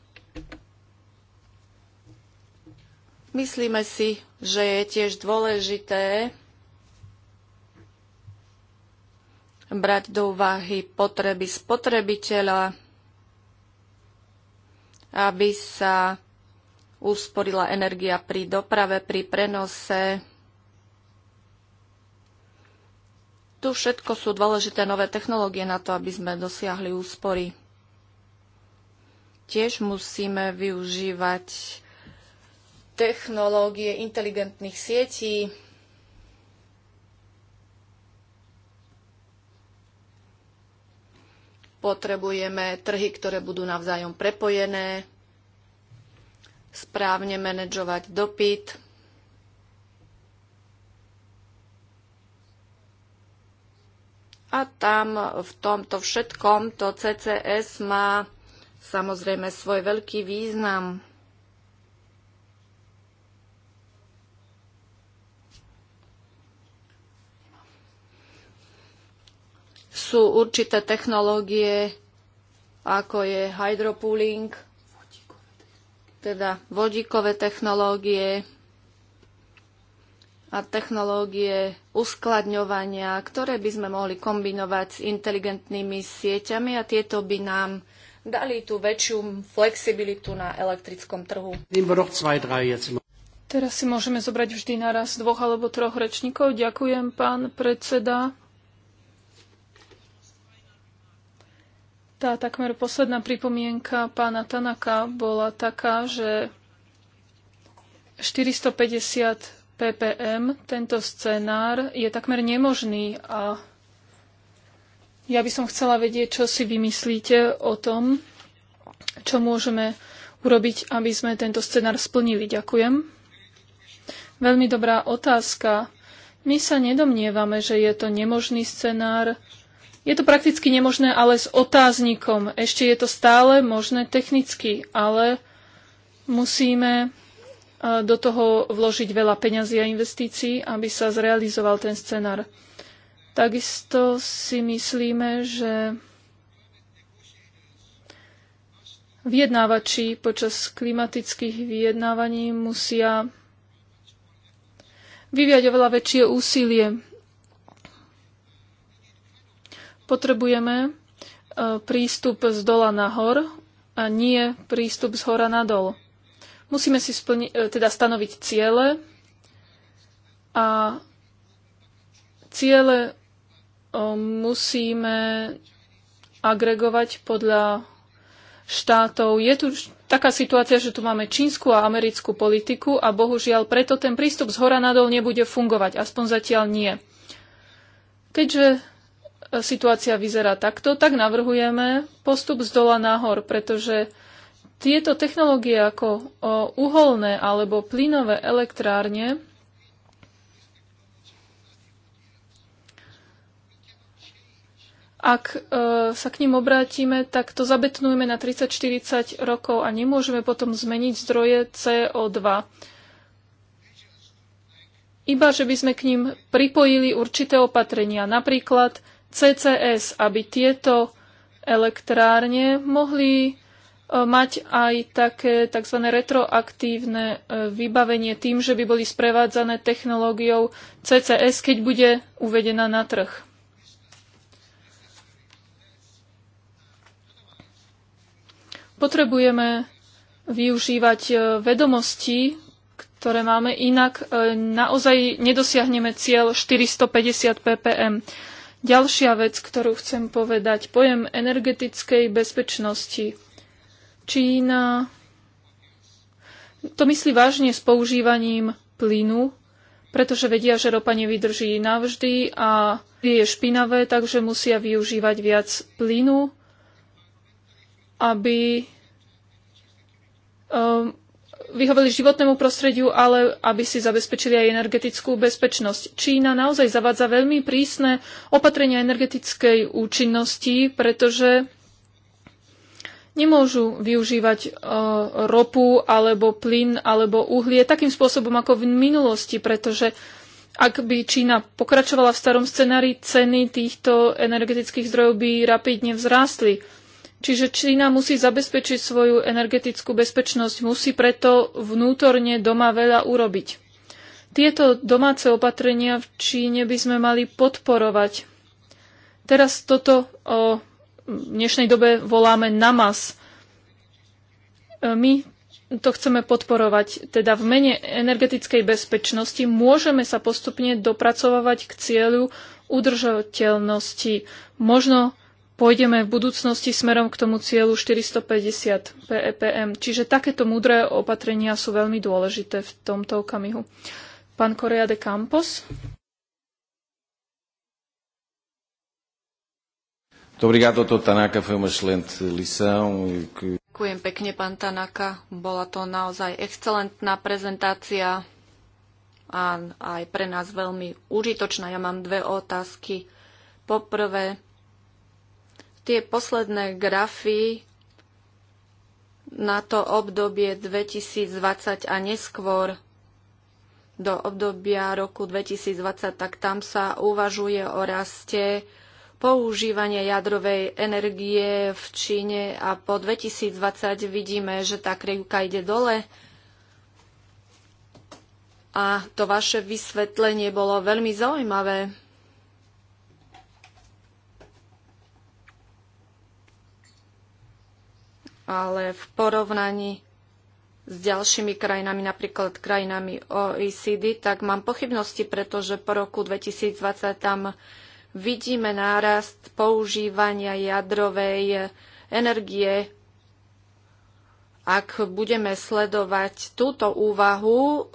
Myslíme si, že je tiež dôležité brať do úvahy potreby spotrebiteľa, aby sa usporila energia pri doprave, pri prenose. Tu všetko sú dôležité nové technológie na to, aby sme dosiahli úspory. Tiež musíme využívať technológie inteligentných sietí, potrebujeme trhy, ktoré budú navzájom prepojené, správne manažovať dopyt, A tam v tomto všetkom to CCS má samozrejme svoj veľký význam. sú určité technológie, ako je hydropooling, teda vodíkové technológie a technológie uskladňovania, ktoré by sme mohli kombinovať s inteligentnými sieťami a tieto by nám dali tú väčšiu flexibilitu na elektrickom trhu. Teraz si môžeme zobrať vždy naraz dvoch alebo troch rečníkov. Ďakujem, pán predseda. Tá takmer posledná pripomienka pána Tanaka bola taká, že 450 ppm tento scenár je takmer nemožný a ja by som chcela vedieť, čo si vymyslíte o tom, čo môžeme urobiť, aby sme tento scenár splnili. Ďakujem. Veľmi dobrá otázka. My sa nedomnievame, že je to nemožný scenár, je to prakticky nemožné, ale s otáznikom. Ešte je to stále možné technicky, ale musíme e, do toho vložiť veľa peňazí a investícií, aby sa zrealizoval ten scenár. Takisto si myslíme, že vyjednávači počas klimatických vyjednávaní musia vyviať oveľa väčšie úsilie Potrebujeme e, prístup z dola nahor a nie prístup z hora nadol. Musíme si splni- e, teda stanoviť ciele a ciele e, musíme agregovať podľa štátov. Je tu taká situácia, že tu máme čínsku a americkú politiku a bohužiaľ preto ten prístup z hora nadol nebude fungovať. Aspoň zatiaľ nie. Keďže situácia vyzerá takto, tak navrhujeme postup z dola nahor, pretože tieto technológie ako uholné alebo plynové elektrárne ak e, sa k ním obrátime, tak to zabetnujeme na 30-40 rokov a nemôžeme potom zmeniť zdroje CO2. Iba, že by sme k ním pripojili určité opatrenia, napríklad CCS, aby tieto elektrárne mohli e, mať aj také tzv. retroaktívne e, vybavenie tým, že by boli sprevádzané technológiou CCS, keď bude uvedená na trh. Potrebujeme využívať e, vedomosti, ktoré máme, inak naozaj nedosiahneme cieľ 450 ppm. Ďalšia vec, ktorú chcem povedať, pojem energetickej bezpečnosti. Čína to myslí vážne s používaním plynu, pretože vedia, že ropa nevydrží navždy a je špinavé, takže musia využívať viac plynu, aby um, vyhoveli životnému prostrediu, ale aby si zabezpečili aj energetickú bezpečnosť. Čína naozaj zavádza veľmi prísne opatrenia energetickej účinnosti, pretože nemôžu využívať e, ropu alebo plyn alebo uhlie takým spôsobom ako v minulosti, pretože ak by Čína pokračovala v starom scenári, ceny týchto energetických zdrojov by rapidne vzrástli. Čiže Čína musí zabezpečiť svoju energetickú bezpečnosť, musí preto vnútorne doma veľa urobiť. Tieto domáce opatrenia v Číne by sme mali podporovať. Teraz toto o, v dnešnej dobe voláme namas. E, my to chceme podporovať. Teda v mene energetickej bezpečnosti môžeme sa postupne dopracovať k cieľu udržateľnosti. Možno pôjdeme v budúcnosti smerom k tomu cieľu 450 PEPM. Čiže takéto múdre opatrenia sú veľmi dôležité v tomto okamihu. Pán Korea de Campos. E Ďakujem pekne, pán Tanaka. Bola to naozaj excelentná prezentácia a aj pre nás veľmi užitočná. Ja mám dve otázky. Poprvé, Tie posledné grafy na to obdobie 2020 a neskôr do obdobia roku 2020, tak tam sa uvažuje o raste používania jadrovej energie v Číne a po 2020 vidíme, že tá krivka ide dole. A to vaše vysvetlenie bolo veľmi zaujímavé. ale v porovnaní s ďalšími krajinami, napríklad krajinami OECD, tak mám pochybnosti, pretože po roku 2020 tam vidíme nárast používania jadrovej energie. Ak budeme sledovať túto úvahu,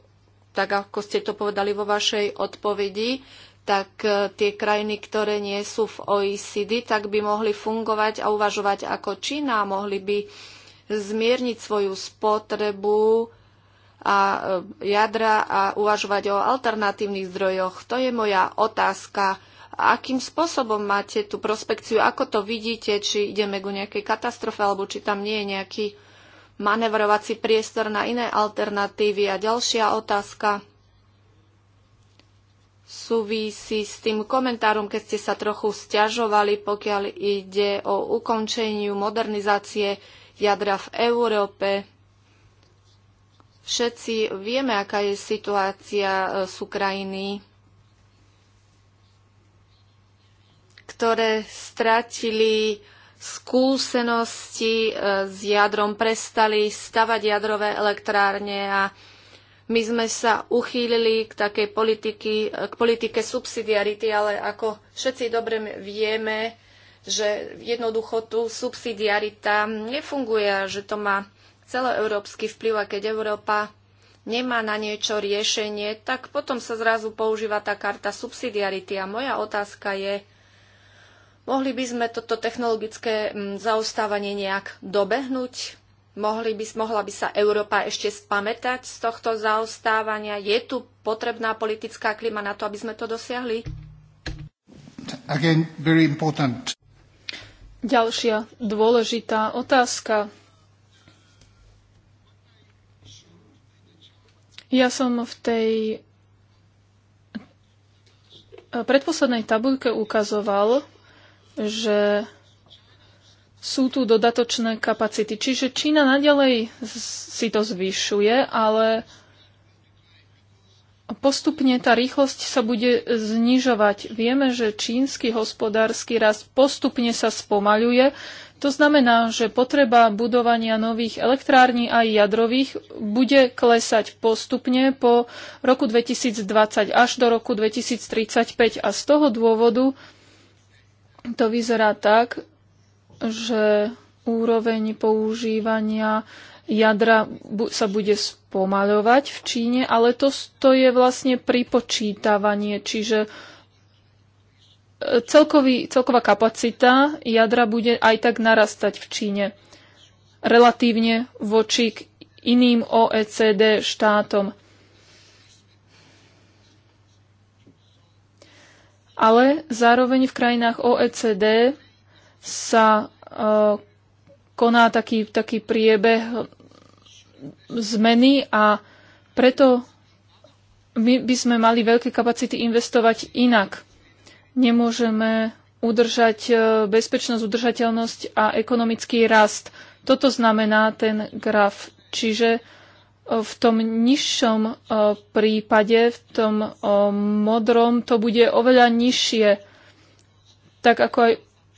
tak ako ste to povedali vo vašej odpovedi, tak e, tie krajiny, ktoré nie sú v OECD, tak by mohli fungovať a uvažovať ako Čína, mohli by zmierniť svoju spotrebu a e, jadra a uvažovať o alternatívnych zdrojoch. To je moja otázka. Akým spôsobom máte tú prospekciu? Ako to vidíte? Či ideme ku nejakej katastrofe, alebo či tam nie je nejaký manevrovací priestor na iné alternatívy? A ďalšia otázka súvisí s tým komentárom, keď ste sa trochu stiažovali, pokiaľ ide o ukončeniu modernizácie jadra v Európe. Všetci vieme, aká je situácia z e, Ukrajiny, ktoré stratili skúsenosti e, s jadrom, prestali stavať jadrové elektrárne a my sme sa uchýlili k takej politiky, k politike subsidiarity, ale ako všetci dobre vieme, že jednoducho tu subsidiarita nefunguje a že to má celoeurópsky vplyv a keď Európa nemá na niečo riešenie, tak potom sa zrazu používa tá karta subsidiarity. A moja otázka je, mohli by sme toto technologické mm, zaostávanie nejak dobehnúť? Mohli by, mohla by sa Európa ešte spamätať z tohto zaostávania? Je tu potrebná politická klima na to, aby sme to dosiahli? Again, very important. Ďalšia dôležitá otázka. Ja som v tej predposlednej tabuľke ukazoval, že sú tu dodatočné kapacity. Čiže Čína nadalej si to zvyšuje, ale postupne tá rýchlosť sa bude znižovať. Vieme, že čínsky hospodársky rast postupne sa spomaľuje. To znamená, že potreba budovania nových elektrární aj jadrových bude klesať postupne po roku 2020 až do roku 2035 a z toho dôvodu to vyzerá tak, že úroveň používania jadra sa bude spomaľovať v Číne, ale to, to je vlastne pripočítavanie, čiže e, celkový, celková kapacita jadra bude aj tak narastať v Číne relatívne voči k iným OECD štátom. Ale zároveň v krajinách OECD sa e, koná taký, taký priebeh zmeny a preto my by sme mali veľké kapacity investovať inak. Nemôžeme udržať e, bezpečnosť, udržateľnosť a ekonomický rast. Toto znamená ten graf. Čiže e, v tom nižšom prípade, v tom modrom, to bude oveľa nižšie, tak ako aj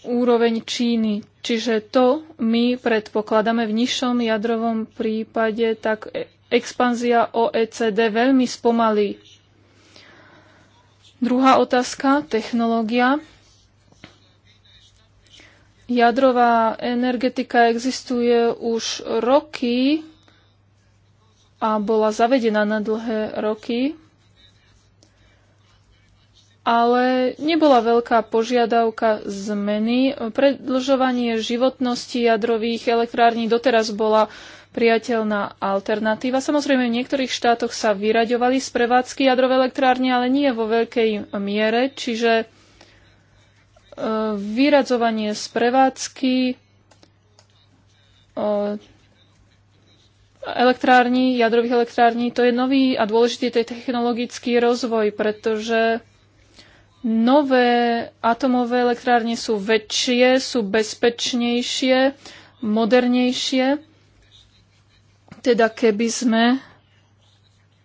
úroveň Číny. Čiže to my predpokladáme v nižšom jadrovom prípade, tak e- expanzia OECD veľmi spomalí. Druhá otázka, technológia. Jadrová energetika existuje už roky a bola zavedená na dlhé roky ale nebola veľká požiadavka zmeny. Predlžovanie životnosti jadrových elektrární doteraz bola priateľná alternatíva. Samozrejme, v niektorých štátoch sa vyraďovali z prevádzky jadrové elektrárne, ale nie vo veľkej miere, čiže e, vyradzovanie z prevádzky elektrární, jadrových elektrární, to je nový a dôležitý technologický rozvoj, pretože Nové atomové elektrárne sú väčšie, sú bezpečnejšie, modernejšie. Teda keby sme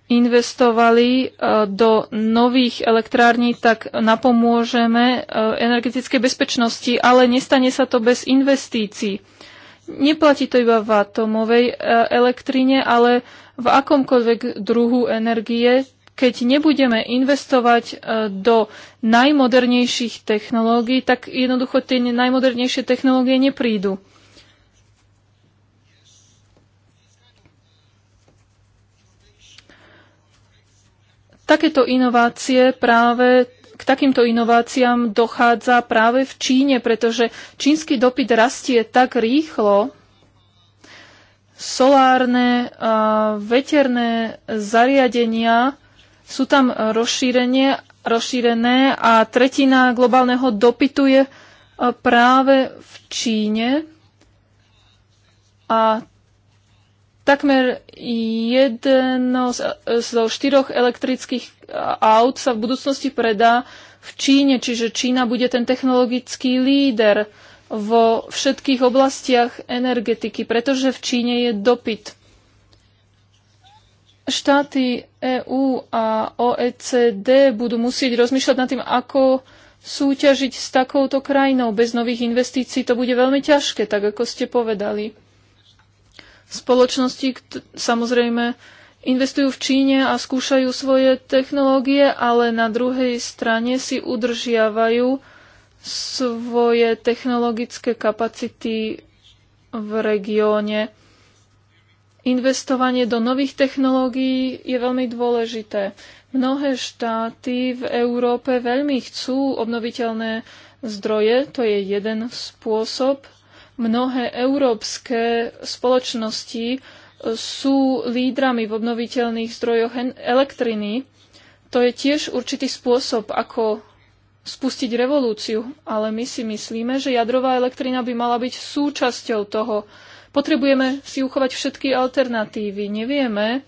investovali e, do nových elektrární, tak napomôžeme e, energetickej bezpečnosti, ale nestane sa to bez investícií. Neplatí to iba v atomovej e, elektrine, ale v akomkoľvek druhu energie keď nebudeme investovať e, do najmodernejších technológií, tak jednoducho tie najmodernejšie technológie neprídu. Takéto inovácie práve k takýmto inováciám dochádza práve v Číne, pretože čínsky dopyt rastie tak rýchlo, solárne, a veterné zariadenia sú tam e, rozšírenie, rozšírené a tretina globálneho dopytu je e, práve v Číne a takmer jedno z, e, zo štyroch elektrických aut sa v budúcnosti predá v Číne, čiže Čína bude ten technologický líder vo všetkých oblastiach energetiky, pretože v Číne je dopyt štáty EÚ a OECD budú musieť rozmýšľať nad tým, ako súťažiť s takouto krajinou. Bez nových investícií to bude veľmi ťažké, tak ako ste povedali. Spoločnosti samozrejme investujú v Číne a skúšajú svoje technológie, ale na druhej strane si udržiavajú svoje technologické kapacity v regióne investovanie do nových technológií je veľmi dôležité. Mnohé štáty v Európe veľmi chcú obnoviteľné zdroje, to je jeden spôsob. Mnohé európske spoločnosti sú lídrami v obnoviteľných zdrojoch elektriny. To je tiež určitý spôsob, ako spustiť revolúciu, ale my si myslíme, že jadrová elektrina by mala byť súčasťou toho Potrebujeme si uchovať všetky alternatívy. Nevieme,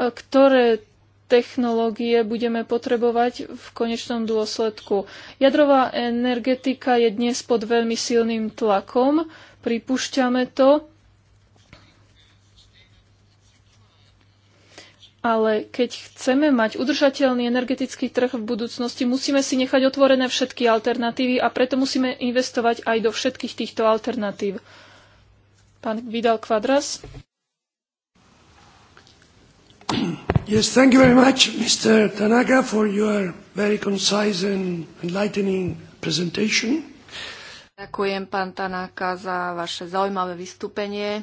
ktoré technológie budeme potrebovať v konečnom dôsledku. Jadrová energetika je dnes pod veľmi silným tlakom, pripúšťame to, ale keď chceme mať udržateľný energetický trh v budúcnosti, musíme si nechať otvorené všetky alternatívy a preto musíme investovať aj do všetkých týchto alternatív. Pán Vidal Quadras. Yes, thank you very much, Mr. Tanaka, for your very concise and enlightening presentation. Ďakujem, pán Tanaka, za vaše zaujímavé vystúpenie.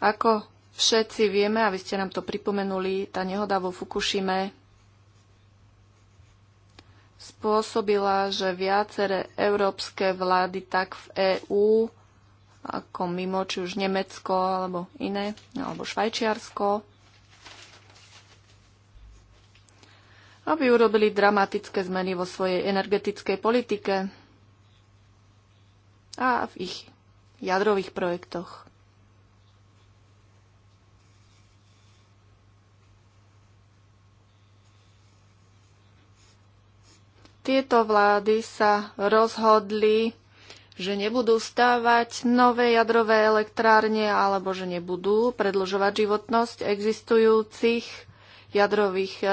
Ako všetci vieme, a vy ste nám to pripomenuli, tá nehoda vo Fukushime spôsobila, že viaceré európske vlády tak v EÚ ako mimo, či už Nemecko alebo iné, alebo Švajčiarsko, aby urobili dramatické zmeny vo svojej energetickej politike a v ich jadrových projektoch. tieto vlády sa rozhodli, že nebudú stávať nové jadrové elektrárne alebo že nebudú predlžovať životnosť existujúcich jadrových e,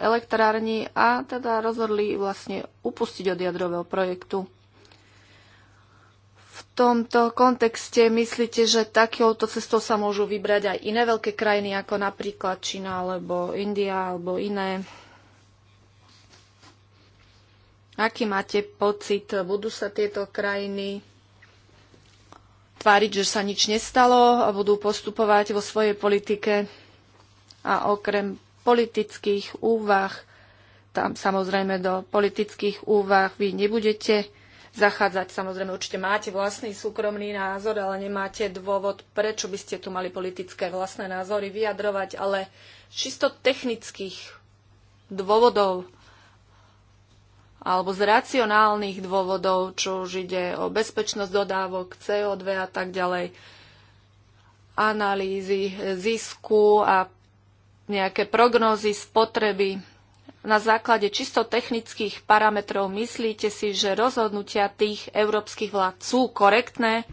elektrární a teda rozhodli vlastne upustiť od jadrového projektu. V tomto kontexte myslíte, že takouto cestou sa môžu vybrať aj iné veľké krajiny ako napríklad Čína alebo India alebo iné Aký máte pocit, budú sa tieto krajiny tváriť, že sa nič nestalo a budú postupovať vo svojej politike a okrem politických úvah, tam samozrejme do politických úvah vy nebudete zachádzať. Samozrejme, určite máte vlastný súkromný názor, ale nemáte dôvod, prečo by ste tu mali politické vlastné názory vyjadrovať, ale čisto technických dôvodov alebo z racionálnych dôvodov, čo už ide o bezpečnosť dodávok, CO2 a tak ďalej, analýzy zisku a nejaké prognózy spotreby. Na základe čisto technických parametrov myslíte si, že rozhodnutia tých európskych vlád sú korektné?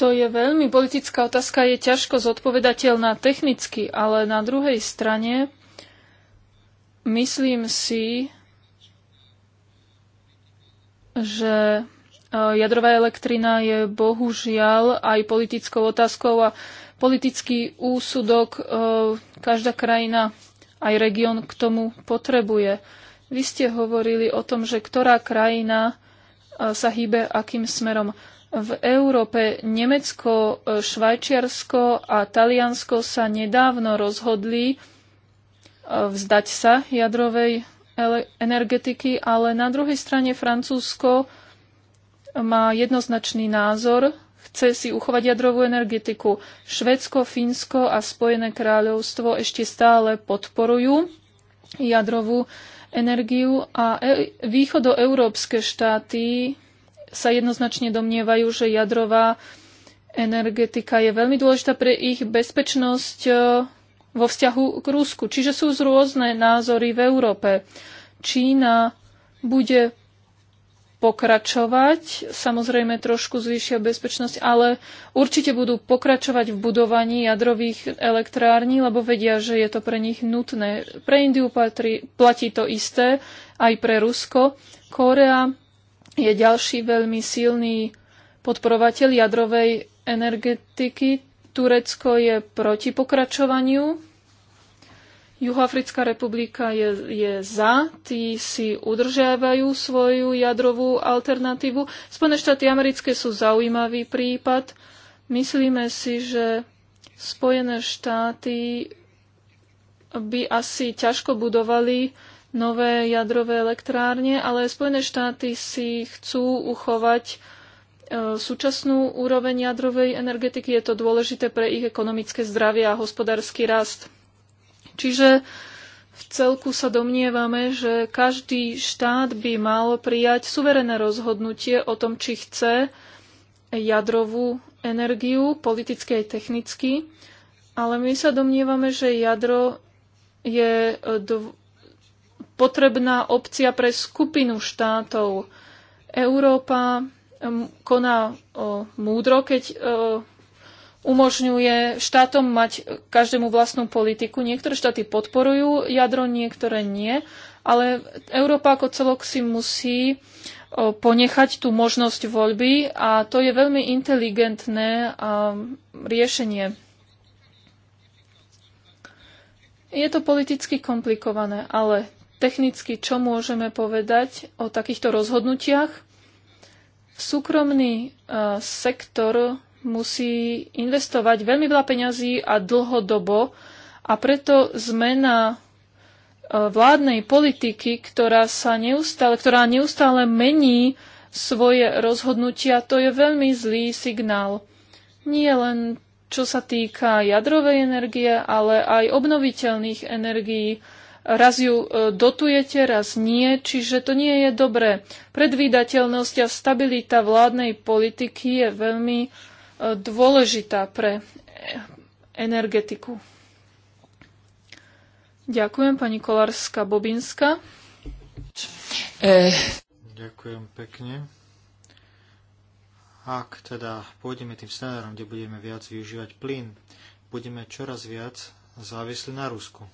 To je veľmi politická otázka, je ťažko zodpovedateľná technicky, ale na druhej strane Myslím si, že e, jadrová elektrina je bohužiaľ aj politickou otázkou a politický úsudok e, každá krajina aj región k tomu potrebuje. Vy ste hovorili o tom, že ktorá krajina e, sa hýbe akým smerom. V Európe Nemecko, Švajčiarsko a Taliansko sa nedávno rozhodli vzdať sa jadrovej energetiky, ale na druhej strane Francúzsko má jednoznačný názor, chce si uchovať jadrovú energetiku. Švedsko, Fínsko a Spojené kráľovstvo ešte stále podporujú jadrovú energiu a e- východoeurópske štáty sa jednoznačne domnievajú, že jadrová energetika je veľmi dôležitá pre ich bezpečnosť, vo vzťahu k Rusku. Čiže sú rôzne názory v Európe. Čína bude pokračovať, samozrejme trošku zvýšia bezpečnosť, ale určite budú pokračovať v budovaní jadrových elektrární, lebo vedia, že je to pre nich nutné. Pre Indiu patrí, platí to isté, aj pre Rusko. Korea je ďalší veľmi silný podporovateľ jadrovej energetiky, Turecko je proti pokračovaniu. Juhoafrická republika je, je za, tí si udržiavajú svoju jadrovú alternatívu. Spojené štáty americké sú zaujímavý prípad. Myslíme si, že Spojené štáty by asi ťažko budovali nové jadrové elektrárne, ale Spojené štáty si chcú uchovať E, súčasnú úroveň jadrovej energetiky, je to dôležité pre ich ekonomické zdravie a hospodársky rast. Čiže v celku sa domnievame, že každý štát by mal prijať suverené rozhodnutie o tom, či chce jadrovú energiu, politicky aj technicky, ale my sa domnievame, že jadro je e, potrebná opcia pre skupinu štátov. Európa koná múdro, keď umožňuje štátom mať každému vlastnú politiku. Niektoré štáty podporujú jadro, niektoré nie, ale Európa ako celok si musí ponechať tú možnosť voľby a to je veľmi inteligentné riešenie. Je to politicky komplikované, ale technicky čo môžeme povedať o takýchto rozhodnutiach? Súkromný uh, sektor musí investovať veľmi veľa peňazí a dlhodobo a preto zmena e, vládnej politiky, ktorá sa neustále, ktorá neustále mení svoje rozhodnutia, to je veľmi zlý signál. Nie len čo sa týka jadrovej energie, ale aj obnoviteľných energií. Raz ju e, dotujete, raz nie, čiže to nie je dobré. Predvídateľnosť a stabilita vládnej politiky je veľmi e, dôležitá pre energetiku. Ďakujem pani Kolárska Bobinská. E. Ďakujem pekne. Ak teda pôjdeme tým scenárom, kde budeme viac využívať plyn, budeme čoraz viac závislí na Rusku.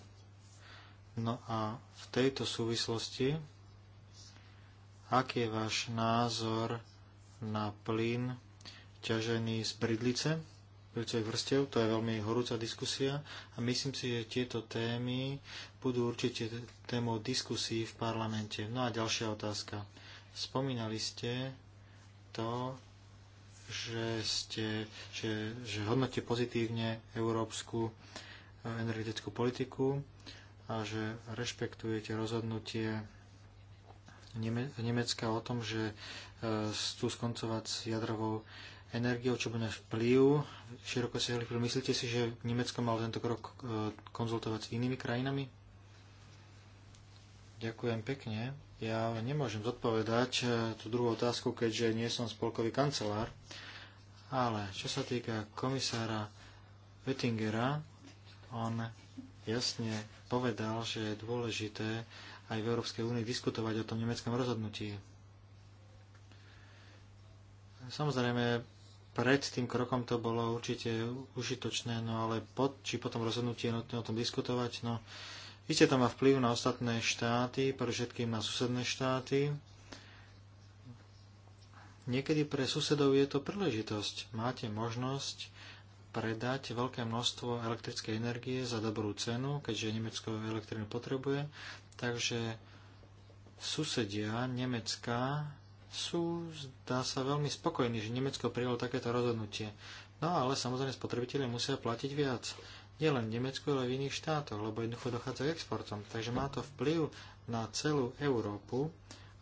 No a v tejto súvislosti, aký je váš názor na plyn ťažený z bridlice, bridlicových vrstev, to je veľmi horúca diskusia a myslím si, že tieto témy budú určite témou diskusí v parlamente. No a ďalšia otázka. Spomínali ste to, že, ste, že, že hodnotí pozitívne európsku energetickú politiku a že rešpektujete rozhodnutie Nemecka o tom, že chcú e, skoncovať s jadrovou energiou, čo bude vplyv široko si vplyv. Myslíte si, že Nemecko malo tento krok e, konzultovať s inými krajinami? Ďakujem pekne. Ja nemôžem zodpovedať e, tú druhú otázku, keďže nie som spolkový kancelár, ale čo sa týka komisára Oettingera, on jasne povedal, že je dôležité aj v Európskej únii diskutovať o tom nemeckom rozhodnutí. Samozrejme, pred tým krokom to bolo určite užitočné, no ale pod, či potom rozhodnutie je nutné o tom diskutovať, no iste to má vplyv na ostatné štáty, pre všetkým na susedné štáty. Niekedy pre susedov je to príležitosť. Máte možnosť predať veľké množstvo elektrickej energie za dobrú cenu, keďže Nemecko elektrínu potrebuje. Takže susedia Nemecka sú, zdá sa, veľmi spokojní, že Nemecko prijalo takéto rozhodnutie. No ale samozrejme spotrebitelia musia platiť viac. Nie len v Nemecku, ale aj v iných štátoch, lebo jednoducho dochádza k exportom. Takže má to vplyv na celú Európu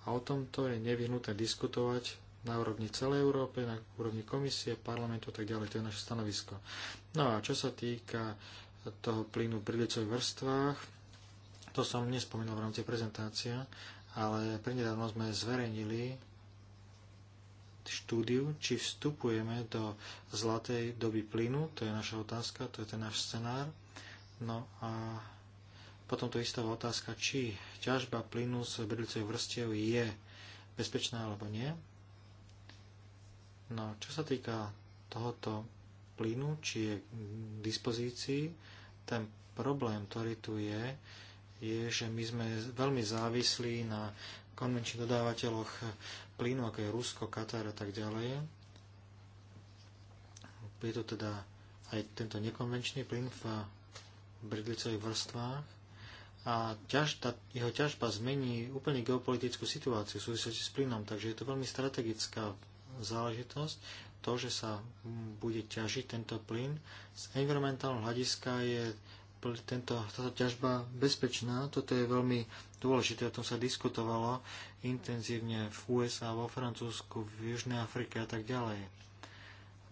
a o tomto je nevyhnuté diskutovať na úrovni celej Európe, na úrovni komisie, parlamentu a tak ďalej. To je naše stanovisko. No a čo sa týka toho plynu v bridlicových vrstvách, to som nespomenul v rámci prezentácie, ale prinedávno sme zverejnili štúdiu, či vstupujeme do zlatej doby plynu, to je naša otázka, to je ten náš scenár. No a potom tu istá otázka, či ťažba plynu z bridlicových vrstiev je bezpečná alebo nie. No, čo sa týka tohoto plynu, či je k dispozícii, ten problém, ktorý tu je, je, že my sme veľmi závislí na konvenčných dodávateľoch plynu, ako je Rusko, Katar a tak ďalej. Je to teda aj tento nekonvenčný plyn v bridlicových vrstvách a ťaž, tá, jeho ťažba zmení úplne geopolitickú situáciu v súvislosti s plynom, takže je to veľmi strategická záležitosť. To, že sa bude ťažiť tento plyn, z environmentálneho hľadiska je tento, táto ťažba bezpečná. Toto je veľmi dôležité, o tom sa diskutovalo intenzívne v USA, vo Francúzsku, v Južnej Afrike a tak ďalej.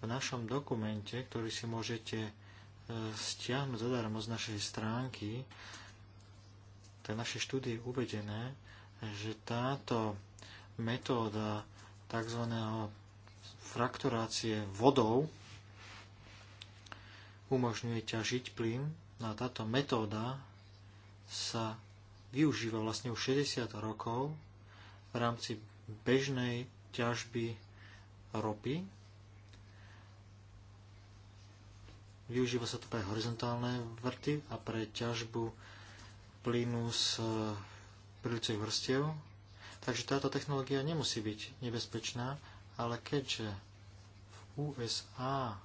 V našom dokumente, ktorý si môžete e, stiahnuť zadarmo z našej stránky, tak naše štúdie je uvedené, že táto metóda tzv. frakturácie vodou umožňuje ťažiť plyn. No a táto metóda sa využíva vlastne už 60 rokov v rámci bežnej ťažby ropy. Využíva sa to pre horizontálne vrty a pre ťažbu plynu z prílicových vrstiev Takže táto technológia nemusí byť nebezpečná, ale keďže v USA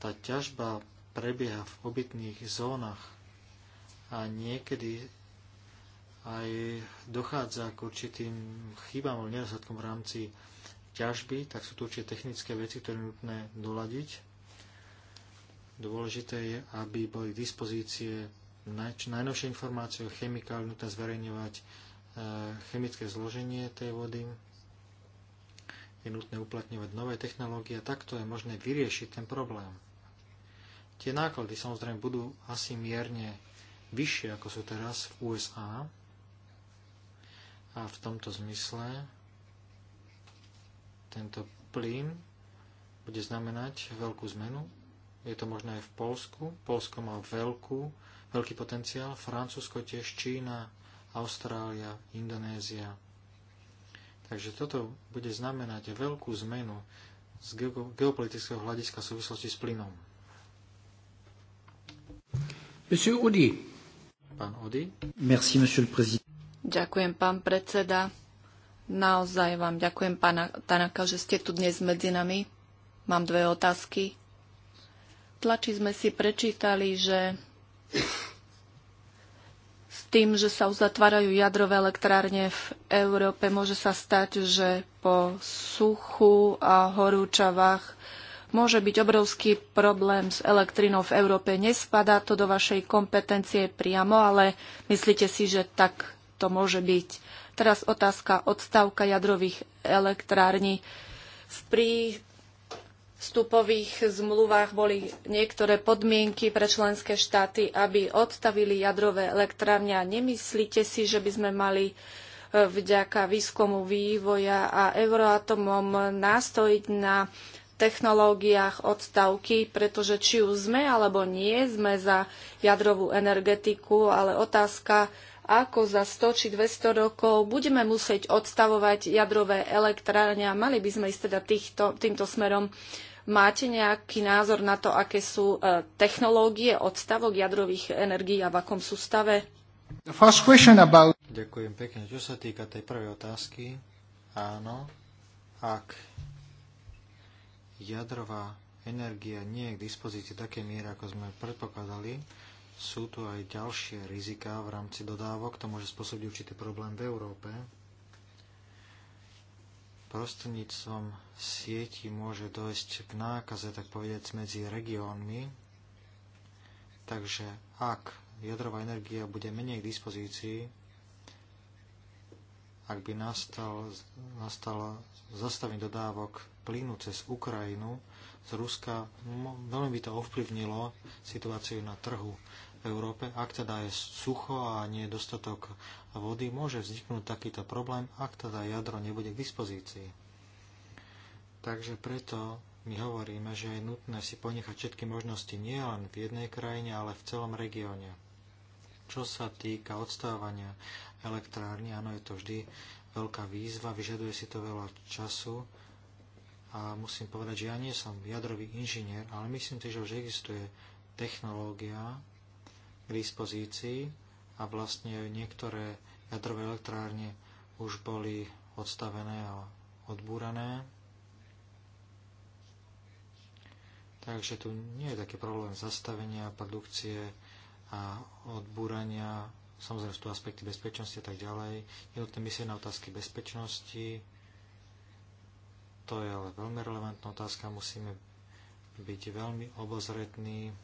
tá ťažba prebieha v obytných zónach a niekedy aj dochádza k určitým chybám alebo nedostatkom v rámci ťažby, tak sú tu určite technické veci, ktoré je nutné doladiť. Dôležité je, aby boli dispozície najnovšie informácie o chemikáliu nutné zverejňovať chemické zloženie tej vody. Je nutné uplatňovať nové technológie a takto je možné vyriešiť ten problém. Tie náklady samozrejme budú asi mierne vyššie, ako sú teraz v USA. A v tomto zmysle tento plyn bude znamenať veľkú zmenu. Je to možné aj v Polsku. Polsko má veľkú, veľký potenciál. Francúzsko tiež, Čína, Austrália, Indonézia. Takže toto bude znamenať veľkú zmenu z geopolitického hľadiska v súvislosti s plynom. Pán Odi. Merci, Ďakujem, pán predseda. Naozaj vám ďakujem, pána Tanaka, že ste tu dnes medzi nami. Mám dve otázky. tlači sme si prečítali, že tým, že sa uzatvárajú jadrové elektrárne v Európe, môže sa stať, že po suchu a horúčavách môže byť obrovský problém s elektrinou v Európe. Nespadá to do vašej kompetencie priamo, ale myslíte si, že tak to môže byť. Teraz otázka odstavka jadrových elektrární. V, prí, vstupových zmluvách boli niektoré podmienky pre členské štáty, aby odstavili jadrové elektrárne. A nemyslíte si, že by sme mali e, vďaka výskumu vývoja a euroatomom nástojiť na technológiách odstavky, pretože či už sme alebo nie sme za jadrovú energetiku, ale otázka ako za 100 či 200 rokov budeme musieť odstavovať jadrové elektrárne a mali by sme ísť teda týchto, týmto smerom. Máte nejaký názor na to, aké sú e, technológie odstavok jadrových energií a v akom sú stave? About... Ďakujem pekne. Čo sa týka tej prvej otázky, áno, ak jadrová energia nie je k dispozícii také miery, ako sme predpokladali, sú tu aj ďalšie riziká v rámci dodávok, to môže spôsobiť určitý problém v Európe. Prostredníctvom sieti môže dojsť k nákaze, tak povedať, medzi regiónmi. Takže ak jadrová energia bude menej k dispozícii, ak by nastal, nastalo zastavenie dodávok plynu cez Ukrajinu z Ruska, veľmi by to ovplyvnilo situáciu na trhu v Európe, ak teda je sucho a nie je dostatok vody, môže vzniknúť takýto problém, ak teda jadro nebude k dispozícii. Takže preto my hovoríme, že je nutné si ponechať všetky možnosti nie len v jednej krajine, ale v celom regióne. Čo sa týka odstávania elektrárny, áno, je to vždy veľká výzva, vyžaduje si to veľa času a musím povedať, že ja nie som jadrový inžinier, ale myslím si, že už existuje technológia, k dispozícii a vlastne niektoré jadrové elektrárne už boli odstavené a odbúrané. Takže tu nie je taký problém zastavenia produkcie a odbúrania. Samozrejme sú tu aspekty bezpečnosti a tak ďalej. Jednotné misie na otázky bezpečnosti. To je ale veľmi relevantná otázka. Musíme byť veľmi obozretní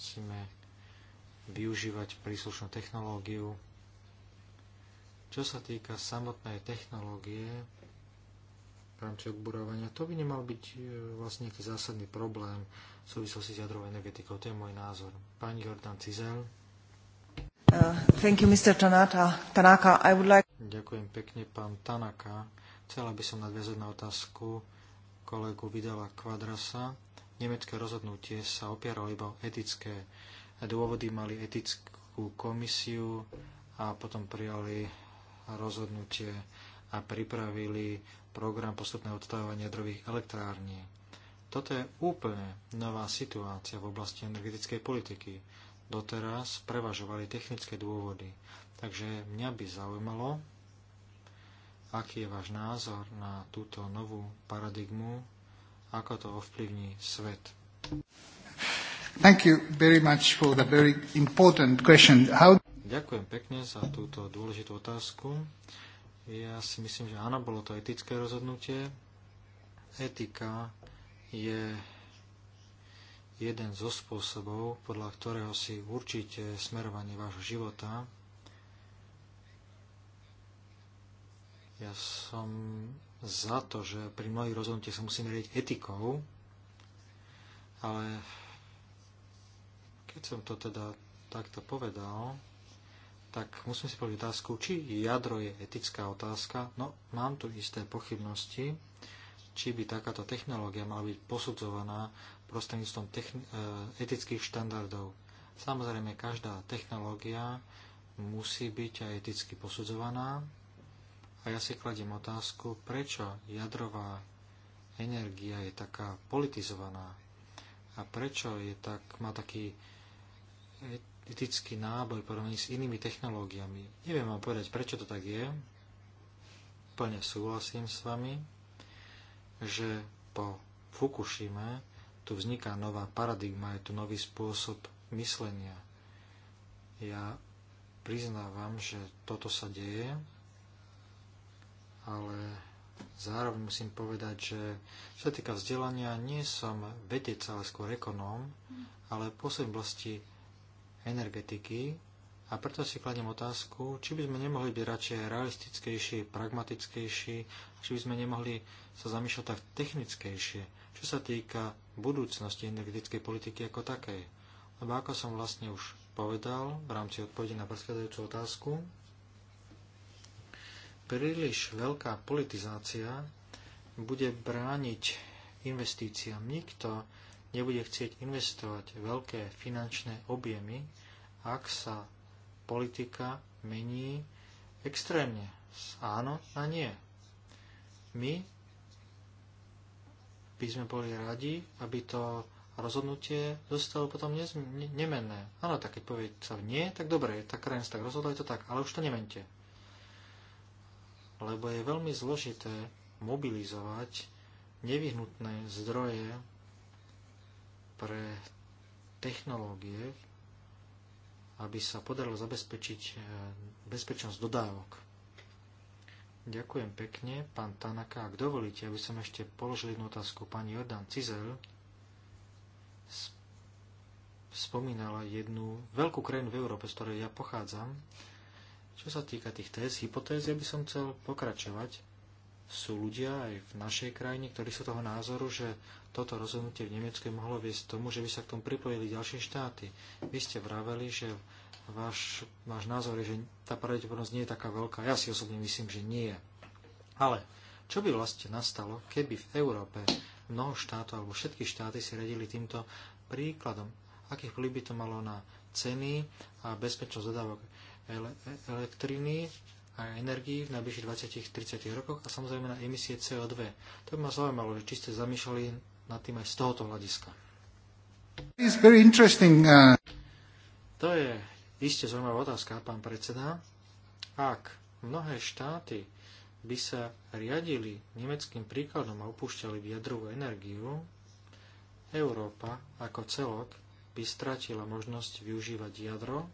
Musíme využívať príslušnú technológiu. Čo sa týka samotnej technológie v rámci odburovania, to by nemal byť e, vlastne nejaký zásadný problém v súvislosti s jadrovou energetikou. To je môj názor. Pani Jordan Cizel. Uh, you, Tanaka. Tanaka, like... Ďakujem pekne, pán Tanaka. Chcela by som nadviazať na otázku kolegu Vidala Kvadrasa nemecké rozhodnutie sa opieralo iba o etické dôvody, mali etickú komisiu a potom prijali rozhodnutie a pripravili program postupného odstavovania jadrových elektrární. Toto je úplne nová situácia v oblasti energetickej politiky. Doteraz prevažovali technické dôvody. Takže mňa by zaujímalo, aký je váš názor na túto novú paradigmu ako to ovplyvní svet. Thank you very much for the very important question. How... Ďakujem pekne za túto dôležitú otázku. Ja si myslím, že áno, bolo to etické rozhodnutie. Etika je jeden zo spôsobov, podľa ktorého si určite smerovanie vášho života. Ja som za to, že pri mnohých rozhodnutiach sa musím riadiť etikou, ale keď som to teda takto povedal, tak musím si povedať otázku, či jadro je etická otázka. No, mám tu isté pochybnosti, či by takáto technológia mala byť posudzovaná prostredníctvom e, etických štandardov. Samozrejme, každá technológia musí byť aj eticky posudzovaná, a ja si kladím otázku, prečo jadrová energia je taká politizovaná a prečo je tak, má taký etický náboj porovnaný s inými technológiami. Neviem vám povedať, prečo to tak je. Plne súhlasím s vami, že po Fukushime tu vzniká nová paradigma, je tu nový spôsob myslenia. Ja priznávam, že toto sa deje ale zároveň musím povedať, že čo sa týka vzdelania, nie som vedec, ale skôr ekonóm, ale pôsobím oblasti energetiky a preto si kladiem otázku, či by sme nemohli byť radšej realistickejší, pragmatickejší, či by sme nemohli sa zamýšľať tak technickejšie, čo sa týka budúcnosti energetickej politiky ako takej. Lebo ako som vlastne už povedal v rámci odpovede na predchádzajúcu otázku, príliš veľká politizácia bude brániť investíciám. Nikto nebude chcieť investovať veľké finančné objemy, ak sa politika mení extrémne z áno na nie. My by sme boli radi, aby to rozhodnutie zostalo potom nemenné. Áno, tak keď povie sa nie, tak dobre, tak krajina sa tak rozhodla, je to tak, ale už to nemente lebo je veľmi zložité mobilizovať nevyhnutné zdroje pre technológie, aby sa podarilo zabezpečiť e, bezpečnosť dodávok. Ďakujem pekne, pán Tanaka. Ak dovolíte, aby som ešte položil jednu otázku. Pani Jordan Cizel spomínala jednu veľkú krajinu v Európe, z ktorej ja pochádzam, čo sa týka tých téz, hypotéz, ja by som chcel pokračovať. Sú ľudia aj v našej krajine, ktorí sú toho názoru, že toto rozhodnutie v Nemecku mohlo viesť tomu, že by sa k tomu pripojili ďalšie štáty. Vy ste vraveli, že váš, váš názor je, že tá pravdepodobnosť nie je taká veľká. Ja si osobne myslím, že nie je. Ale čo by vlastne nastalo, keby v Európe mnoho štátov alebo všetky štáty si radili týmto príkladom? Aký vplyv by to malo na ceny a bezpečnosť dodávok E- elektriny a energii v najbližších 20-30 rokoch a samozrejme na emisie CO2. To by ma zaujímalo, že či ste zamýšľali nad tým aj z tohoto hľadiska. Uh, to je iste zaujímavá otázka, pán predseda. Ak mnohé štáty by sa riadili nemeckým príkladom a upúšťali jadrovú energiu, Európa ako celok by stratila možnosť využívať jadro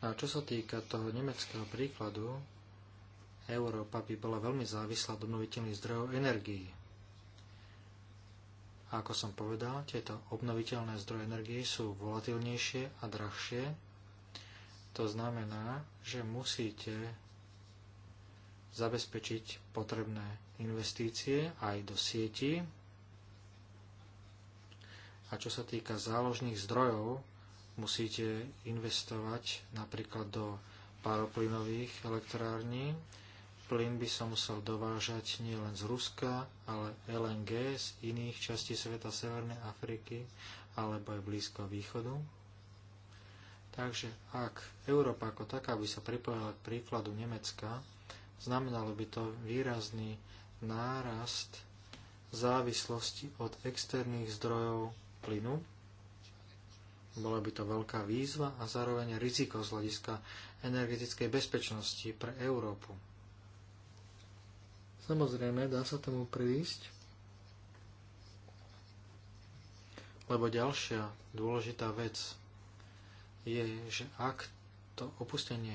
A čo sa týka toho nemeckého príkladu, Európa by bola veľmi závislá od obnoviteľných zdrojov energií. A ako som povedal, tieto obnoviteľné zdroje energií sú volatilnejšie a drahšie. To znamená, že musíte zabezpečiť potrebné investície aj do sieti. A čo sa týka záložných zdrojov, musíte investovať napríklad do paroplynových elektrární. Plyn by sa musel dovážať nielen z Ruska, ale LNG z iných častí sveta Severnej Afriky alebo aj Blízko východu. Takže ak Európa ako taká by sa pripojila k príkladu Nemecka, znamenalo by to výrazný nárast závislosti od externých zdrojov plynu, bola by to veľká výzva a zároveň riziko z hľadiska energetickej bezpečnosti pre Európu. Samozrejme, dá sa tomu prísť, lebo ďalšia dôležitá vec je, že ak to opustenie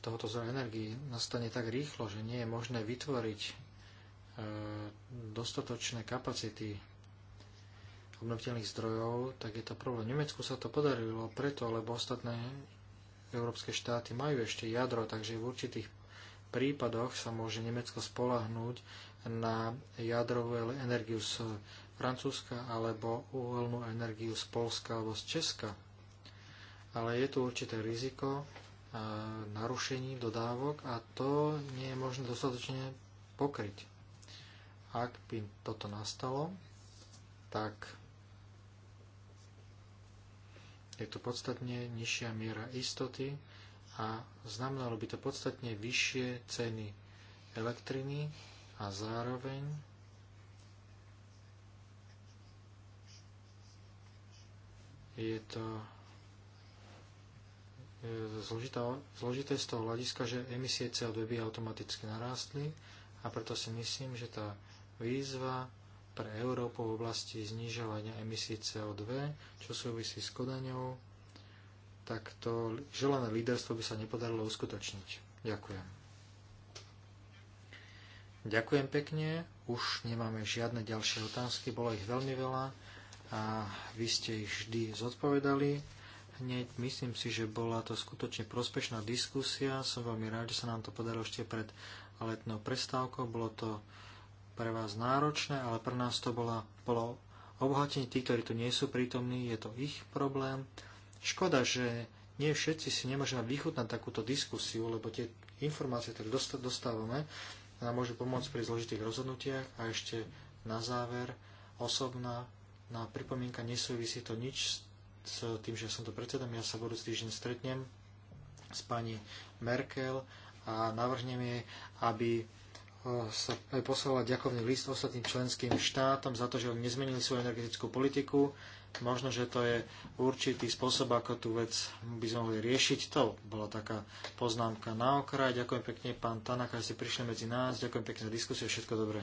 tohoto zdroja energii nastane tak rýchlo, že nie je možné vytvoriť e, dostatočné kapacity obnoviteľných zdrojov, tak je to problém. Nemecku sa to podarilo preto, lebo ostatné európske štáty majú ešte jadro, takže v určitých prípadoch sa môže Nemecko spolahnúť na jadrovú energiu z Francúzska alebo uholnú energiu z Polska alebo z Česka. Ale je tu určité riziko e, narušení dodávok a to nie je možné dostatočne pokryť. Ak by toto nastalo, tak je tu podstatne nižšia miera istoty a znamenalo by to podstatne vyššie ceny elektriny a zároveň je to e, zložitá, zložité z toho hľadiska, že emisie CO2 by automaticky narástli a preto si myslím, že tá výzva pre Európu v oblasti znižovania emisí CO2, čo súvisí s kodaňou, tak to želané líderstvo by sa nepodarilo uskutočniť. Ďakujem. Ďakujem pekne. Už nemáme žiadne ďalšie otázky, bolo ich veľmi veľa a vy ste ich vždy zodpovedali hneď. Myslím si, že bola to skutočne prospešná diskusia. Som veľmi rád, že sa nám to podarilo ešte pred letnou prestávkou. Bolo to pre vás náročné, ale pre nás to bola, bolo obohatenie. Tí, ktorí tu nie sú prítomní, je to ich problém. Škoda, že nie všetci si nemôžeme vychutnať takúto diskusiu, lebo tie informácie, ktoré dostávame, nám môžu pomôcť pri zložitých rozhodnutiach. A ešte na záver osobná na pripomienka nesúvisí to nič s tým, že som to predsedom. Ja sa budúci týždeň stretnem s pani Merkel a navrhnem jej, aby sa aj poslala ďakovný list ostatným členským štátom za to, že oni nezmenili svoju energetickú politiku. Možno, že to je určitý spôsob, ako tú vec by sme mohli riešiť. To bola taká poznámka na okraj. Ďakujem pekne, pán Tanaka, že ste prišli medzi nás. Ďakujem pekne za diskusiu. Všetko dobré.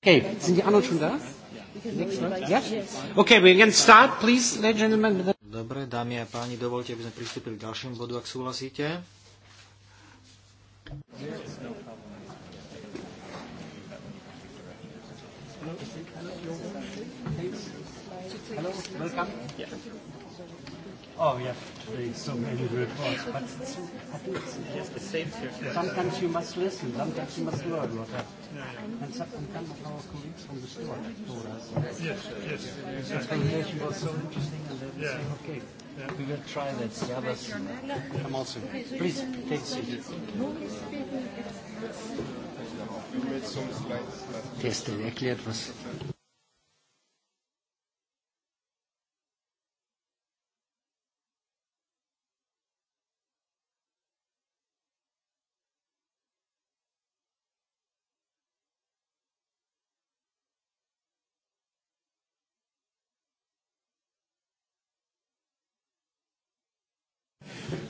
Okay, sind die anderen schon da? Okay, we can start, please, ladies and gentlemen. Dobre, dámy a páni, dovolte, aby sme pristúpili k ďalšiemu bodu, ak súhlasíte. Hello, welcome. Yeah. Oh, we have today so many reports, but it's so yes, the same here. Sometimes you must listen, sometimes you must learn what happens. Yeah, yeah. And some, some of our colleagues from the store told us. Yes, yes. The explanation was so interesting, and then yeah. saying, okay, yeah. we will try that. The others come also. Please, take a seat. Yes, they erklärt was.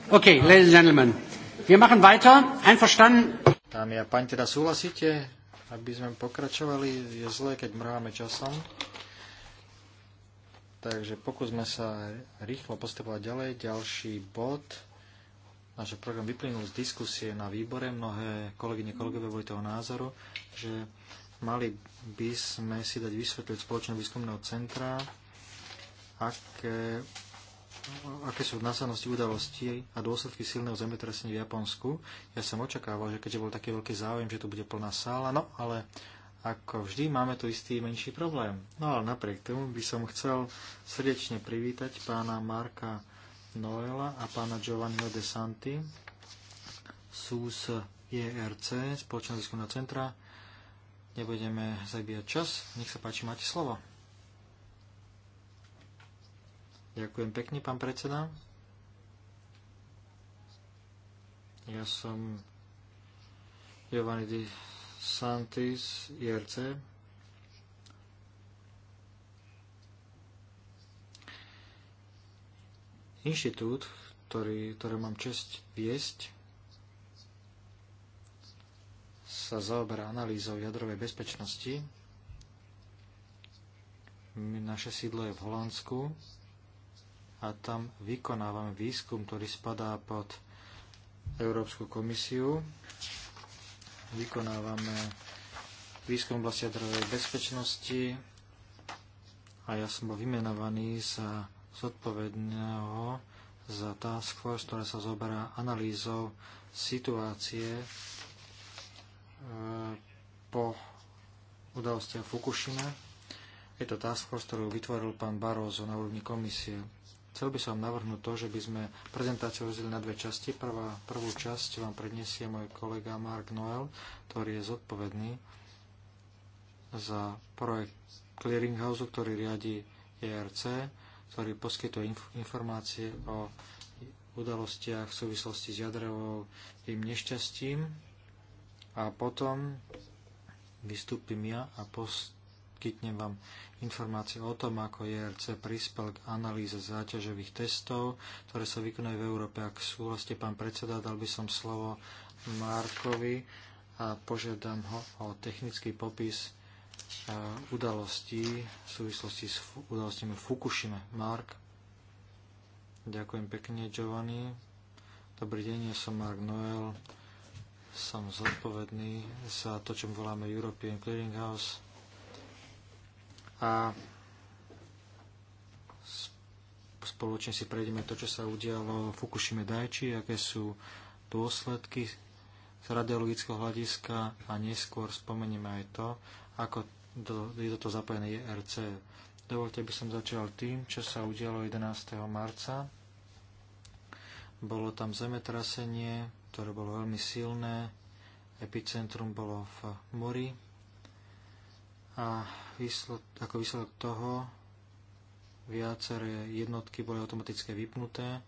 ladies and gentlemen. Wir machen weiter. Einverstanden? Dámy a páni, teda súhlasíte, aby sme pokračovali? Je zlé, keď mrháme časom. Takže pokúsme sa rýchlo postupovať ďalej. Ďalší bod. Náš program vyplynul z diskusie na výbore. Mnohé kolegyne, kolegové boli toho názoru, že mali by sme si dať vysvetliť spoločného výskumného centra, aké aké sú následnosti udalostí a dôsledky silného zemetrasenia v Japonsku. Ja som očakával, že keďže bol taký veľký záujem, že tu bude plná sála, no ale ako vždy máme tu istý menší problém. No ale napriek tomu by som chcel srdečne privítať pána Marka Noela a pána Giovanni De Santi, sú z e IRC, Spoločného výskumného centra. Nebudeme zabíjať čas. Nech sa páči, máte slovo. Ďakujem pekne, pán predseda. Ja som Giovanni Di Santis, IRC. Inštitút, ktorý, ktoré mám čest viesť, sa zaoberá analýzou jadrovej bezpečnosti. Naše sídlo je v Holandsku a tam vykonávame výskum, ktorý spadá pod Európsku komisiu. Vykonávame výskum oblasti jadrovej bezpečnosti a ja som bol vymenovaný za zodpovedného za task force, ktorá sa zoberá analýzou situácie e, po udalostiach Fukushima. Je to task force, ktorú vytvoril pán Barózo na úrovni komisie Chcel by som navrhnúť to, že by sme prezentáciu rozdelili na dve časti. Prvá, prvú časť vám predniesie môj kolega Mark Noel, ktorý je zodpovedný za projekt Clearinghouse, ktorý riadi ERC, ktorý poskytuje inf- informácie o udalostiach v súvislosti s jadrovým nešťastím. A potom vystúpim ja a post poskytnem vám informácie o tom, ako ERC prispel k analýze záťažových testov, ktoré sa vykonajú v Európe. Ak súhlasíte, pán predseda, dal by som slovo Markovi a požiadam ho o technický popis e, udalostí v súvislosti s udalostiami Fukushima. Mark. Ďakujem pekne, Giovanni. Dobrý deň, ja som Mark Noel som zodpovedný za to, čo voláme European Clearinghouse a spoločne si prejdeme to, čo sa udialo v Fukushime Daiichi, aké sú dôsledky z radiologického hľadiska a neskôr spomenieme aj to, ako do, je toto zapojené IRC. E Dovolte by som začal tým, čo sa udialo 11. marca. Bolo tam zemetrasenie, ktoré bolo veľmi silné. Epicentrum bolo v mori, a výsled, ako výsledok toho viaceré jednotky boli automaticky vypnuté.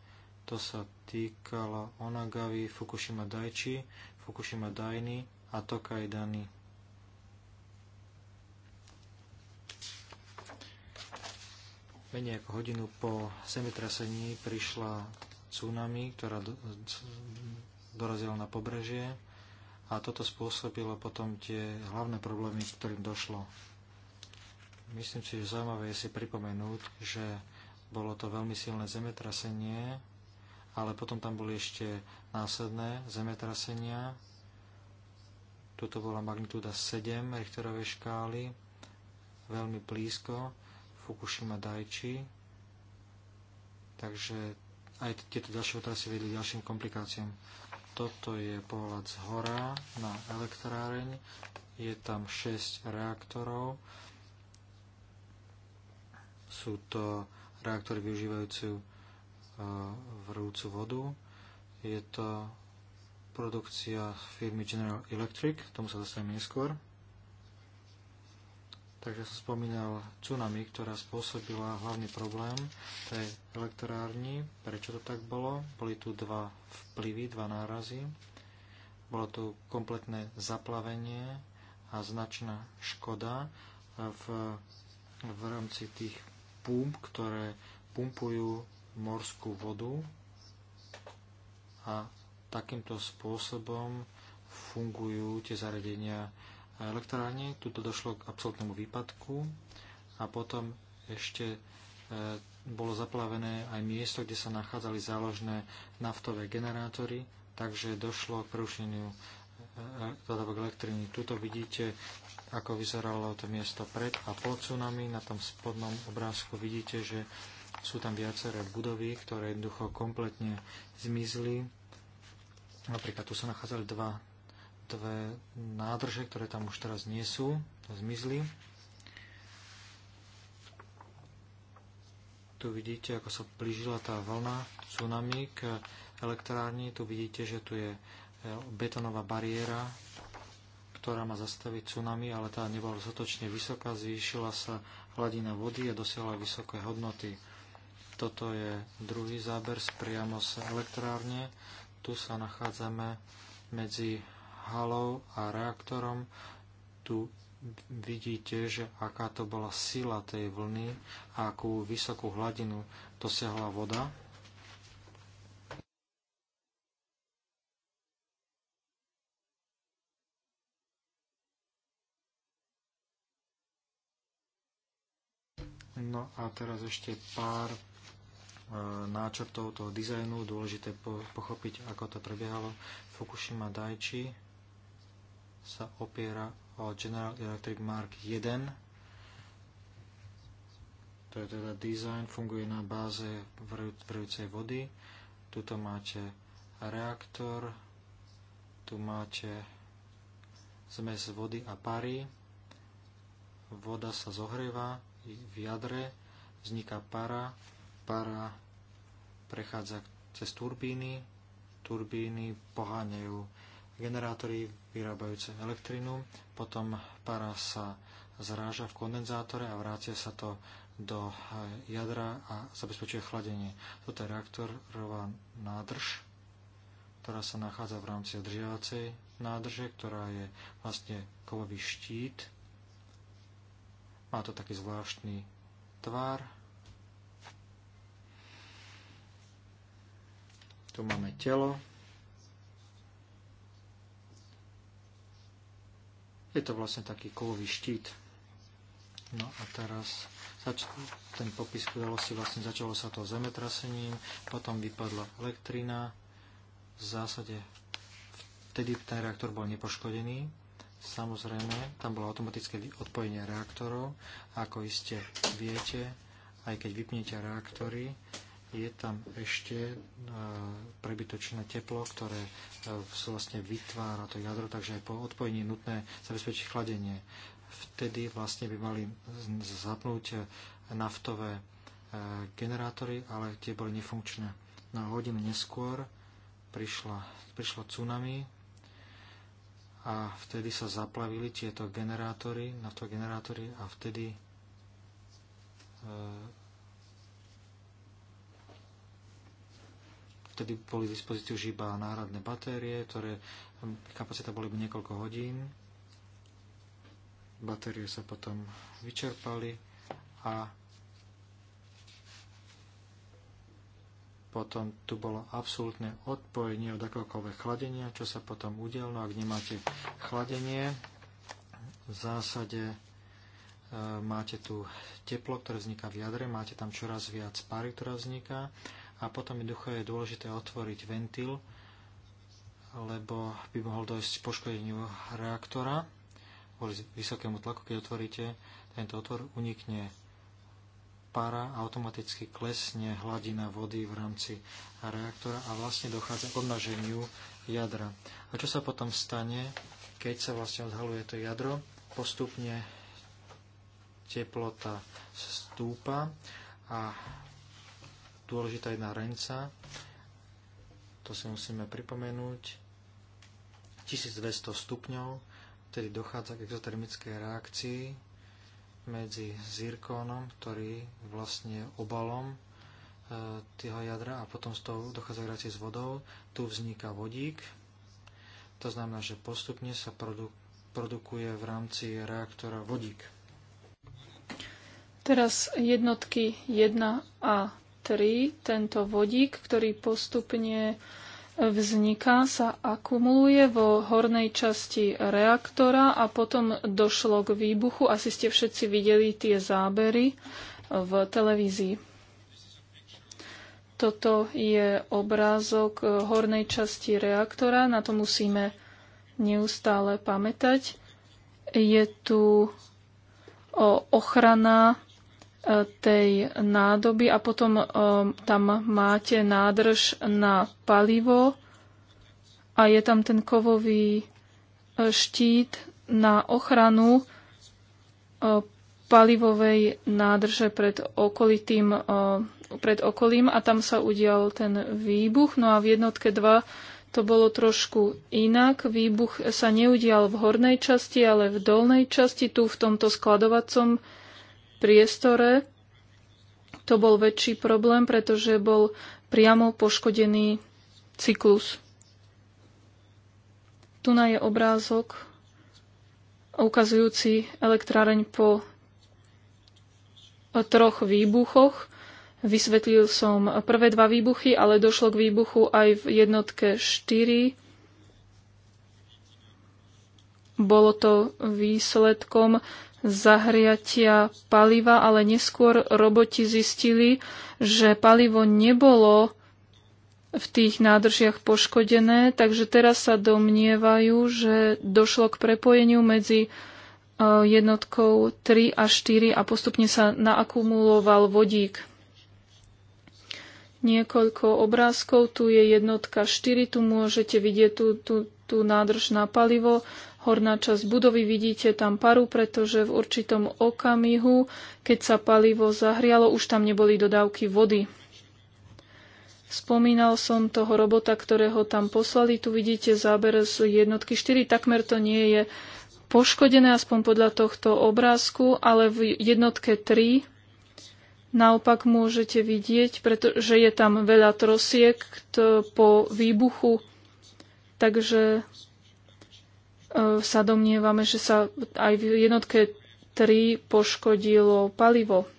To sa týkalo Onagavi, Fukushima Daiichi, Fukushima Daini a Tokai Dani. Menej ako hodinu po zemetrasení prišla tsunami, ktorá dorazila na pobrežie a toto spôsobilo potom tie hlavné problémy, ktorým došlo. Myslím si, že zaujímavé je si pripomenúť, že bolo to veľmi silné zemetrasenie, ale potom tam boli ešte následné zemetrasenia. Tuto bola magnitúda 7 Richterovej škály, veľmi blízko Fukushima Daiichi. Takže aj tieto ďalšie otrasy vedli ďalším komplikáciám. Toto je pohľad z hora na elektráreň. Je tam 6 reaktorov. Sú to reaktory využívajúci uh, vrúcu vodu. Je to produkcia firmy General Electric, tomu sa dostaneme neskôr. Takže som spomínal tsunami, ktorá spôsobila hlavný problém tej elektrárni. Prečo to tak bolo? Boli tu dva vplyvy, dva nárazy. Bolo tu kompletné zaplavenie a značná škoda v, v rámci tých pump, ktoré pumpujú morskú vodu a takýmto spôsobom fungujú tie zariadenia elektrárne. Tuto došlo k absolútnemu výpadku a potom ešte e, bolo zaplavené aj miesto, kde sa nachádzali záložné naftové generátory, takže došlo k prerušeniu e, e, dodávok elektriny. Tuto vidíte, ako vyzeralo to miesto pred a po tsunami. Na tom spodnom obrázku vidíte, že sú tam viaceré budovy, ktoré jednoducho kompletne zmizli. Napríklad tu sa nachádzali dva dve nádrže, ktoré tam už teraz nie sú, zmizli. Tu vidíte, ako sa blížila tá vlna tsunami k elektrárni. Tu vidíte, že tu je e, betonová bariéra, ktorá má zastaviť tsunami, ale tá nebola dostatočne vysoká, zvýšila sa hladina vody a dosiahla vysoké hodnoty. Toto je druhý záber priamo z elektrárne. Tu sa nachádzame medzi halou a reaktorom. Tu vidíte, že aká to bola sila tej vlny a akú vysokú hladinu dosiahla voda. No a teraz ešte pár e, náčrtov toho dizajnu. Dôležité pochopiť, ako to prebiehalo. Fukushima Daiichi sa opiera o General Electric Mark 1. To je teda design, funguje na báze vrujúcej vody. Tuto máte reaktor, tu máte zmes vody a pary. Voda sa zohrieva v jadre, vzniká para, para prechádza cez turbíny, turbíny poháňajú generátory vyrábajúce elektrinu, potom para sa zráža v kondenzátore a vrácia sa to do eh, jadra a zabezpečuje chladenie. Toto je reaktorová nádrž, ktorá sa nachádza v rámci održiavacej nádrže, ktorá je vlastne kovový štít. Má to taký zvláštny tvar. Tu máme telo, Je to vlastne taký kovový štít. No a teraz zač- ten popis udalosti vlastne začalo sa to zemetrasením, potom vypadla elektrina, v zásade vtedy ten reaktor bol nepoškodený, samozrejme, tam bolo automatické odpojenie reaktorov, ako iste viete, aj keď vypnete reaktory, je tam ešte e, prebytočné teplo, ktoré e, vlastne vytvára to jadro, takže aj po odpojení je nutné zabezpečiť chladenie. Vtedy vlastne by mali zapnúť e, naftové generátory, ale tie boli nefunkčné. Na hodinu neskôr prišla, prišlo tsunami a vtedy sa zaplavili tieto generátory, naftové generátory a vtedy vtedy boli v dispozícii už iba náhradné batérie, ktoré hm, kapacita boli by niekoľko hodín. Batérie sa potom vyčerpali a potom tu bolo absolútne odpojenie od akéhokoľvek chladenia, čo sa potom udialo, ak nemáte chladenie, v zásade e, máte tu teplo, ktoré vzniká v jadre, máte tam čoraz viac pary, ktorá vzniká a potom jednoducho je dôležité otvoriť ventil, lebo by mohol dojsť k poškodeniu reaktora kvôli vysokému tlaku. Keď otvoríte tento otvor, unikne para, a automaticky klesne hladina vody v rámci reaktora a vlastne dochádza k obnaženiu jadra. A čo sa potom stane, keď sa vlastne odhaluje to jadro? Postupne teplota stúpa a dôležitá jedna hranica, to si musíme pripomenúť, 1200 stupňov, tedy dochádza k exotermickej reakcii medzi zirkónom, ktorý vlastne obalom e, toho jadra a potom z toho dochádza k reakcii s vodou. Tu vzniká vodík, to znamená, že postupne sa produ- produkuje v rámci reaktora vodík. Teraz jednotky 1 a 3 tento vodík, ktorý postupne vzniká, sa akumuluje vo hornej časti reaktora a potom došlo k výbuchu. Asi ste všetci videli tie zábery v televízii. Toto je obrázok hornej časti reaktora, na to musíme neustále pamätať. Je tu ochrana tej nádoby a potom um, tam máte nádrž na palivo a je tam ten kovový e, štít na ochranu e, palivovej nádrže pred, okolitým, e, pred okolím a tam sa udial ten výbuch. No a v jednotke 2 to bolo trošku inak. Výbuch sa neudial v hornej časti, ale v dolnej časti, tu v tomto skladovacom priestore. To bol väčší problém, pretože bol priamo poškodený cyklus. Tu na je obrázok ukazujúci elektráreň po troch výbuchoch. Vysvetlil som prvé dva výbuchy, ale došlo k výbuchu aj v jednotke 4. Bolo to výsledkom zahriatia paliva, ale neskôr roboti zistili, že palivo nebolo v tých nádržiach poškodené, takže teraz sa domnievajú, že došlo k prepojeniu medzi e, jednotkou 3 a 4 a postupne sa naakumuloval vodík. Niekoľko obrázkov, tu je jednotka 4, tu môžete vidieť tú, tú, tú nádrž na palivo horná časť budovy, vidíte tam paru, pretože v určitom okamihu, keď sa palivo zahrialo, už tam neboli dodávky vody. Spomínal som toho robota, ktorého tam poslali. Tu vidíte záber z jednotky 4. Takmer to nie je poškodené, aspoň podľa tohto obrázku, ale v jednotke 3 naopak môžete vidieť, pretože je tam veľa trosiek po výbuchu. Takže E, sa domnievame, že sa aj v jednotke 3 poškodilo palivo.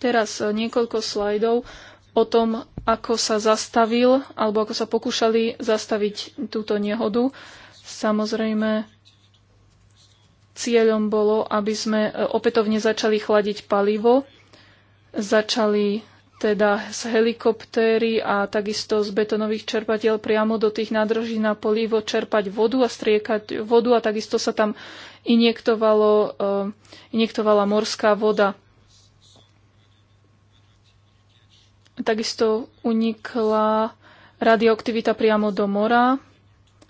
Teraz e, niekoľko slajdov o tom, ako sa zastavil, alebo ako sa pokúšali zastaviť túto nehodu. Samozrejme, cieľom bolo, aby sme e, opätovne začali chladiť palivo, začali teda z helikoptéry a takisto z betonových čerpadiel priamo do tých nádrží na polivo čerpať vodu a striekať vodu a takisto sa tam injektovalo, eh, injektovala morská voda. Takisto unikla radioaktivita priamo do mora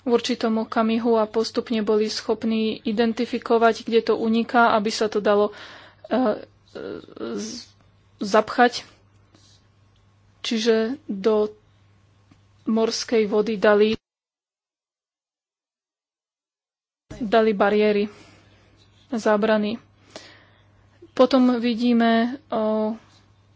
v určitom okamihu a postupne boli schopní identifikovať, kde to uniká, aby sa to dalo eh, eh, zapchať Čiže do morskej vody dali, dali bariéry, zábrany. Potom vidíme o,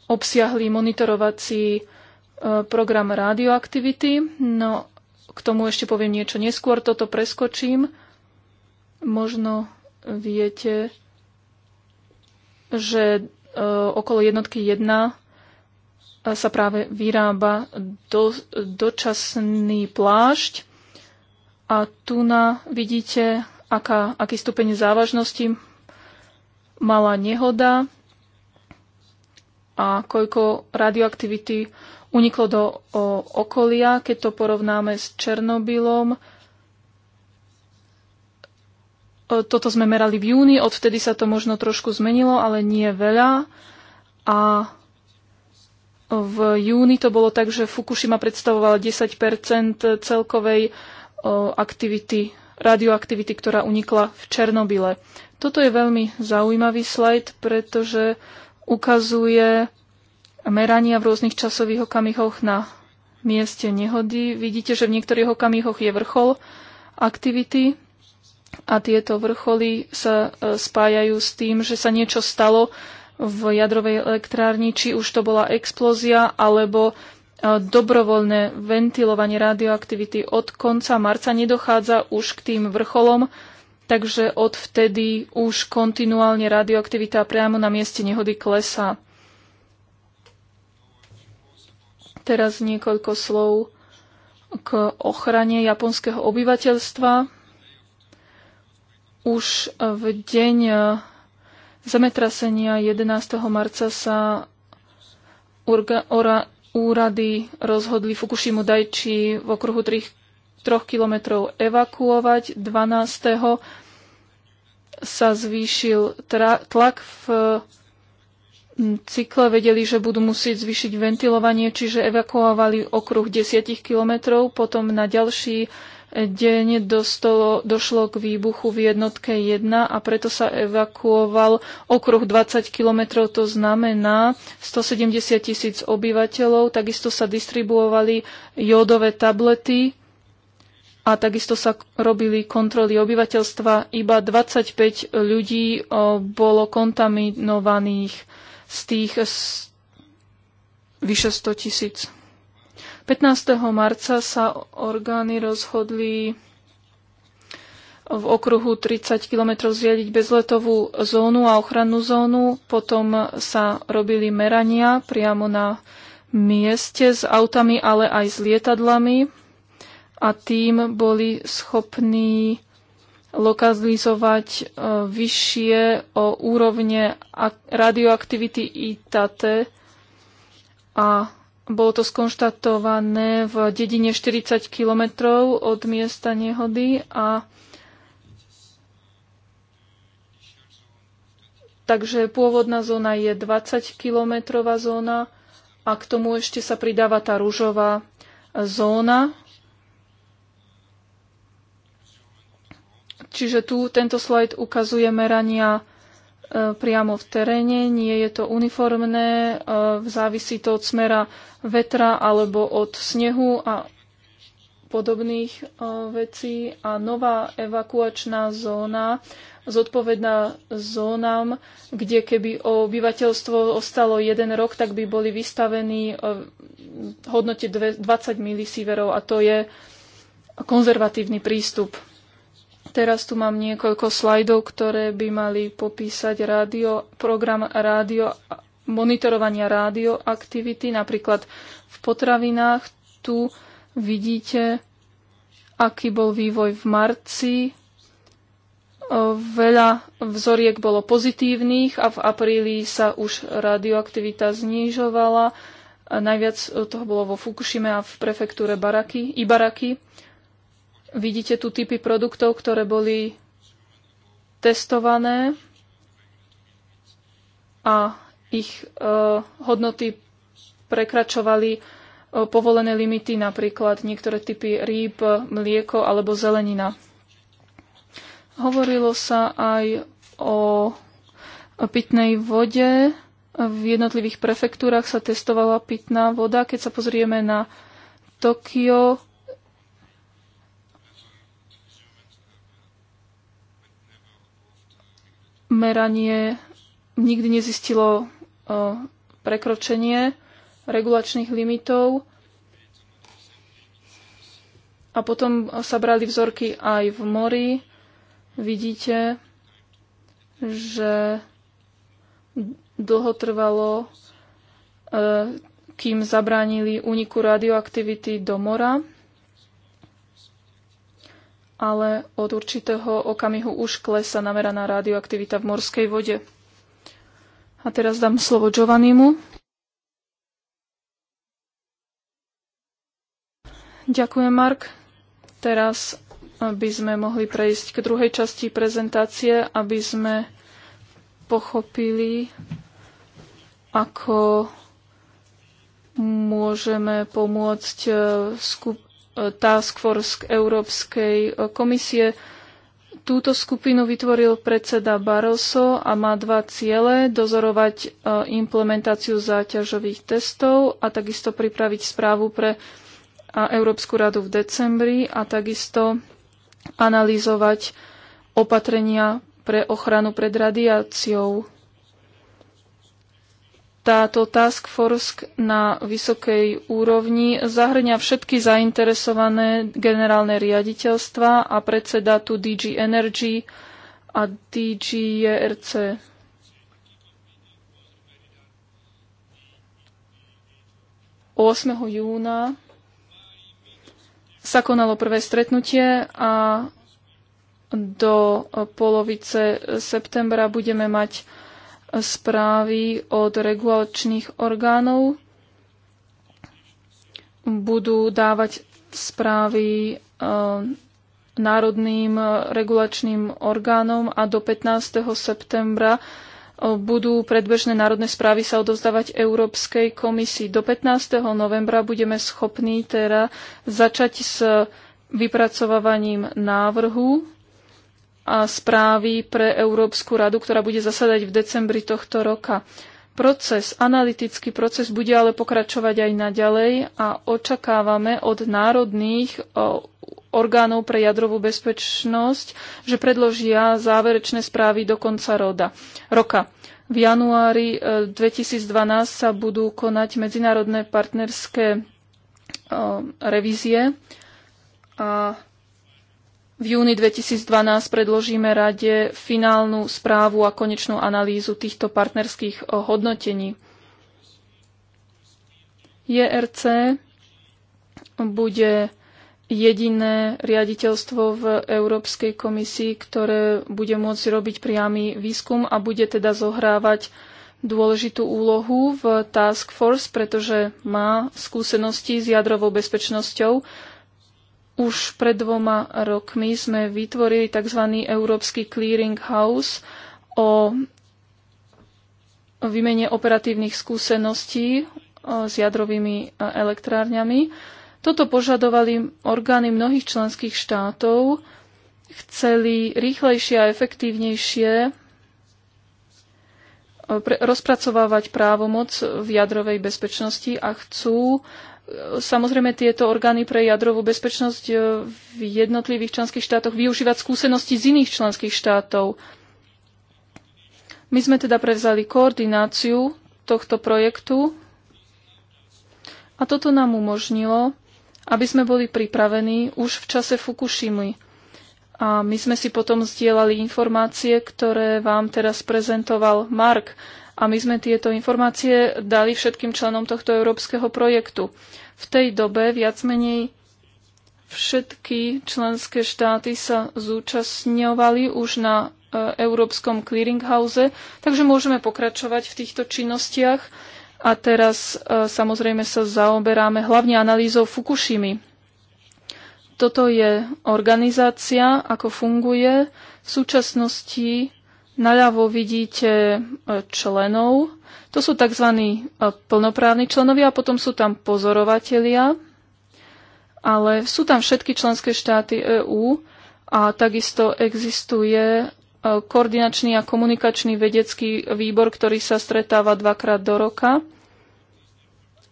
obsiahlý monitorovací o, program radioaktivity. No, k tomu ešte poviem niečo neskôr, toto preskočím. Možno viete, že okolo jednotky 1 sa práve vyrába do, dočasný plášť a tu na vidíte, aká, aký stupeň závažnosti mala nehoda a koľko radioaktivity uniklo do o, okolia, keď to porovnáme s Černobylom. Toto sme merali v júni, odvtedy sa to možno trošku zmenilo, ale nie veľa. A v júni to bolo tak, že Fukushima predstavovala 10 celkovej aktivity, radioaktivity, ktorá unikla v Černobyle. Toto je veľmi zaujímavý slajd, pretože ukazuje merania v rôznych časových okamihoch na mieste nehody. Vidíte, že v niektorých okamihoch je vrchol aktivity a tieto vrcholy sa e, spájajú s tým, že sa niečo stalo, v jadrovej elektrárni, či už to bola explózia alebo e, dobrovoľné ventilovanie radioaktivity. Od konca marca nedochádza už k tým vrcholom, takže odvtedy už kontinuálne radioaktivita priamo na mieste nehody klesá. Teraz niekoľko slov k ochrane japonského obyvateľstva. Už v deň e, zemetrasenia 11. marca sa urga, ora, úrady rozhodli Fukushimu Daiichi v okruhu 3, 3 kilometrov evakuovať. 12. sa zvýšil tra, tlak v cykle vedeli, že budú musieť zvýšiť ventilovanie, čiže evakuovali okruh 10 kilometrov, potom na ďalší deň dostolo, došlo k výbuchu v jednotke 1 a preto sa evakuoval okruh 20 kilometrov, to znamená 170 tisíc obyvateľov. Takisto sa distribuovali jódové tablety a takisto sa robili kontroly obyvateľstva. Iba 25 ľudí bolo kontaminovaných z tých vyše 100 tisíc. 15. marca sa orgány rozhodli v okruhu 30 km zriadiť bezletovú zónu a ochrannú zónu. Potom sa robili merania priamo na mieste s autami, ale aj s lietadlami a tým boli schopní lokalizovať e, vyššie o úrovne radioaktivity ITATE a bolo to skonštatované v dedine 40 kilometrov od miesta nehody a Takže pôvodná zóna je 20-kilometrová zóna a k tomu ešte sa pridáva tá rúžová zóna. Čiže tu tento slajd ukazuje merania E, priamo v teréne, nie je to uniformné, e, závisí to od smera vetra alebo od snehu a podobných e, vecí a nová evakuačná zóna zodpovedná zónam, kde keby obyvateľstvo ostalo jeden rok, tak by boli vystavení v hodnote 20 milisíverov, a to je konzervatívny prístup. Teraz tu mám niekoľko slajdov, ktoré by mali popísať rádio, program rádio, monitorovania rádioaktivity, napríklad v potravinách. Tu vidíte, aký bol vývoj v marci. Veľa vzoriek bolo pozitívnych a v apríli sa už radioaktivita znižovala. Najviac toho bolo vo Fukushime a v prefektúre Baraky, Ibaraky. Vidíte tu typy produktov, ktoré boli testované a ich e, hodnoty prekračovali e, povolené limity, napríklad niektoré typy rýb, mlieko alebo zelenina. Hovorilo sa aj o pitnej vode. V jednotlivých prefektúrach sa testovala pitná voda. Keď sa pozrieme na Tokio, meranie nikdy nezistilo e, prekročenie regulačných limitov a potom sa brali vzorky aj v mori. Vidíte, že dlho trvalo, e, kým zabránili úniku radioaktivity do mora ale od určitého okamihu už klesa nameraná radioaktivita v morskej vode. A teraz dám slovo Giovannimu. Ďakujem, Mark. Teraz by sme mohli prejsť k druhej časti prezentácie, aby sme pochopili, ako môžeme pomôcť eh, skup- Task Force Európskej e, komisie. Túto skupinu vytvoril predseda Barroso a má dva ciele. Dozorovať e, implementáciu záťažových testov a takisto pripraviť správu pre Európsku radu v decembri a takisto analyzovať opatrenia pre ochranu pred radiáciou. Táto task force na vysokej úrovni zahrňa všetky zainteresované generálne riaditeľstva a predseda tu DG Energy a DG ERC. O 8. júna sa konalo prvé stretnutie a do polovice septembra budeme mať správy od regulačných orgánov budú dávať správy eh, národným regulačným orgánom a do 15. septembra eh, budú predbežné národné správy sa odovzdávať Európskej komisii. Do 15. novembra budeme schopní teda začať s vypracovávaním návrhu a správy pre Európsku radu, ktorá bude zasadať v decembri tohto roka. Proces, analytický proces bude ale pokračovať aj naďalej a očakávame od národných orgánov pre jadrovú bezpečnosť, že predložia záverečné správy do konca roda, roka. V januári 2012 e, sa budú konať medzinárodné partnerské revízie a v júni 2012 predložíme rade finálnu správu a konečnú analýzu týchto partnerských eh, hodnotení. JRC bude jediné riaditeľstvo v Európskej komisii, ktoré bude môcť robiť priamy výskum a bude teda zohrávať dôležitú úlohu v Task Force, pretože má skúsenosti s jadrovou bezpečnosťou už pred dvoma rokmi sme vytvorili tzv. Európsky clearing house o výmene operatívnych skúseností e, s jadrovými e, elektrárňami. Toto požadovali orgány mnohých členských štátov, chceli rýchlejšie a efektívnejšie e, rozpracovávať právomoc v jadrovej bezpečnosti a chcú samozrejme tieto orgány pre jadrovú bezpečnosť e, v jednotlivých členských štátoch využívať skúsenosti z iných členských štátov. My sme teda prevzali koordináciu tohto projektu a toto nám umožnilo, aby sme boli pripravení už v čase Fukushimy. A my sme si potom zdieľali informácie, ktoré vám teraz prezentoval Mark a my sme tieto informácie dali všetkým členom tohto európskeho projektu. V tej dobe viac menej všetky členské štáty sa zúčastňovali už na e, Európskom clearinghouse, takže môžeme pokračovať v týchto činnostiach. A teraz e, samozrejme sa zaoberáme hlavne analýzou Fukushimy. Toto je organizácia, ako funguje. V súčasnosti Naľavo vidíte e, členov. To sú tzv. E, plnoprávni členovia a potom sú tam pozorovatelia. Ale sú tam všetky členské štáty EÚ a takisto existuje e, koordinačný a komunikačný vedecký výbor, ktorý sa stretáva dvakrát do roka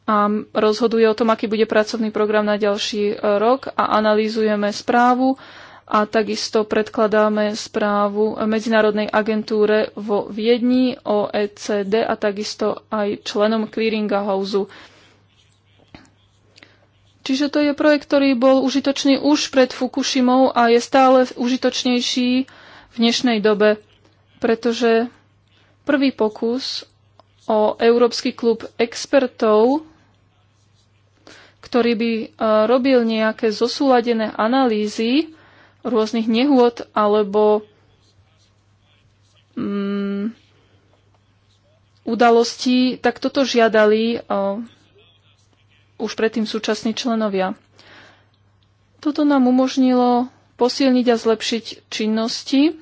a rozhoduje o tom, aký bude pracovný program na ďalší rok a analýzujeme správu a takisto predkladáme správu Medzinárodnej agentúre vo Viedni, OECD a takisto aj členom Clearinga Houseu. Čiže to je projekt, ktorý bol užitočný už pred Fukushimou a je stále užitočnejší v dnešnej dobe, pretože prvý pokus o Európsky klub expertov, ktorý by e, robil nejaké zosúladené analýzy rôznych nehôd alebo um, udalostí, tak toto žiadali o, už predtým súčasní členovia. Toto nám umožnilo posilniť a zlepšiť činnosti,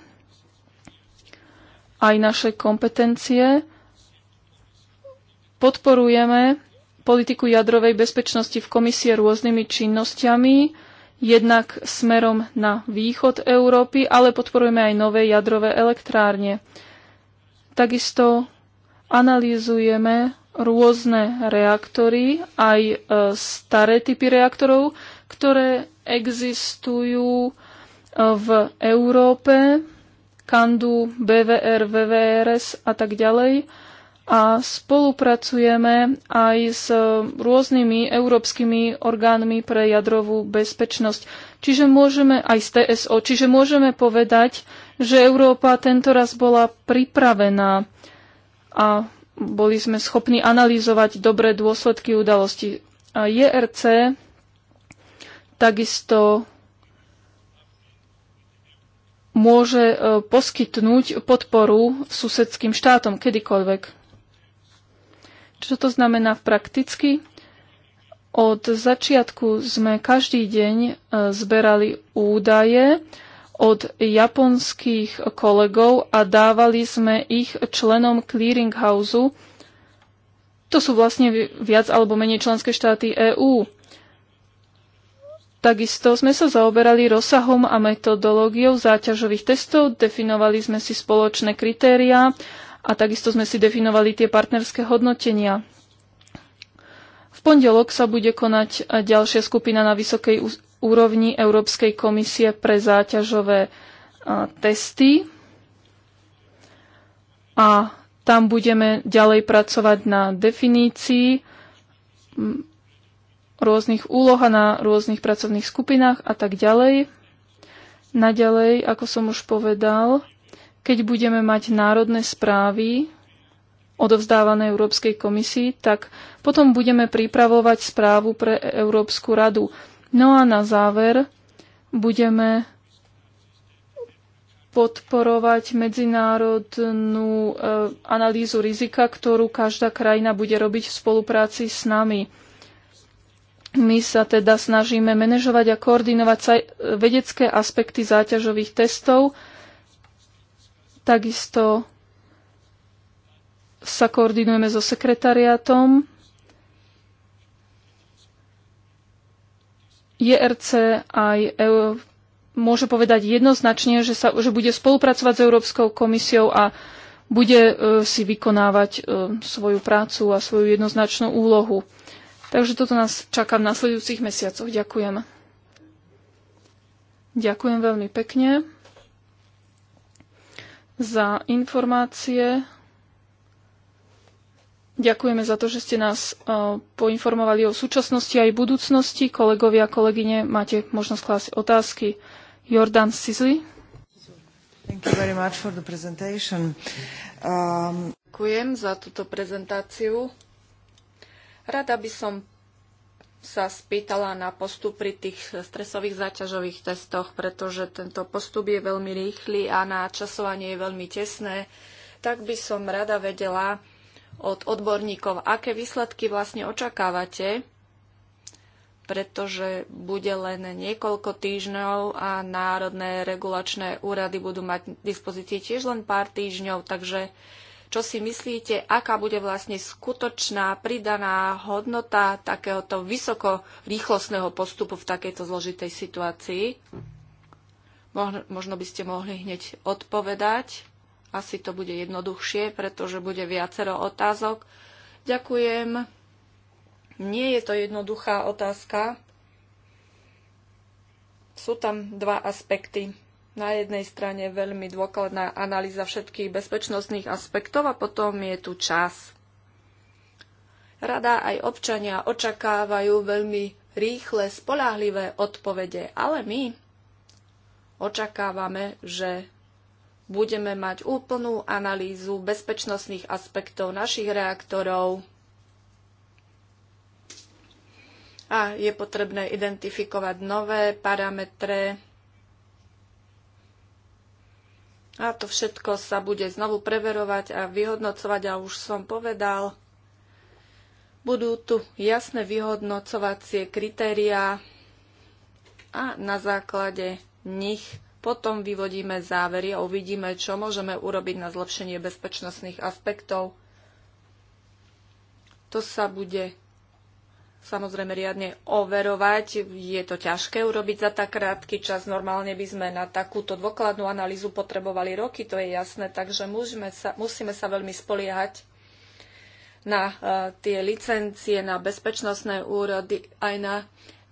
aj naše kompetencie. Podporujeme politiku jadrovej bezpečnosti v komisie rôznymi činnosťami, jednak smerom na východ Európy, ale podporujeme aj nové jadrové elektrárne. Takisto analýzujeme rôzne reaktory, aj e, staré typy reaktorov, ktoré existujú e, v Európe, Kandu, BVR, VVRS a tak ďalej a spolupracujeme aj s rôznymi európskymi orgánmi pre jadrovú bezpečnosť. Čiže môžeme aj z TSO, čiže môžeme povedať, že Európa tento raz bola pripravená a boli sme schopní analyzovať dobré dôsledky udalosti. A JRC takisto môže e, poskytnúť podporu susedským štátom kedykoľvek. Čo to znamená v prakticky? Od začiatku sme každý deň e, zberali údaje od japonských kolegov a dávali sme ich členom clearinghouse. To sú vlastne viac alebo menej členské štáty EÚ. Takisto sme sa zaoberali rozsahom a metodológiou záťažových testov, definovali sme si spoločné kritériá a takisto sme si definovali tie partnerské hodnotenia. V pondelok sa bude konať ďalšia skupina na vysokej úrovni Európskej komisie pre záťažové testy a tam budeme ďalej pracovať na definícii rôznych úloh a na rôznych pracovných skupinách a tak ďalej. Naďalej, ako som už povedal, keď budeme mať národné správy odovzdávané Európskej komisii, tak potom budeme pripravovať správu pre Európsku radu. No a na záver budeme podporovať medzinárodnú e, analýzu rizika, ktorú každá krajina bude robiť v spolupráci s nami. My sa teda snažíme manažovať a koordinovať e, vedecké aspekty záťažových testov, Takisto sa koordinujeme so sekretariátom. JRC aj EU môže povedať jednoznačne, že, sa, že bude spolupracovať s Európskou komisiou a bude e, si vykonávať e, svoju prácu a svoju jednoznačnú úlohu. Takže toto nás čaká v nasledujúcich mesiacoch. Ďakujem. Ďakujem veľmi pekne za informácie. Ďakujeme za to, že ste nás e, poinformovali o súčasnosti aj budúcnosti. Kolegovia a kolegyne, máte možnosť klásť otázky. Jordan Sizli. Um... Ďakujem za túto prezentáciu. Rada by som sa spýtala na postup pri tých stresových záťažových testoch, pretože tento postup je veľmi rýchly a na časovanie je veľmi tesné, tak by som rada vedela od odborníkov, aké výsledky vlastne očakávate, pretože bude len niekoľko týždňov a národné regulačné úrady budú mať dispozície dispozícii tiež len pár týždňov, takže čo si myslíte, aká bude vlastne skutočná pridaná hodnota takéhoto vysokorýchlostného postupu v takejto zložitej situácii? Možno by ste mohli hneď odpovedať. Asi to bude jednoduchšie, pretože bude viacero otázok. Ďakujem. Nie je to jednoduchá otázka. Sú tam dva aspekty na jednej strane veľmi dôkladná analýza všetkých bezpečnostných aspektov a potom je tu čas. Rada aj občania očakávajú veľmi rýchle, spolahlivé odpovede, ale my očakávame, že budeme mať úplnú analýzu bezpečnostných aspektov našich reaktorov a je potrebné identifikovať nové parametre, a to všetko sa bude znovu preverovať a vyhodnocovať a už som povedal, budú tu jasné vyhodnocovacie kritériá a na základe nich potom vyvodíme závery a uvidíme, čo môžeme urobiť na zlepšenie bezpečnostných aspektov. To sa bude samozrejme riadne overovať. Je to ťažké urobiť za tak krátky čas. Normálne by sme na takúto dôkladnú analýzu potrebovali roky, to je jasné, takže musíme sa, musíme sa veľmi spoliehať na uh, tie licencie, na bezpečnostné úrody, aj na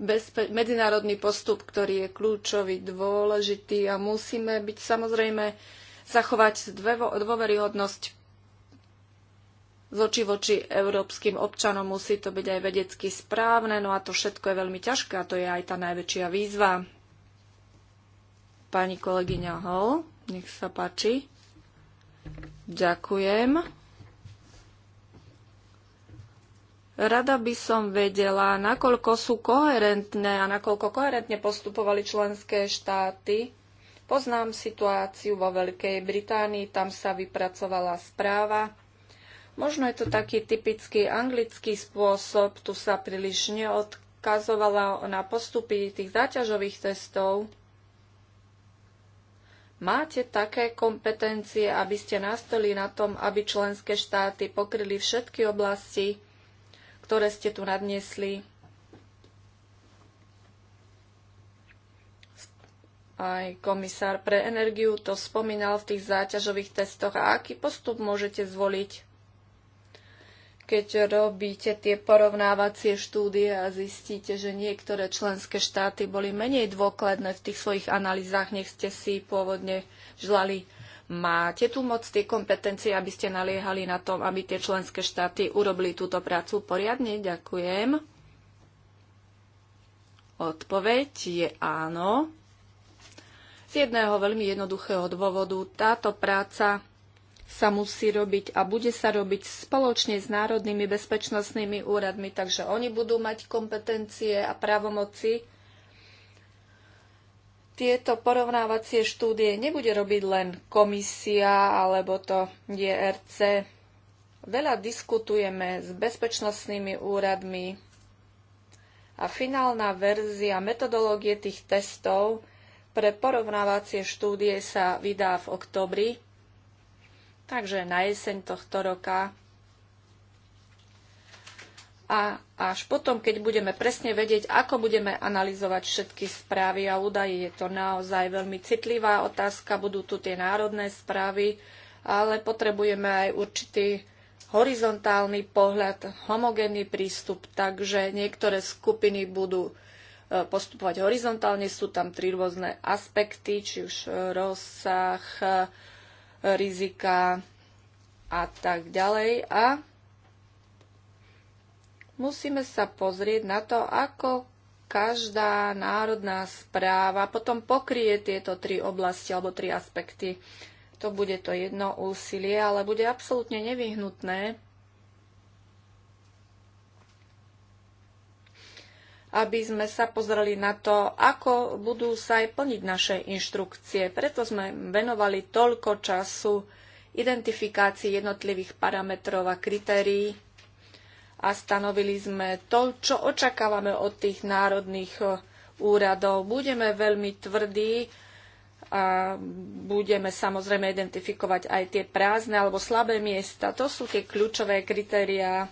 bezpe- medzinárodný postup, ktorý je kľúčový, dôležitý a musíme byť samozrejme zachovať dôveryhodnosť z oči voči európskym občanom musí to byť aj vedecky správne, no a to všetko je veľmi ťažké a to je aj tá najväčšia výzva. Pani kolegyňa Hol, nech sa páči. Ďakujem. Rada by som vedela, nakoľko sú koherentné a nakoľko koherentne postupovali členské štáty. Poznám situáciu vo Veľkej Británii, tam sa vypracovala správa Možno je to taký typický anglický spôsob, tu sa príliš neodkazovala na postupy tých záťažových testov. Máte také kompetencie, aby ste nastoli na tom, aby členské štáty pokryli všetky oblasti, ktoré ste tu nadniesli. Aj komisár pre energiu to spomínal v tých záťažových testoch. A aký postup môžete zvoliť? keď robíte tie porovnávacie štúdie a zistíte, že niektoré členské štáty boli menej dôkladné v tých svojich analýzách, nech ste si pôvodne želali. Máte tu moc tie kompetencie, aby ste naliehali na tom, aby tie členské štáty urobili túto prácu poriadne? Ďakujem. Odpoveď je áno. Z jedného veľmi jednoduchého dôvodu táto práca sa musí robiť a bude sa robiť spoločne s národnými bezpečnostnými úradmi, takže oni budú mať kompetencie a právomoci. Tieto porovnávacie štúdie nebude robiť len komisia alebo to DRC. Veľa diskutujeme s bezpečnostnými úradmi a finálna verzia metodológie tých testov pre porovnávacie štúdie sa vydá v oktobri takže na jeseň tohto roka. A až potom, keď budeme presne vedieť, ako budeme analyzovať všetky správy a údaje, je to naozaj veľmi citlivá otázka, budú tu tie národné správy, ale potrebujeme aj určitý horizontálny pohľad, homogénny prístup, takže niektoré skupiny budú e, postupovať horizontálne. Sú tam tri rôzne aspekty, či už e, rozsah, e, rizika a tak ďalej. A musíme sa pozrieť na to, ako každá národná správa potom pokrie tieto tri oblasti alebo tri aspekty. To bude to jedno úsilie, ale bude absolútne nevyhnutné aby sme sa pozreli na to, ako budú sa aj plniť naše inštrukcie. Preto sme venovali toľko času identifikácii jednotlivých parametrov a kritérií a stanovili sme to, čo očakávame od tých národných eh, úradov. Budeme veľmi tvrdí a budeme samozrejme identifikovať aj tie prázdne alebo slabé miesta. To sú tie kľúčové kritériá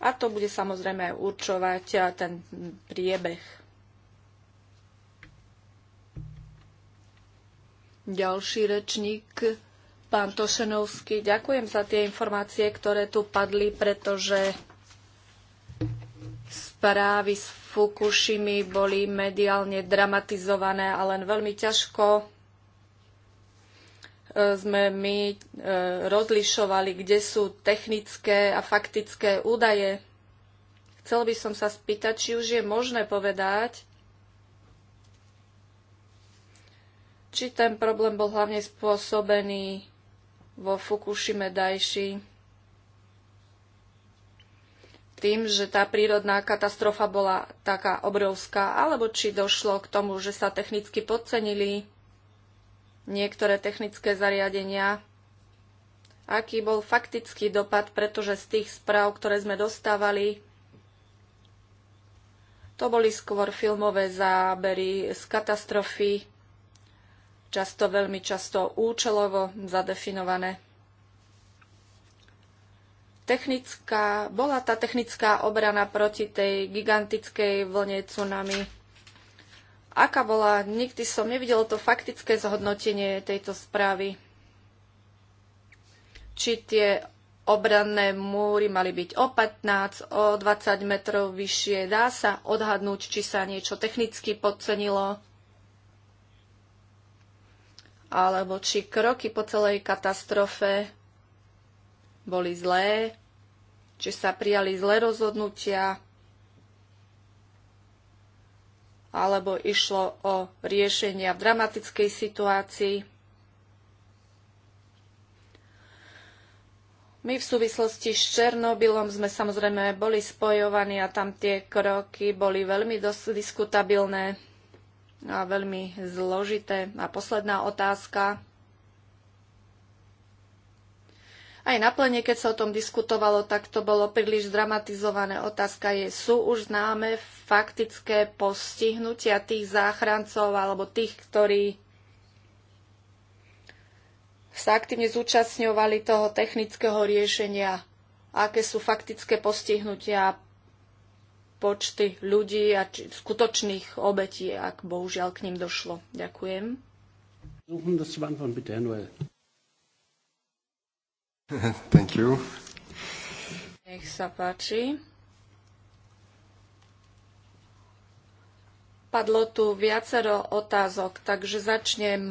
a to bude samozrejme určovať ten priebeh. Ďalší rečník, pán Tošenovský. Ďakujem za tie informácie, ktoré tu padli, pretože správy z Fukushimi boli mediálne dramatizované a len veľmi ťažko sme my e, rozlišovali, kde sú technické a faktické údaje. Chcel by som sa spýtať, či už je možné povedať, či ten problém bol hlavne spôsobený vo Fukushime Dajši tým, že tá prírodná katastrofa bola taká obrovská, alebo či došlo k tomu, že sa technicky podcenili niektoré technické zariadenia. Aký bol faktický dopad, pretože z tých správ, ktoré sme dostávali, to boli skôr filmové zábery z katastrofy, často veľmi často účelovo zadefinované. Technická, bola tá technická obrana proti tej gigantickej vlne tsunami aká bola, nikdy som nevidela to faktické zhodnotenie tejto správy. Či tie obranné múry mali byť o 15, o 20 metrov vyššie. Dá sa odhadnúť, či sa niečo technicky podcenilo, alebo či kroky po celej katastrofe boli zlé, či sa prijali zlé rozhodnutia alebo išlo o riešenia v dramatickej situácii. My v súvislosti s Černobylom sme samozrejme boli spojovaní a tam tie kroky boli veľmi dosť diskutabilné a veľmi zložité. A posledná otázka. Aj na plene, keď sa o tom diskutovalo, tak to bolo príliš dramatizované. Otázka je, sú už známe faktické postihnutia tých záchrancov alebo tých, ktorí sa aktívne zúčastňovali toho technického riešenia, aké sú faktické postihnutia počty ľudí a či, skutočných obetí, ak bohužiaľ k ním došlo. Ďakujem. Thank you. Nech sa páči. Padlo tu viacero otázok, takže začnem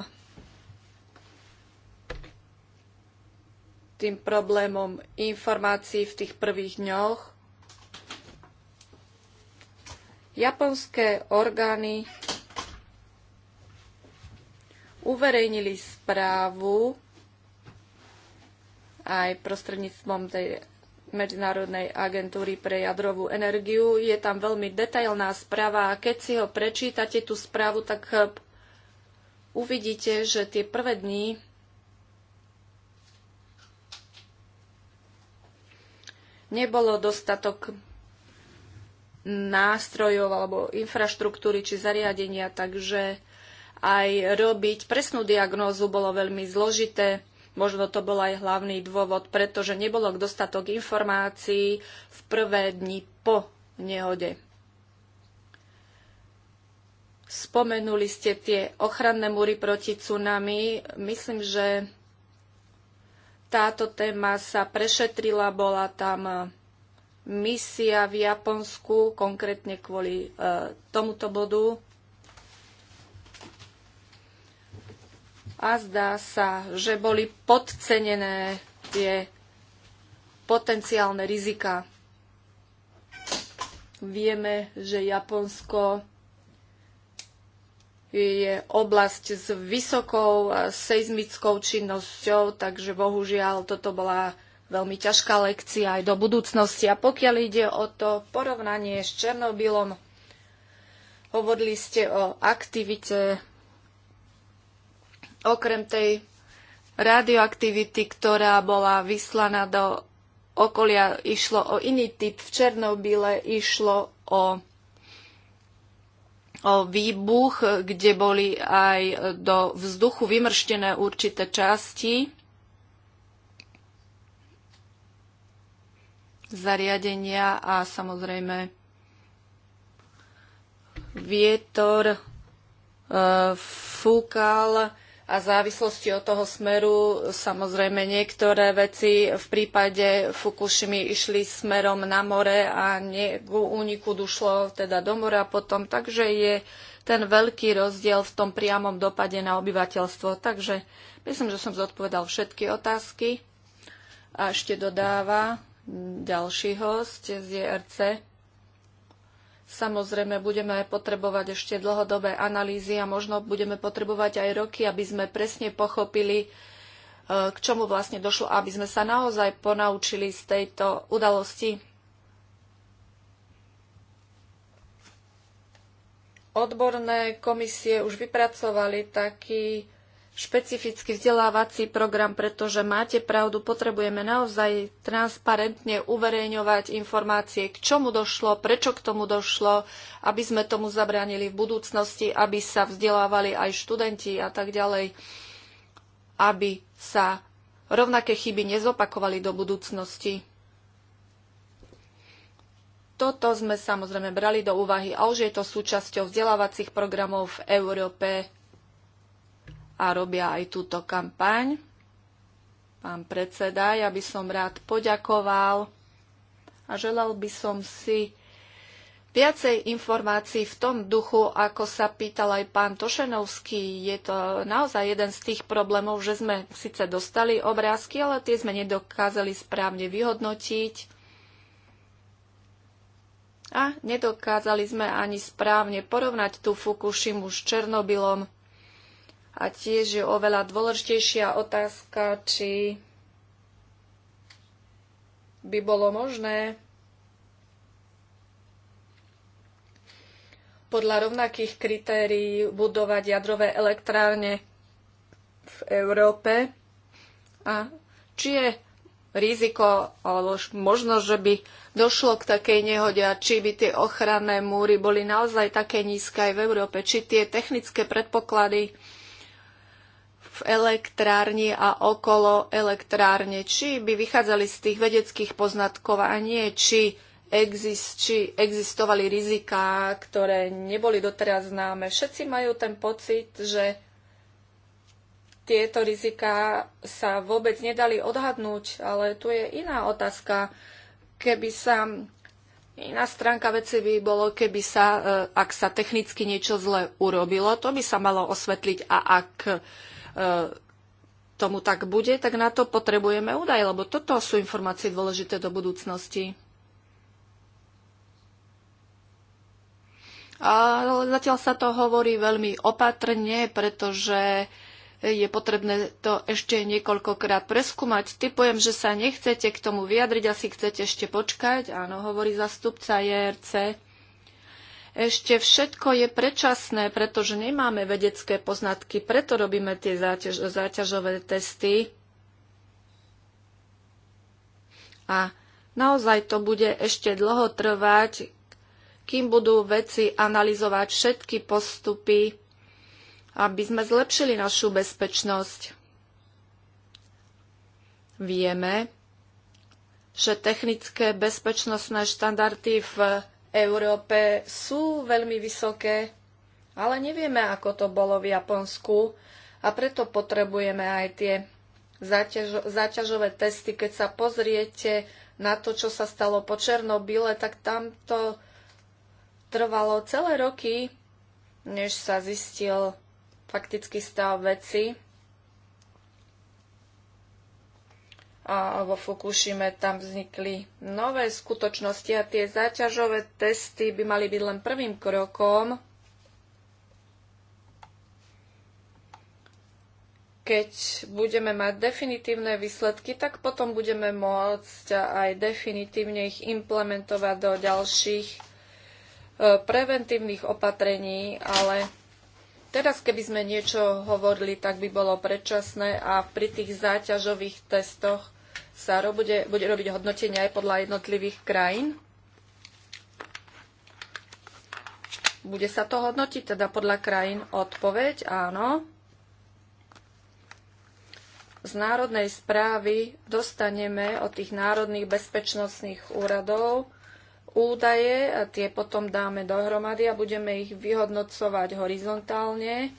tým problémom informácií v tých prvých dňoch. Japonské orgány uverejnili správu, aj prostredníctvom tej Medzinárodnej agentúry pre jadrovú energiu. Je tam veľmi detailná správa a keď si ho prečítate, tú správu, tak eh, uvidíte, že tie prvé dni nebolo dostatok nástrojov alebo infraštruktúry či zariadenia, takže aj robiť presnú diagnózu bolo veľmi zložité. Možno to bol aj hlavný dôvod, pretože nebolo dostatok informácií v prvé dni po nehode. Spomenuli ste tie ochranné múry proti tsunami. Myslím, že táto téma sa prešetrila, bola tam misia v Japonsku, konkrétne kvôli e, tomuto bodu. a zdá sa, že boli podcenené tie potenciálne rizika. Vieme, že Japonsko je oblasť s vysokou seizmickou činnosťou, takže bohužiaľ toto bola veľmi ťažká lekcia aj do budúcnosti. A pokiaľ ide o to porovnanie s Černobylom, hovorili ste o aktivite okrem tej radioaktivity, ktorá bola vyslaná do okolia, išlo o iný typ. V Černobyle išlo o, o výbuch, kde boli aj do vzduchu vymrštené určité časti zariadenia a samozrejme vietor e, fúkal a závislosti od toho smeru samozrejme niektoré veci v prípade Fukushimy išli smerom na more a nie, k úniku došlo teda do mora potom, takže je ten veľký rozdiel v tom priamom dopade na obyvateľstvo. Takže myslím, že som zodpovedal všetky otázky. A ešte dodáva ďalší host z JRC. Samozrejme, budeme potrebovať ešte dlhodobé analýzy a možno budeme potrebovať aj roky, aby sme presne pochopili, e, k čomu vlastne došlo, aby sme sa naozaj ponaučili z tejto udalosti. Odborné komisie už vypracovali taký špecifický vzdelávací program, pretože máte pravdu, potrebujeme naozaj transparentne uverejňovať informácie, k čomu došlo, prečo k tomu došlo, aby sme tomu zabránili v budúcnosti, aby sa vzdelávali aj študenti a tak ďalej, aby sa rovnaké chyby nezopakovali do budúcnosti. Toto sme samozrejme brali do úvahy a už je to súčasťou vzdelávacích programov v Európe a robia aj túto kampaň. Pán predseda, ja by som rád poďakoval a želal by som si viacej informácií v tom duchu, ako sa pýtal aj pán Tošenovský. Je to naozaj jeden z tých problémov, že sme síce dostali obrázky, ale tie sme nedokázali správne vyhodnotiť a nedokázali sme ani správne porovnať tú Fukushimu s Černobylom. A tiež je oveľa dôležitejšia otázka, či by bolo možné podľa rovnakých kritérií budovať jadrové elektrárne v Európe a či je riziko alebo možno, že by došlo k takej nehode a či by tie ochranné múry boli naozaj také nízke aj v Európe, či tie technické predpoklady v elektrárni a okolo elektrárne, či by vychádzali z tých vedeckých poznatkov a nie, či, exist, či existovali riziká, ktoré neboli doteraz známe. Všetci majú ten pocit, že tieto riziká sa vôbec nedali odhadnúť, ale tu je iná otázka. Keby sa Iná stránka veci by bolo, keby sa, e, ak sa technicky niečo zle urobilo, to by sa malo osvetliť a ak E, tomu tak bude, tak na to potrebujeme údaje, lebo toto sú informácie dôležité do budúcnosti. Ale zatiaľ sa to hovorí veľmi opatrne, pretože je potrebné to ešte niekoľkokrát preskúmať. Typujem, že sa nechcete k tomu vyjadriť, asi chcete ešte počkať. Áno, hovorí zastupca JRC ešte všetko je predčasné, pretože nemáme vedecké poznatky, preto robíme tie záťaž, záťažové testy. A naozaj to bude ešte dlho trvať, kým budú veci analyzovať všetky postupy, aby sme zlepšili našu bezpečnosť. Vieme, že technické bezpečnostné štandardy v Európe sú veľmi vysoké, ale nevieme, ako to bolo v Japonsku a preto potrebujeme aj tie záťaž, záťažové testy. Keď sa pozriete na to, čo sa stalo po Černobyle, tak tam to trvalo celé roky, než sa zistil faktický stav veci. a vo Fukushime tam vznikli nové skutočnosti a tie záťažové testy by mali byť len prvým krokom, keď budeme mať definitívne výsledky, tak potom budeme môcť aj definitívne ich implementovať do ďalších e, preventívnych opatrení, ale Teraz, keby sme niečo hovorili, tak by bolo predčasné a pri tých záťažových testoch sa bude, bude robiť hodnotenie aj podľa jednotlivých krajín? Bude sa to hodnotiť teda podľa krajín? Odpoveď áno. Z národnej správy dostaneme od tých národných bezpečnostných úradov údaje, a tie potom dáme dohromady a budeme ich vyhodnocovať horizontálne,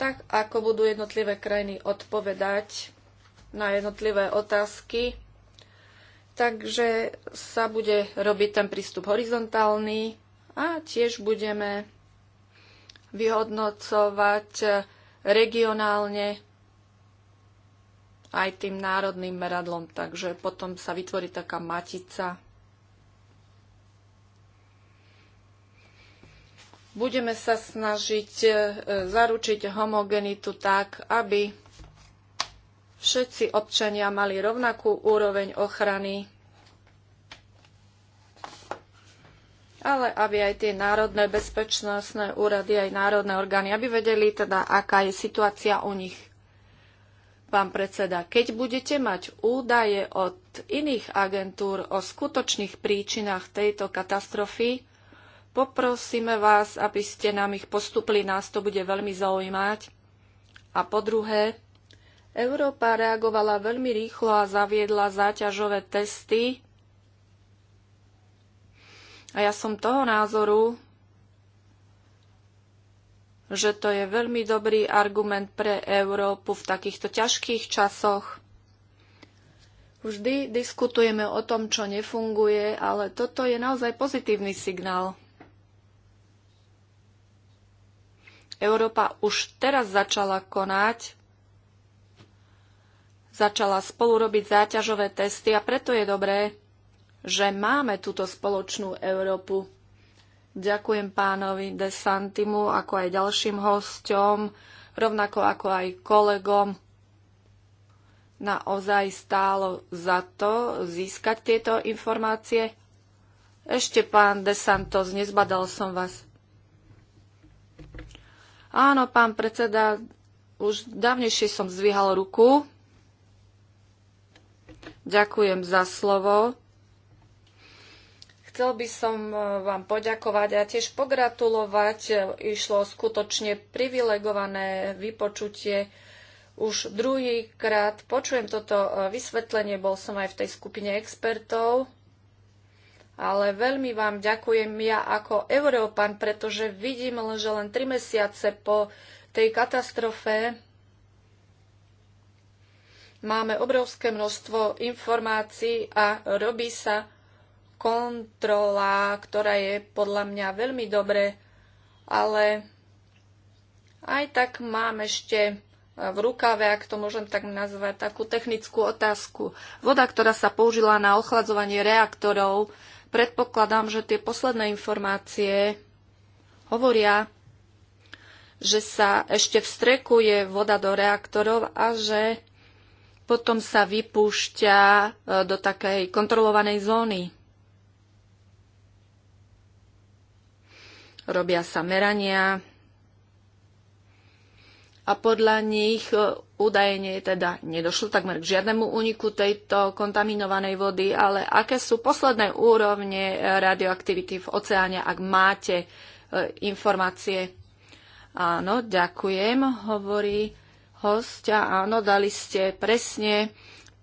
tak ako budú jednotlivé krajiny odpovedať na jednotlivé otázky. Takže sa bude robiť ten prístup horizontálny a tiež budeme vyhodnocovať regionálne aj tým národným meradlom, takže potom sa vytvorí taká matica. Budeme sa snažiť e, zaručiť homogenitu tak, aby všetci občania mali rovnakú úroveň ochrany, ale aby aj tie národné bezpečnostné úrady, aj národné orgány, aby vedeli teda, aká je situácia u nich. Pán predseda, keď budete mať údaje od iných agentúr o skutočných príčinách tejto katastrofy, poprosíme vás, aby ste nám ich postupili, nás to bude veľmi zaujímať. A po druhé, Európa reagovala veľmi rýchlo a zaviedla záťažové testy. A ja som toho názoru, že to je veľmi dobrý argument pre Európu v takýchto ťažkých časoch. Vždy diskutujeme o tom, čo nefunguje, ale toto je naozaj pozitívny signál. Európa už teraz začala konať začala spolu robiť záťažové testy a preto je dobré, že máme túto spoločnú Európu. Ďakujem pánovi Desantimu, ako aj ďalším hostom, rovnako ako aj kolegom. Naozaj stálo za to získať tieto informácie. Ešte pán Desantos, nezbadal som vás. Áno, pán predseda, už dávnejšie som zvyhal ruku. Ďakujem za slovo. Chcel by som e, vám poďakovať a tiež pogratulovať. E, Išlo skutočne privilegované vypočutie. Už druhýkrát počujem toto e, vysvetlenie, bol som aj v tej skupine expertov, ale veľmi vám ďakujem ja ako Európan, pretože vidím, že len 3 mesiace po tej katastrofe Máme obrovské množstvo informácií a robí sa kontrola, ktorá je podľa mňa veľmi dobré, ale aj tak mám ešte v rukave, ak to môžem tak nazvať, takú technickú otázku. Voda, ktorá sa použila na ochladzovanie reaktorov, predpokladám, že tie posledné informácie hovoria, že sa ešte vstrekuje voda do reaktorov a že potom sa vypúšťa e, do takej kontrolovanej zóny. Robia sa merania a podľa nich e, údajne teda nedošlo takmer k žiadnemu úniku tejto kontaminovanej vody, ale aké sú posledné úrovne e, radioaktivity v oceáne, ak máte informácie? Áno, ďakujem, hovorí hostia. Áno, dali ste presne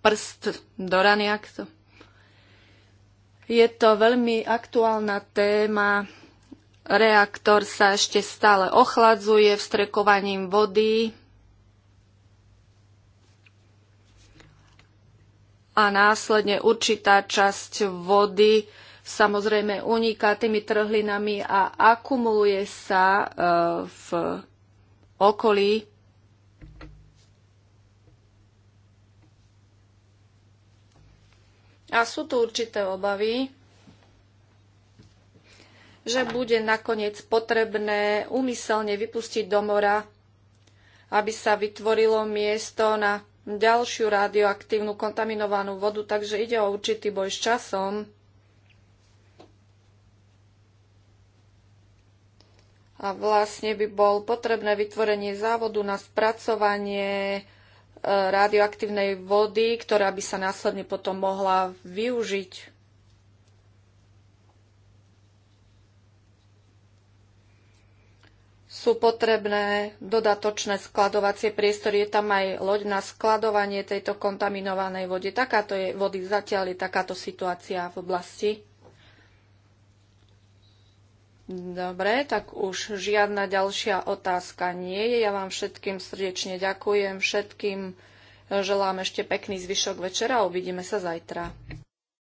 prst do rany. To... Je to veľmi aktuálna téma. Reaktor sa ešte stále ochladzuje vstrekovaním vody. A následne určitá časť vody samozrejme uniká tými trhlinami a akumuluje sa e, v okolí A sú tu určité obavy, že bude nakoniec potrebné úmyselne vypustiť do mora, aby sa vytvorilo miesto na ďalšiu radioaktívnu kontaminovanú vodu, takže ide o určitý boj s časom. A vlastne by bol potrebné vytvorenie závodu na spracovanie radioaktívnej vody, ktorá by sa následne potom mohla využiť. Sú potrebné dodatočné skladovacie priestory. Je tam aj loď na skladovanie tejto kontaminovanej vody. Takáto je, vody zatiaľ je takáto situácia v oblasti. Dobre, tak už žiadna ďalšia otázka nie je. Ja vám všetkým srdečne ďakujem, všetkým želám ešte pekný zvyšok večera a uvidíme sa zajtra.